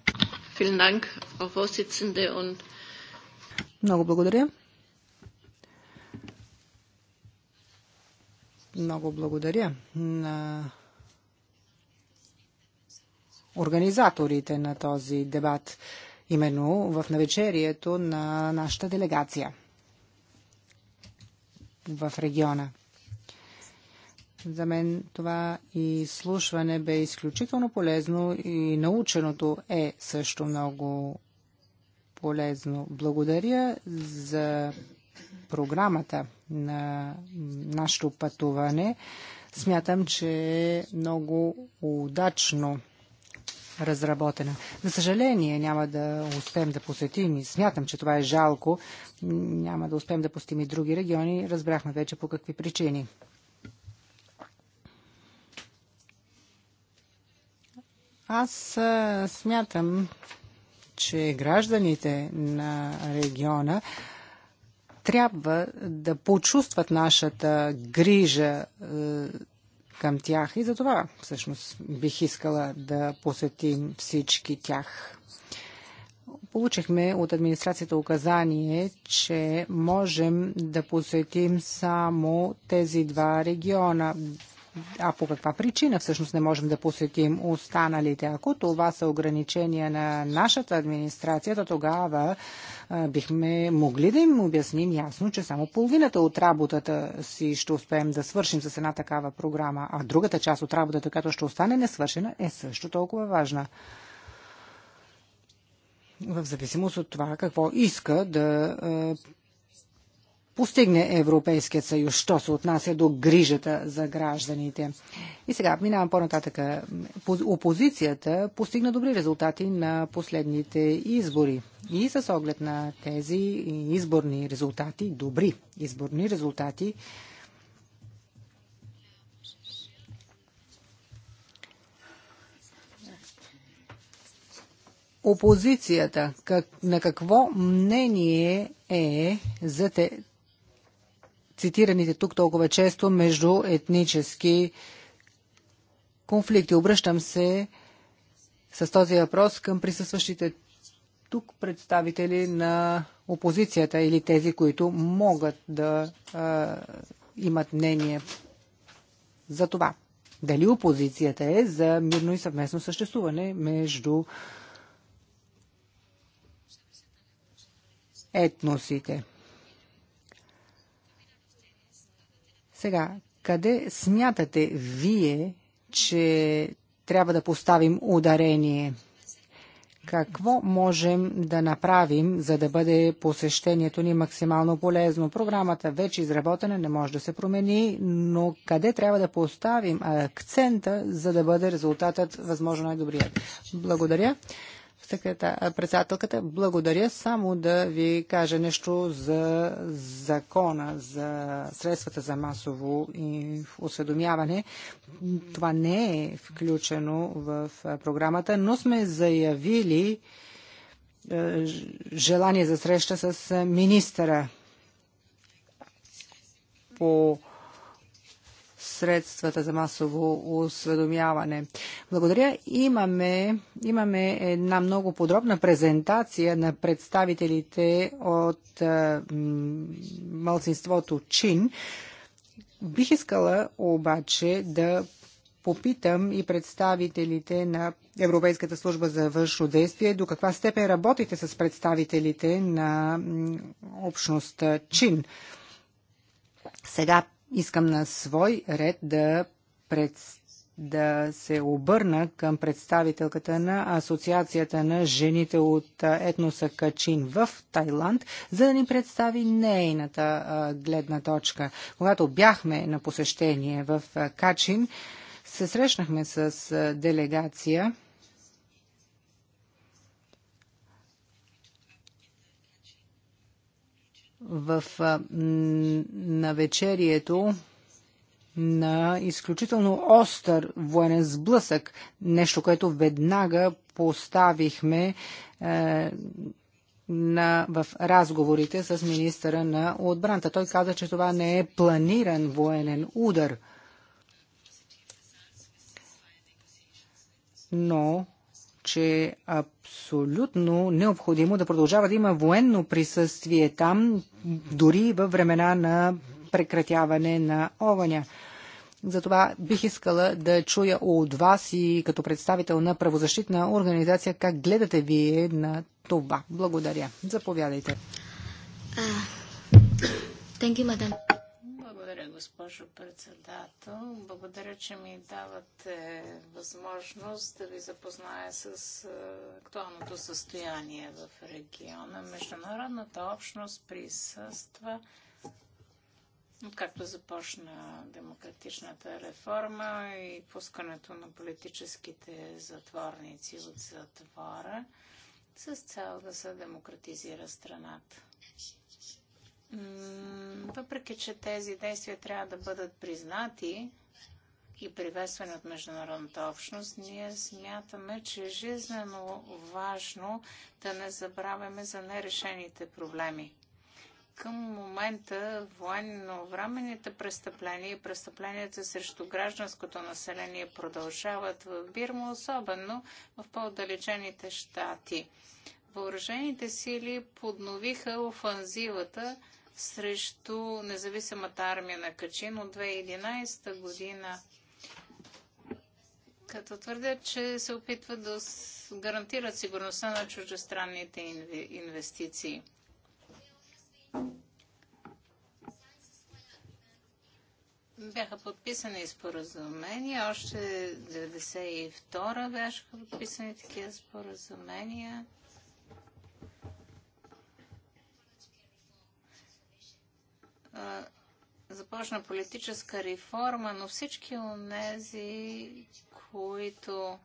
Много благодаря. Много благодаря на организаторите на този дебат, именно в навечерието на нашата делегация в региона. За мен това изслушване бе изключително полезно и наученото е също много полезно. Благодаря за програмата на нашето пътуване. Смятам, че е много удачно разработена. За съжаление няма да успеем да посетим и смятам, че това е жалко. Няма да успеем да посетим и други региони. Разбрахме вече по какви причини. Аз смятам, че гражданите на региона трябва да почувстват нашата грижа към тях и за това всъщност бих искала да посетим всички тях. Получихме от администрацията указание, че можем да посетим само тези два региона а по каква причина всъщност не можем да посетим останалите. Ако това са ограничения на нашата администрация, то тогава бихме могли да им обясним ясно, че само половината от работата си ще успеем да свършим с една такава програма, а другата част от работата, която ще остане несвършена, е също толкова важна в зависимост от това какво иска да постигне Европейският съюз, що се отнася до грижата за гражданите. И сега минавам по-нататък. Опозицията постигна добри резултати на последните избори. И с оглед на тези изборни резултати, добри изборни резултати, опозицията как, на какво мнение е за те, цитираните тук толкова често между етнически конфликти. Обръщам се с този въпрос към присъстващите тук представители на опозицията или тези, които могат да а, имат мнение за това. Дали опозицията е за мирно и съвместно съществуване между етносите? Сега, къде смятате вие, че трябва да поставим ударение? Какво можем да направим, за да бъде посещението ни максимално полезно? Програмата вече изработена не може да се промени, но къде трябва да поставим акцента, за да бъде резултатът възможно най-добрият? Благодаря председателката. Благодаря. Само да ви кажа нещо за закона за средствата за масово осведомяване. Това не е включено в програмата, но сме заявили желание за среща с министъра по средствата за масово осведомяване. Благодаря. Имаме, имаме една много подробна презентация на представителите от а, е, малцинството Чин. Бих искала обаче да попитам и представителите на Европейската служба за външно действие до каква степен работите с представителите на общността Чин. Сега искам на свой ред да, пред, да се обърна към представителката на Асоциацията на жените от етноса Качин в Тайланд, за да ни представи нейната а, гледна точка. Когато бяхме на посещение в Качин, се срещнахме с делегация в навечерието на изключително остър военен сблъсък, нещо, което веднага поставихме е, на, в разговорите с министъра на отбраната. Той каза, че това не е планиран военен удар. Но че е абсолютно необходимо да продължава да има военно присъствие там, дори във времена на прекратяване на огъня. Затова бих искала да чуя от вас и като представител на правозащитна организация как гледате вие на това. Благодаря. Заповядайте. Uh, thank you, madam. Благодаря, госпожо председател. Благодаря, че ми давате възможност да ви запозная с е, актуалното състояние в региона. Международната общност присъства както започна демократичната реформа и пускането на политическите затворници от затвора с цел да се демократизира страната въпреки че тези действия трябва да бъдат признати и приветствани от международната общност, ние смятаме, че е жизнено важно да не забравяме за нерешените проблеми. Към момента военновременните престъпления и престъпленията срещу гражданското население продължават в Бирма, особено в по-отдалечените щати. Въоръжените сили подновиха офанзивата срещу независимата армия на Качин от 2011 година, като твърдят, че се опитват да гарантират сигурността на чуждестранните инвестиции. бяха подписани споразумения. Още 92-а бяха подписани такива споразумения. започна политическа реформа, но всички тези, които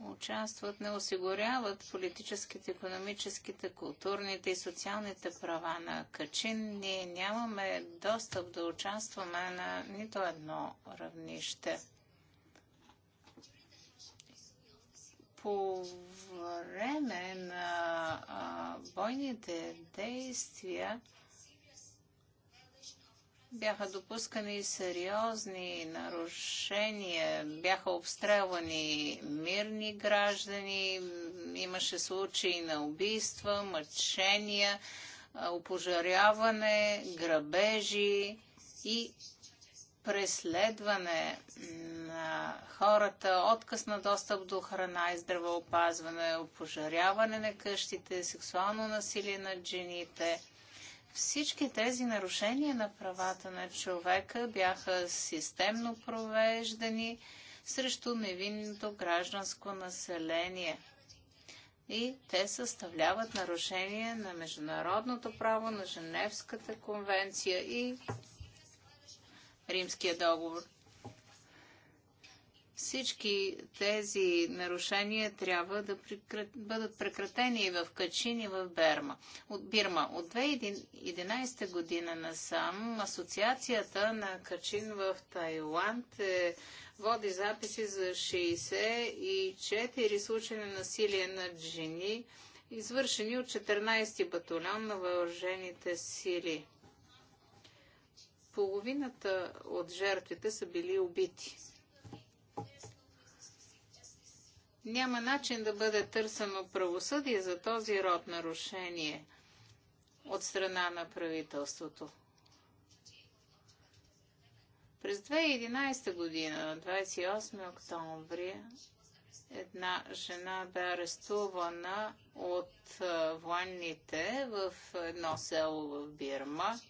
участват, не осигуряват политическите, економическите, културните и социалните права на Качин. Ние нямаме достъп да участваме на нито едно равнище. По време на а, бойните действия бяха допускани сериозни нарушения, бяха обстрелвани мирни граждани, имаше случаи на убийства, мъчения, опожаряване, грабежи и преследване на хората, отказ на достъп до храна и здравеопазване, опожаряване на къщите, сексуално насилие над жените – всички тези нарушения на правата на човека бяха системно провеждани срещу невинното гражданско население. И те съставляват нарушение на международното право, на Женевската конвенция и Римския договор. Всички тези нарушения трябва да прекрат... бъдат прекратени и в Качин, и в Берма. От Бирма. От 2011 година насам Асоциацията на Качин в Тайланд е... води записи за 64 случая на насилие над жени, извършени от 14 ти батальон на въоръжените сили. Половината от жертвите са били убити. няма начин да бъде търсено правосъдие за този род нарушение от страна на правителството. През 2011 година, на 28 октомври, една жена бе арестувана от военните в едно село в Бирма.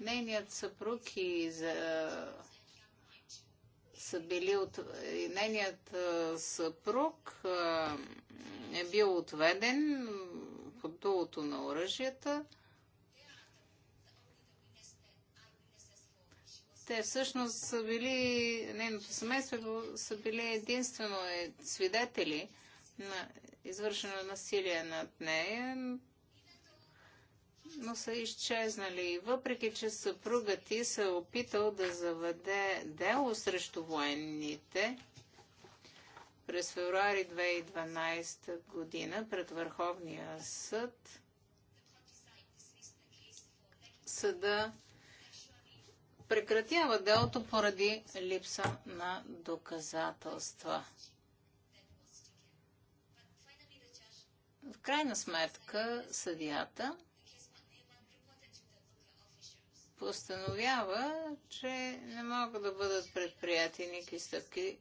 Нейният съпруг и за са били от... и нейният съпруг е бил отведен под дулото на оръжията. Те всъщност са били, нейното семейство е са били единствено е свидетели на извършено насилие над нея но са изчезнали. Въпреки, че съпругът ти се е опитал да заведе дело срещу военните, през февруари 2012 година пред Върховния съд съда прекратява делото поради липса на доказателства. В крайна сметка съдията постановява, че не могат да бъдат предприяти никакви стъпки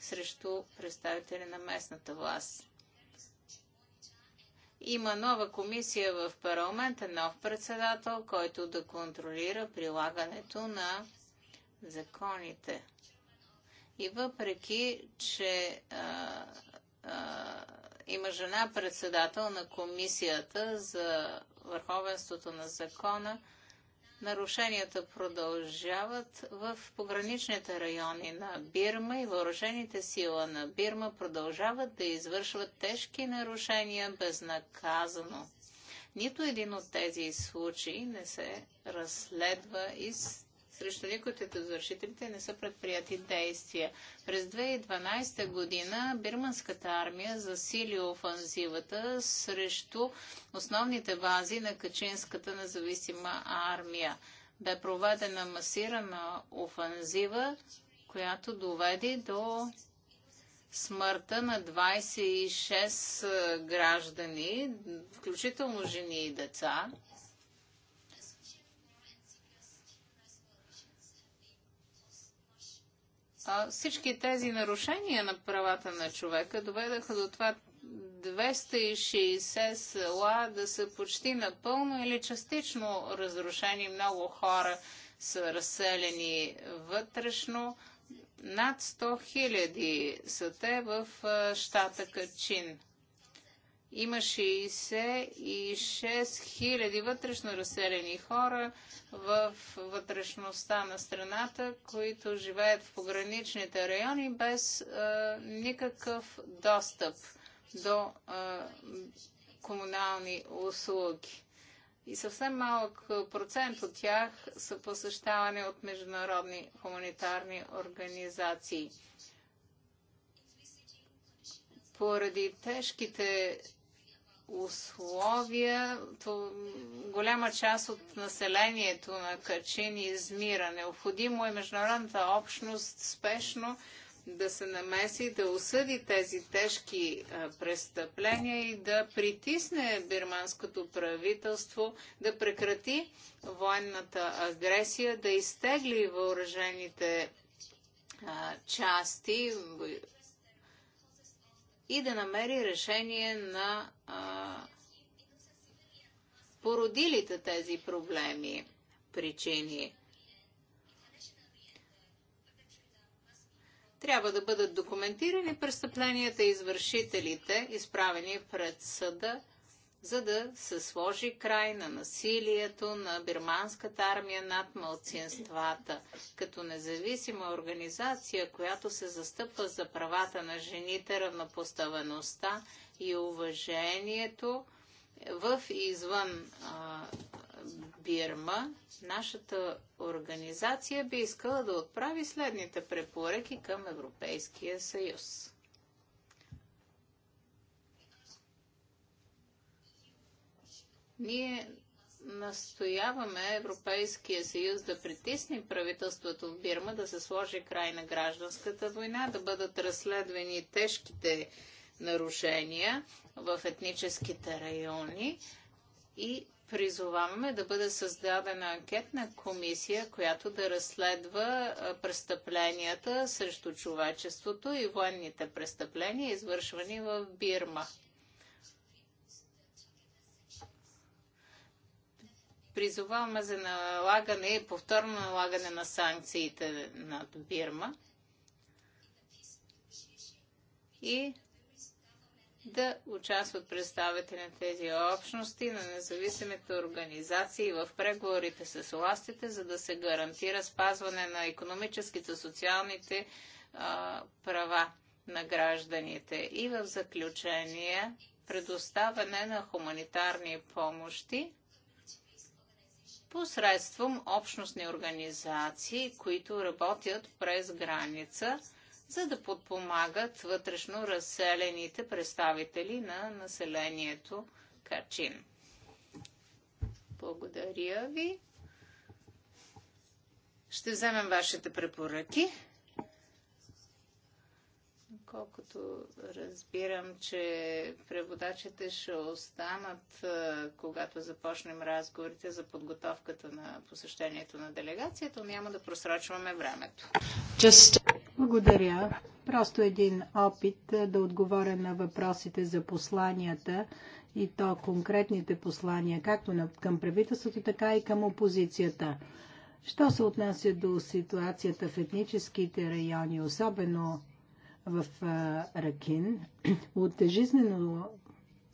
срещу представители на местната власт. Има нова комисия в парламента, нов председател, който да контролира прилагането на законите. И въпреки, че а, а, има жена председател на комисията за върховенството на закона, Нарушенията продължават в пограничните райони на Бирма и въоръжените сила на Бирма продължават да извършват тежки нарушения безнаказано. Нито един от тези случаи не се разследва и срещу никой от извършителите не са предприяти действия. През 2012 година бирманската армия засили офанзивата срещу основните бази на Качинската независима армия. Бе проведена масирана офанзива, която доведе до смъртта на 26 граждани, включително жени и деца. а, всички тези нарушения на правата на човека доведаха до това 260 села да са почти напълно или частично разрушени. Много хора са разселени вътрешно. Над 100 000 са те в щата Качин има 66 хиляди вътрешно разселени хора в вътрешността на страната, които живеят в пограничните райони без а, е, никакъв достъп до а, е, комунални услуги. И съвсем малък процент от тях са посещавани от международни хуманитарни организации поради тежките условия, то голяма част от населението на Качин измира. Необходимо е международната общност спешно да се намеси, да осъди тези тежки а, е, престъпления и да притисне бирманското правителство да прекрати военната агресия, да изтегли въоръжените а, части, и да намери решение на а, породилите тези проблеми, причини. Трябва да бъдат документирани престъпленията и извършителите, изправени пред съда за да се сложи край на насилието на бирманската армия над мълцинствата, като независима организация, която се застъпва за правата на жените, равнопоставеността и уважението в и извън а, Бирма, нашата организация би искала да отправи следните препоръки към Европейския съюз. Ние настояваме Европейския съюз да притисне правителството в Бирма да се сложи край на гражданската война, да бъдат разследвани тежките нарушения в етническите райони и призоваваме да бъде създадена анкетна комисия, която да разследва престъпленията срещу човечеството и военните престъпления, извършвани в Бирма. призоваваме за налагане, и повторно налагане на санкциите над Бирма и да участват представители на тези общности, на независимите организации в преговорите с властите, за да се гарантира спазване на економическите, социалните а, права на гражданите. И в заключение, предоставяне на хуманитарни помощи посредством общностни организации, които работят през граница, за да подпомагат вътрешно разселените представители на населението Качин. Благодаря ви. Ще вземем вашите препоръки. Доколкото разбирам, че преводачите ще останат, когато започнем разговорите за подготовката на посещението на делегацията, няма да просрочваме времето. Just... Благодаря. Просто един опит да отговоря на въпросите за посланията и то конкретните послания, както към правителството, така и към опозицията. Що се отнася до ситуацията в етническите райони, особено в Ракин. От жизнено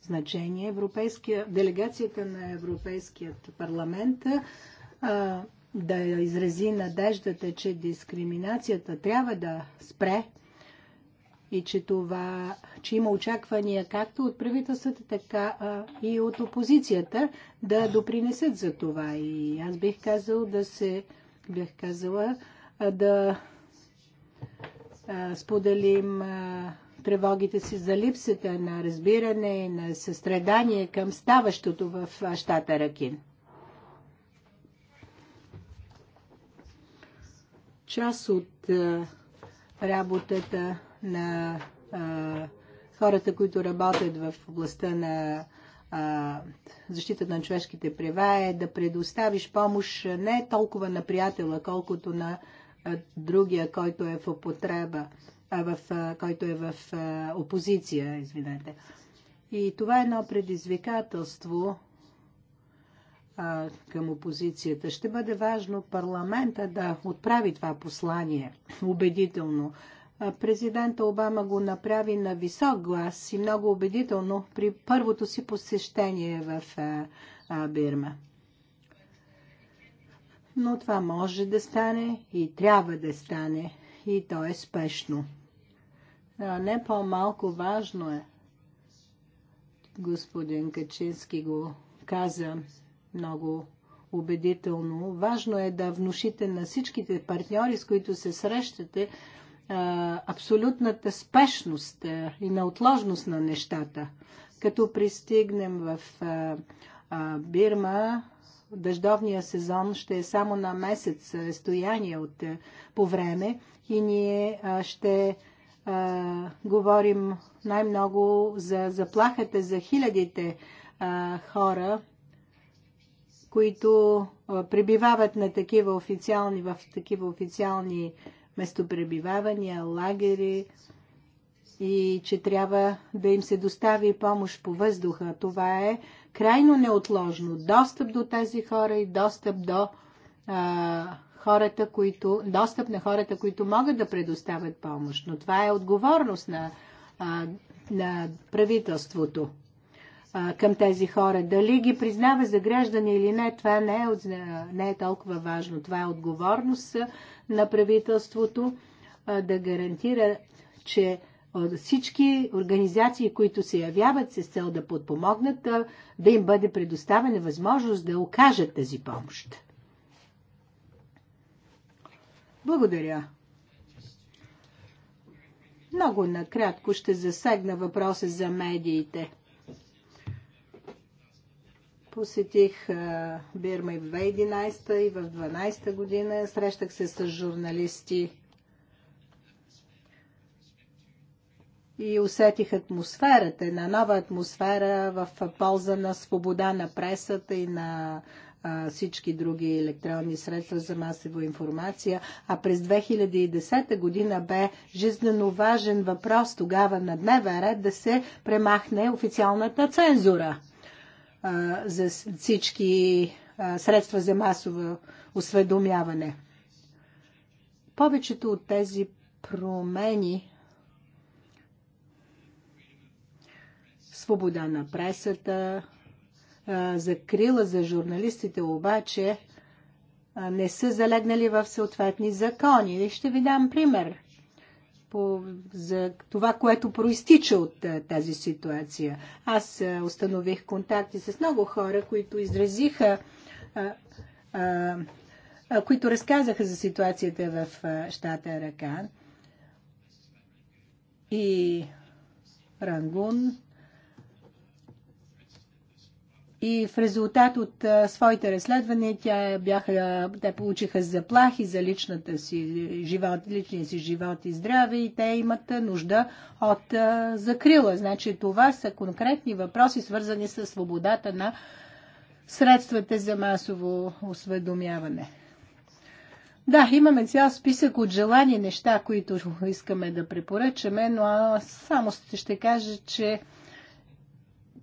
значение Европейския, делегацията на Европейският парламент а, да изрази надеждата, че дискриминацията трябва да спре и че, това, че има очаквания както от правителствата, така а, и от опозицията да допринесат за това. И аз бих казал да се, бих казала а, да споделим тревогите си за липсата на разбиране и на състрадание към ставащото в щата Ракин. Част от работата на хората, които работят в областта на защита на човешките права е да предоставиш помощ не толкова на приятела, колкото на другия, който е в употреба, а в, който е в опозиция, извинете. И това е едно предизвикателство а, към опозицията. Ще бъде важно парламента да отправи това послание убедително. Президента Обама го направи на висок глас и много убедително при първото си посещение в а, а, Бирма но това може да стане и трябва да стане и то е спешно. А не по-малко важно е, господин Качински го каза много убедително, важно е да внушите на всичките партньори, с които се срещате, абсолютната спешност и неотложност на нещата. Като пристигнем в Бирма, дъждовния сезон ще е само на месец е, стояние от, е, по време и ние ще а, говорим най-много за заплахата за хилядите а, хора, които а, пребивават на такива официални, в такива официални местопребивавания, лагери, и че трябва да им се достави помощ по въздуха. Това е крайно неотложно. Достъп до тези хора и достъп до а, хората, които, достъп на хората, които могат да предоставят помощ. Но това е отговорност на, а, на правителството а, към тези хора. Дали ги признава за граждани или не, това не е, не е толкова важно. Това е отговорност на правителството а, да гарантира, че всички организации, които се явяват с цел да подпомогнат, да им бъде предоставена възможност да окажат тази помощ. Благодаря. Много накратко ще засегна въпроса за медиите. Посетих Бирма и в 2011 и в 2012 година. Срещах се с журналисти и усетих атмосферата, една нова атмосфера в полза на свобода на пресата и на всички други електронни средства за масова информация, а през 2010 година бе жизненно важен въпрос тогава на дневен ред да се премахне официалната цензура за всички средства за масово осведомяване. Повечето от тези промени свобода на пресата, закрила за журналистите обаче не са залегнали в съответни закони. И ще ви дам пример по, за това, което проистича от тази ситуация. Аз установих контакти с много хора, които изразиха, които разказаха за ситуацията в щата Ракан и Рангун и в резултат от а, своите разследвания тя бяха, те получиха заплахи за личната си живот, личния си живот и здраве и те имат нужда от а, закрила. Значи това са конкретни въпроси, свързани с свободата на средствата за масово осведомяване. Да, имаме цял списък от желани неща, които искаме да препоръчаме, но само ще кажа, че,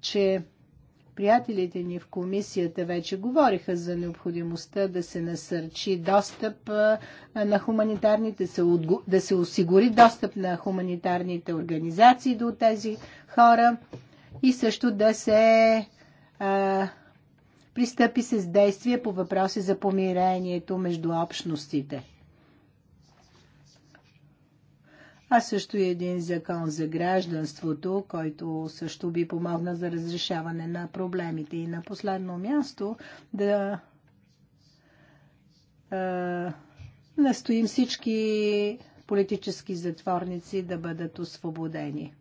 че Приятелите ни в комисията вече говориха за необходимостта да се насърчи достъп на хуманитарните, да се осигури достъп на хуманитарните организации до тези хора и също да се а, пристъпи с действия по въпроси за помирението между общностите. а също и един закон за гражданството, който също би помогна за разрешаване на проблемите. И на последно място да а, настоим всички политически затворници да бъдат освободени.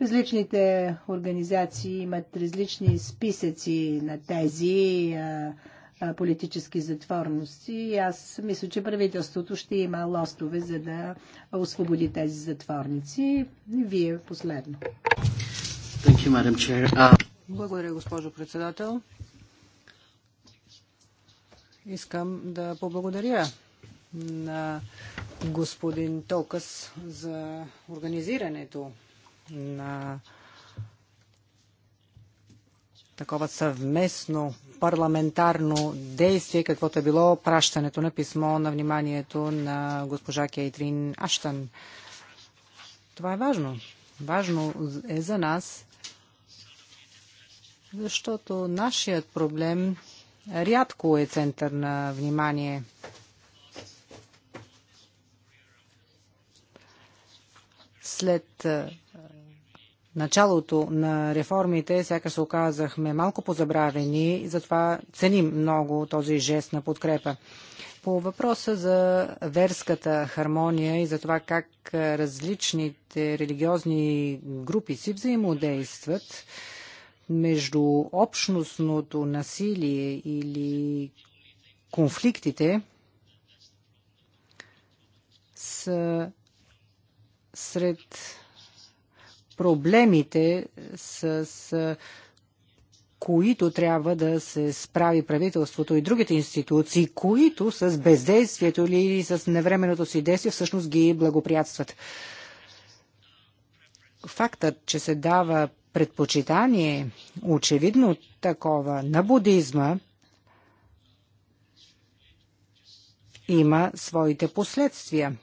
Различните организации имат различни списъци на тези а, политически затворности. И аз мисля, че правителството ще има лостове, за да освободи тези затворници. Вие последно. Uh, Благодаря, госпожо председател. Искам да поблагодаря на господин Токас за организирането на такова съвместно парламентарно действие, каквото е било пращането на писмо на вниманието на госпожа Кейтрин Аштън. Това е важно. Важно е за нас, защото нашият проблем рядко е център на внимание. След началото на реформите сякаш се оказахме малко позабравени и затова ценим много този жест на подкрепа. По въпроса за верската хармония и за това как различните религиозни групи си взаимодействат между общностното насилие или конфликтите са сред проблемите, с които трябва да се справи правителството и другите институции, които с бездействието или с невременното си действие всъщност ги благоприятстват. Фактът, че се дава предпочитание, очевидно такова, на будизма, има своите последствия.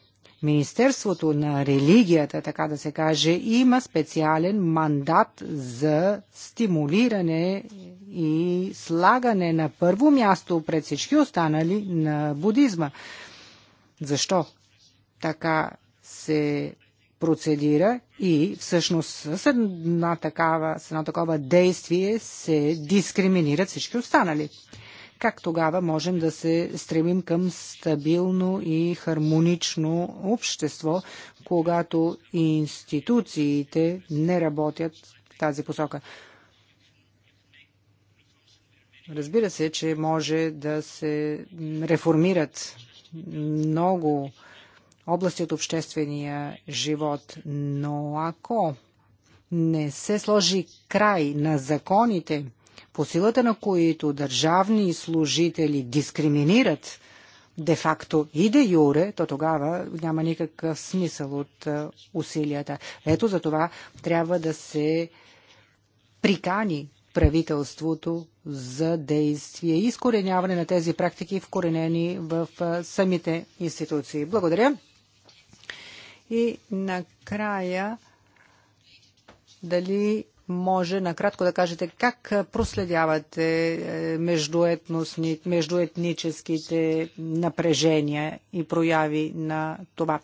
Министерството на религията, така да се каже, има специален мандат за стимулиране и слагане на първо място пред всички останали на будизма. Защо така се процедира и всъщност с, една такава, с едно такова действие се дискриминират всички останали? Как тогава можем да се стремим към стабилно и хармонично общество, когато институциите не работят в тази посока? Разбира се, че може да се реформират много области от обществения живот, но ако не се сложи край на законите, по силата на които държавни служители дискриминират де-факто и де-юре, то тогава няма никакъв смисъл от усилията. Ето за това трябва да се прикани правителството за действие и изкореняване на тези практики, вкоренени в самите институции. Благодаря. И накрая, дали може накратко да кажете как проследявате е, междуетническите напрежения и прояви на това?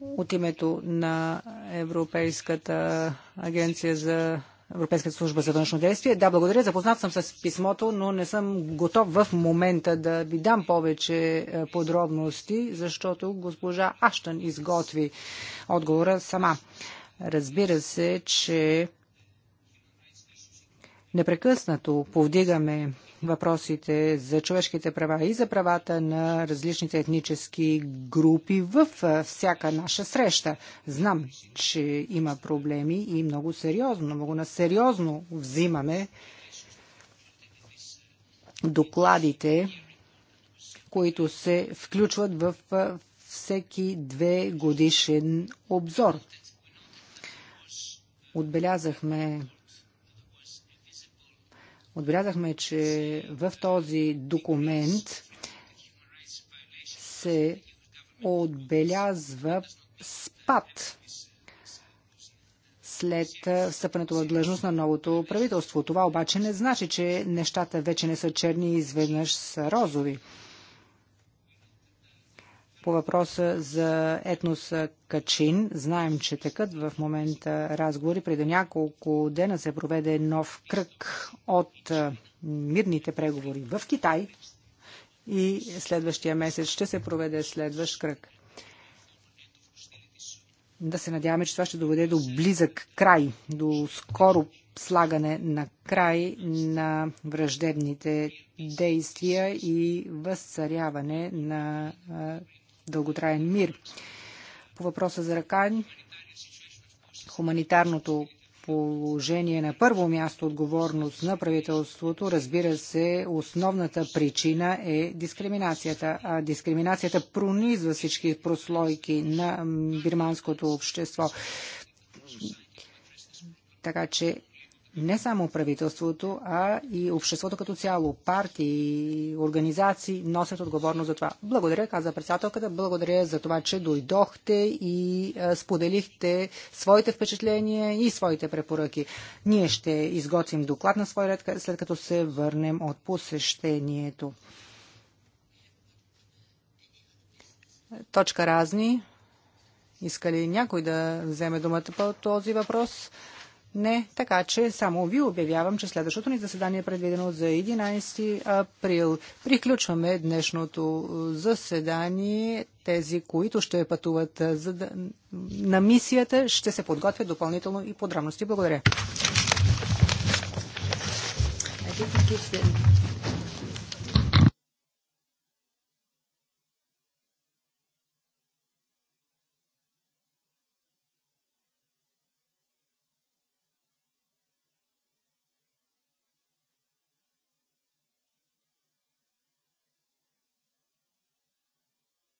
От името на Европейската агенция за Европейската служба за външно действие. Да, благодаря. Запознат съм с писмото, но не съм готов в момента да ви дам повече е, подробности, защото госпожа Аштън изготви отговора сама. Разбира се, че непрекъснато повдигаме въпросите за човешките права и за правата на различните етнически групи в всяка наша среща. Знам, че има проблеми и много сериозно, много насериозно взимаме докладите, които се включват в всеки две годишен обзор. Отбелязахме Отбелязахме, че в този документ се отбелязва спад след встъпането в длъжност на новото правителство. Това обаче не значи, че нещата вече не са черни и изведнъж са розови. По въпроса за етнос Качин, знаем, че текат в момента разговори. Преди няколко дена се проведе нов кръг от мирните преговори в Китай и следващия месец ще се проведе следващ кръг. Да се надяваме, че това ще доведе до близък край, до скоро слагане на край на враждебните действия и възцаряване на дълготраен мир. По въпроса за Ракань, хуманитарното положение е на първо място отговорност на правителството, разбира се, основната причина е дискриминацията. А дискриминацията пронизва всички прослойки на бирманското общество. Така че не само правителството, а и обществото като цяло, партии, организации носят отговорност за това. Благодаря, каза председателката, благодаря за това, че дойдохте и споделихте своите впечатления и своите препоръки. Ние ще изготвим доклад на свой ред, след като се върнем от посещението. Точка разни. Иска ли някой да вземе думата по този въпрос? Не, така че само ви обявявам, че следващото ни заседание е предвидено за 11 април. Приключваме днешното е, заседание. Тези, които ще пътуват е, за да... на мисията, ще се подготвят допълнително и подробности. Благодаря.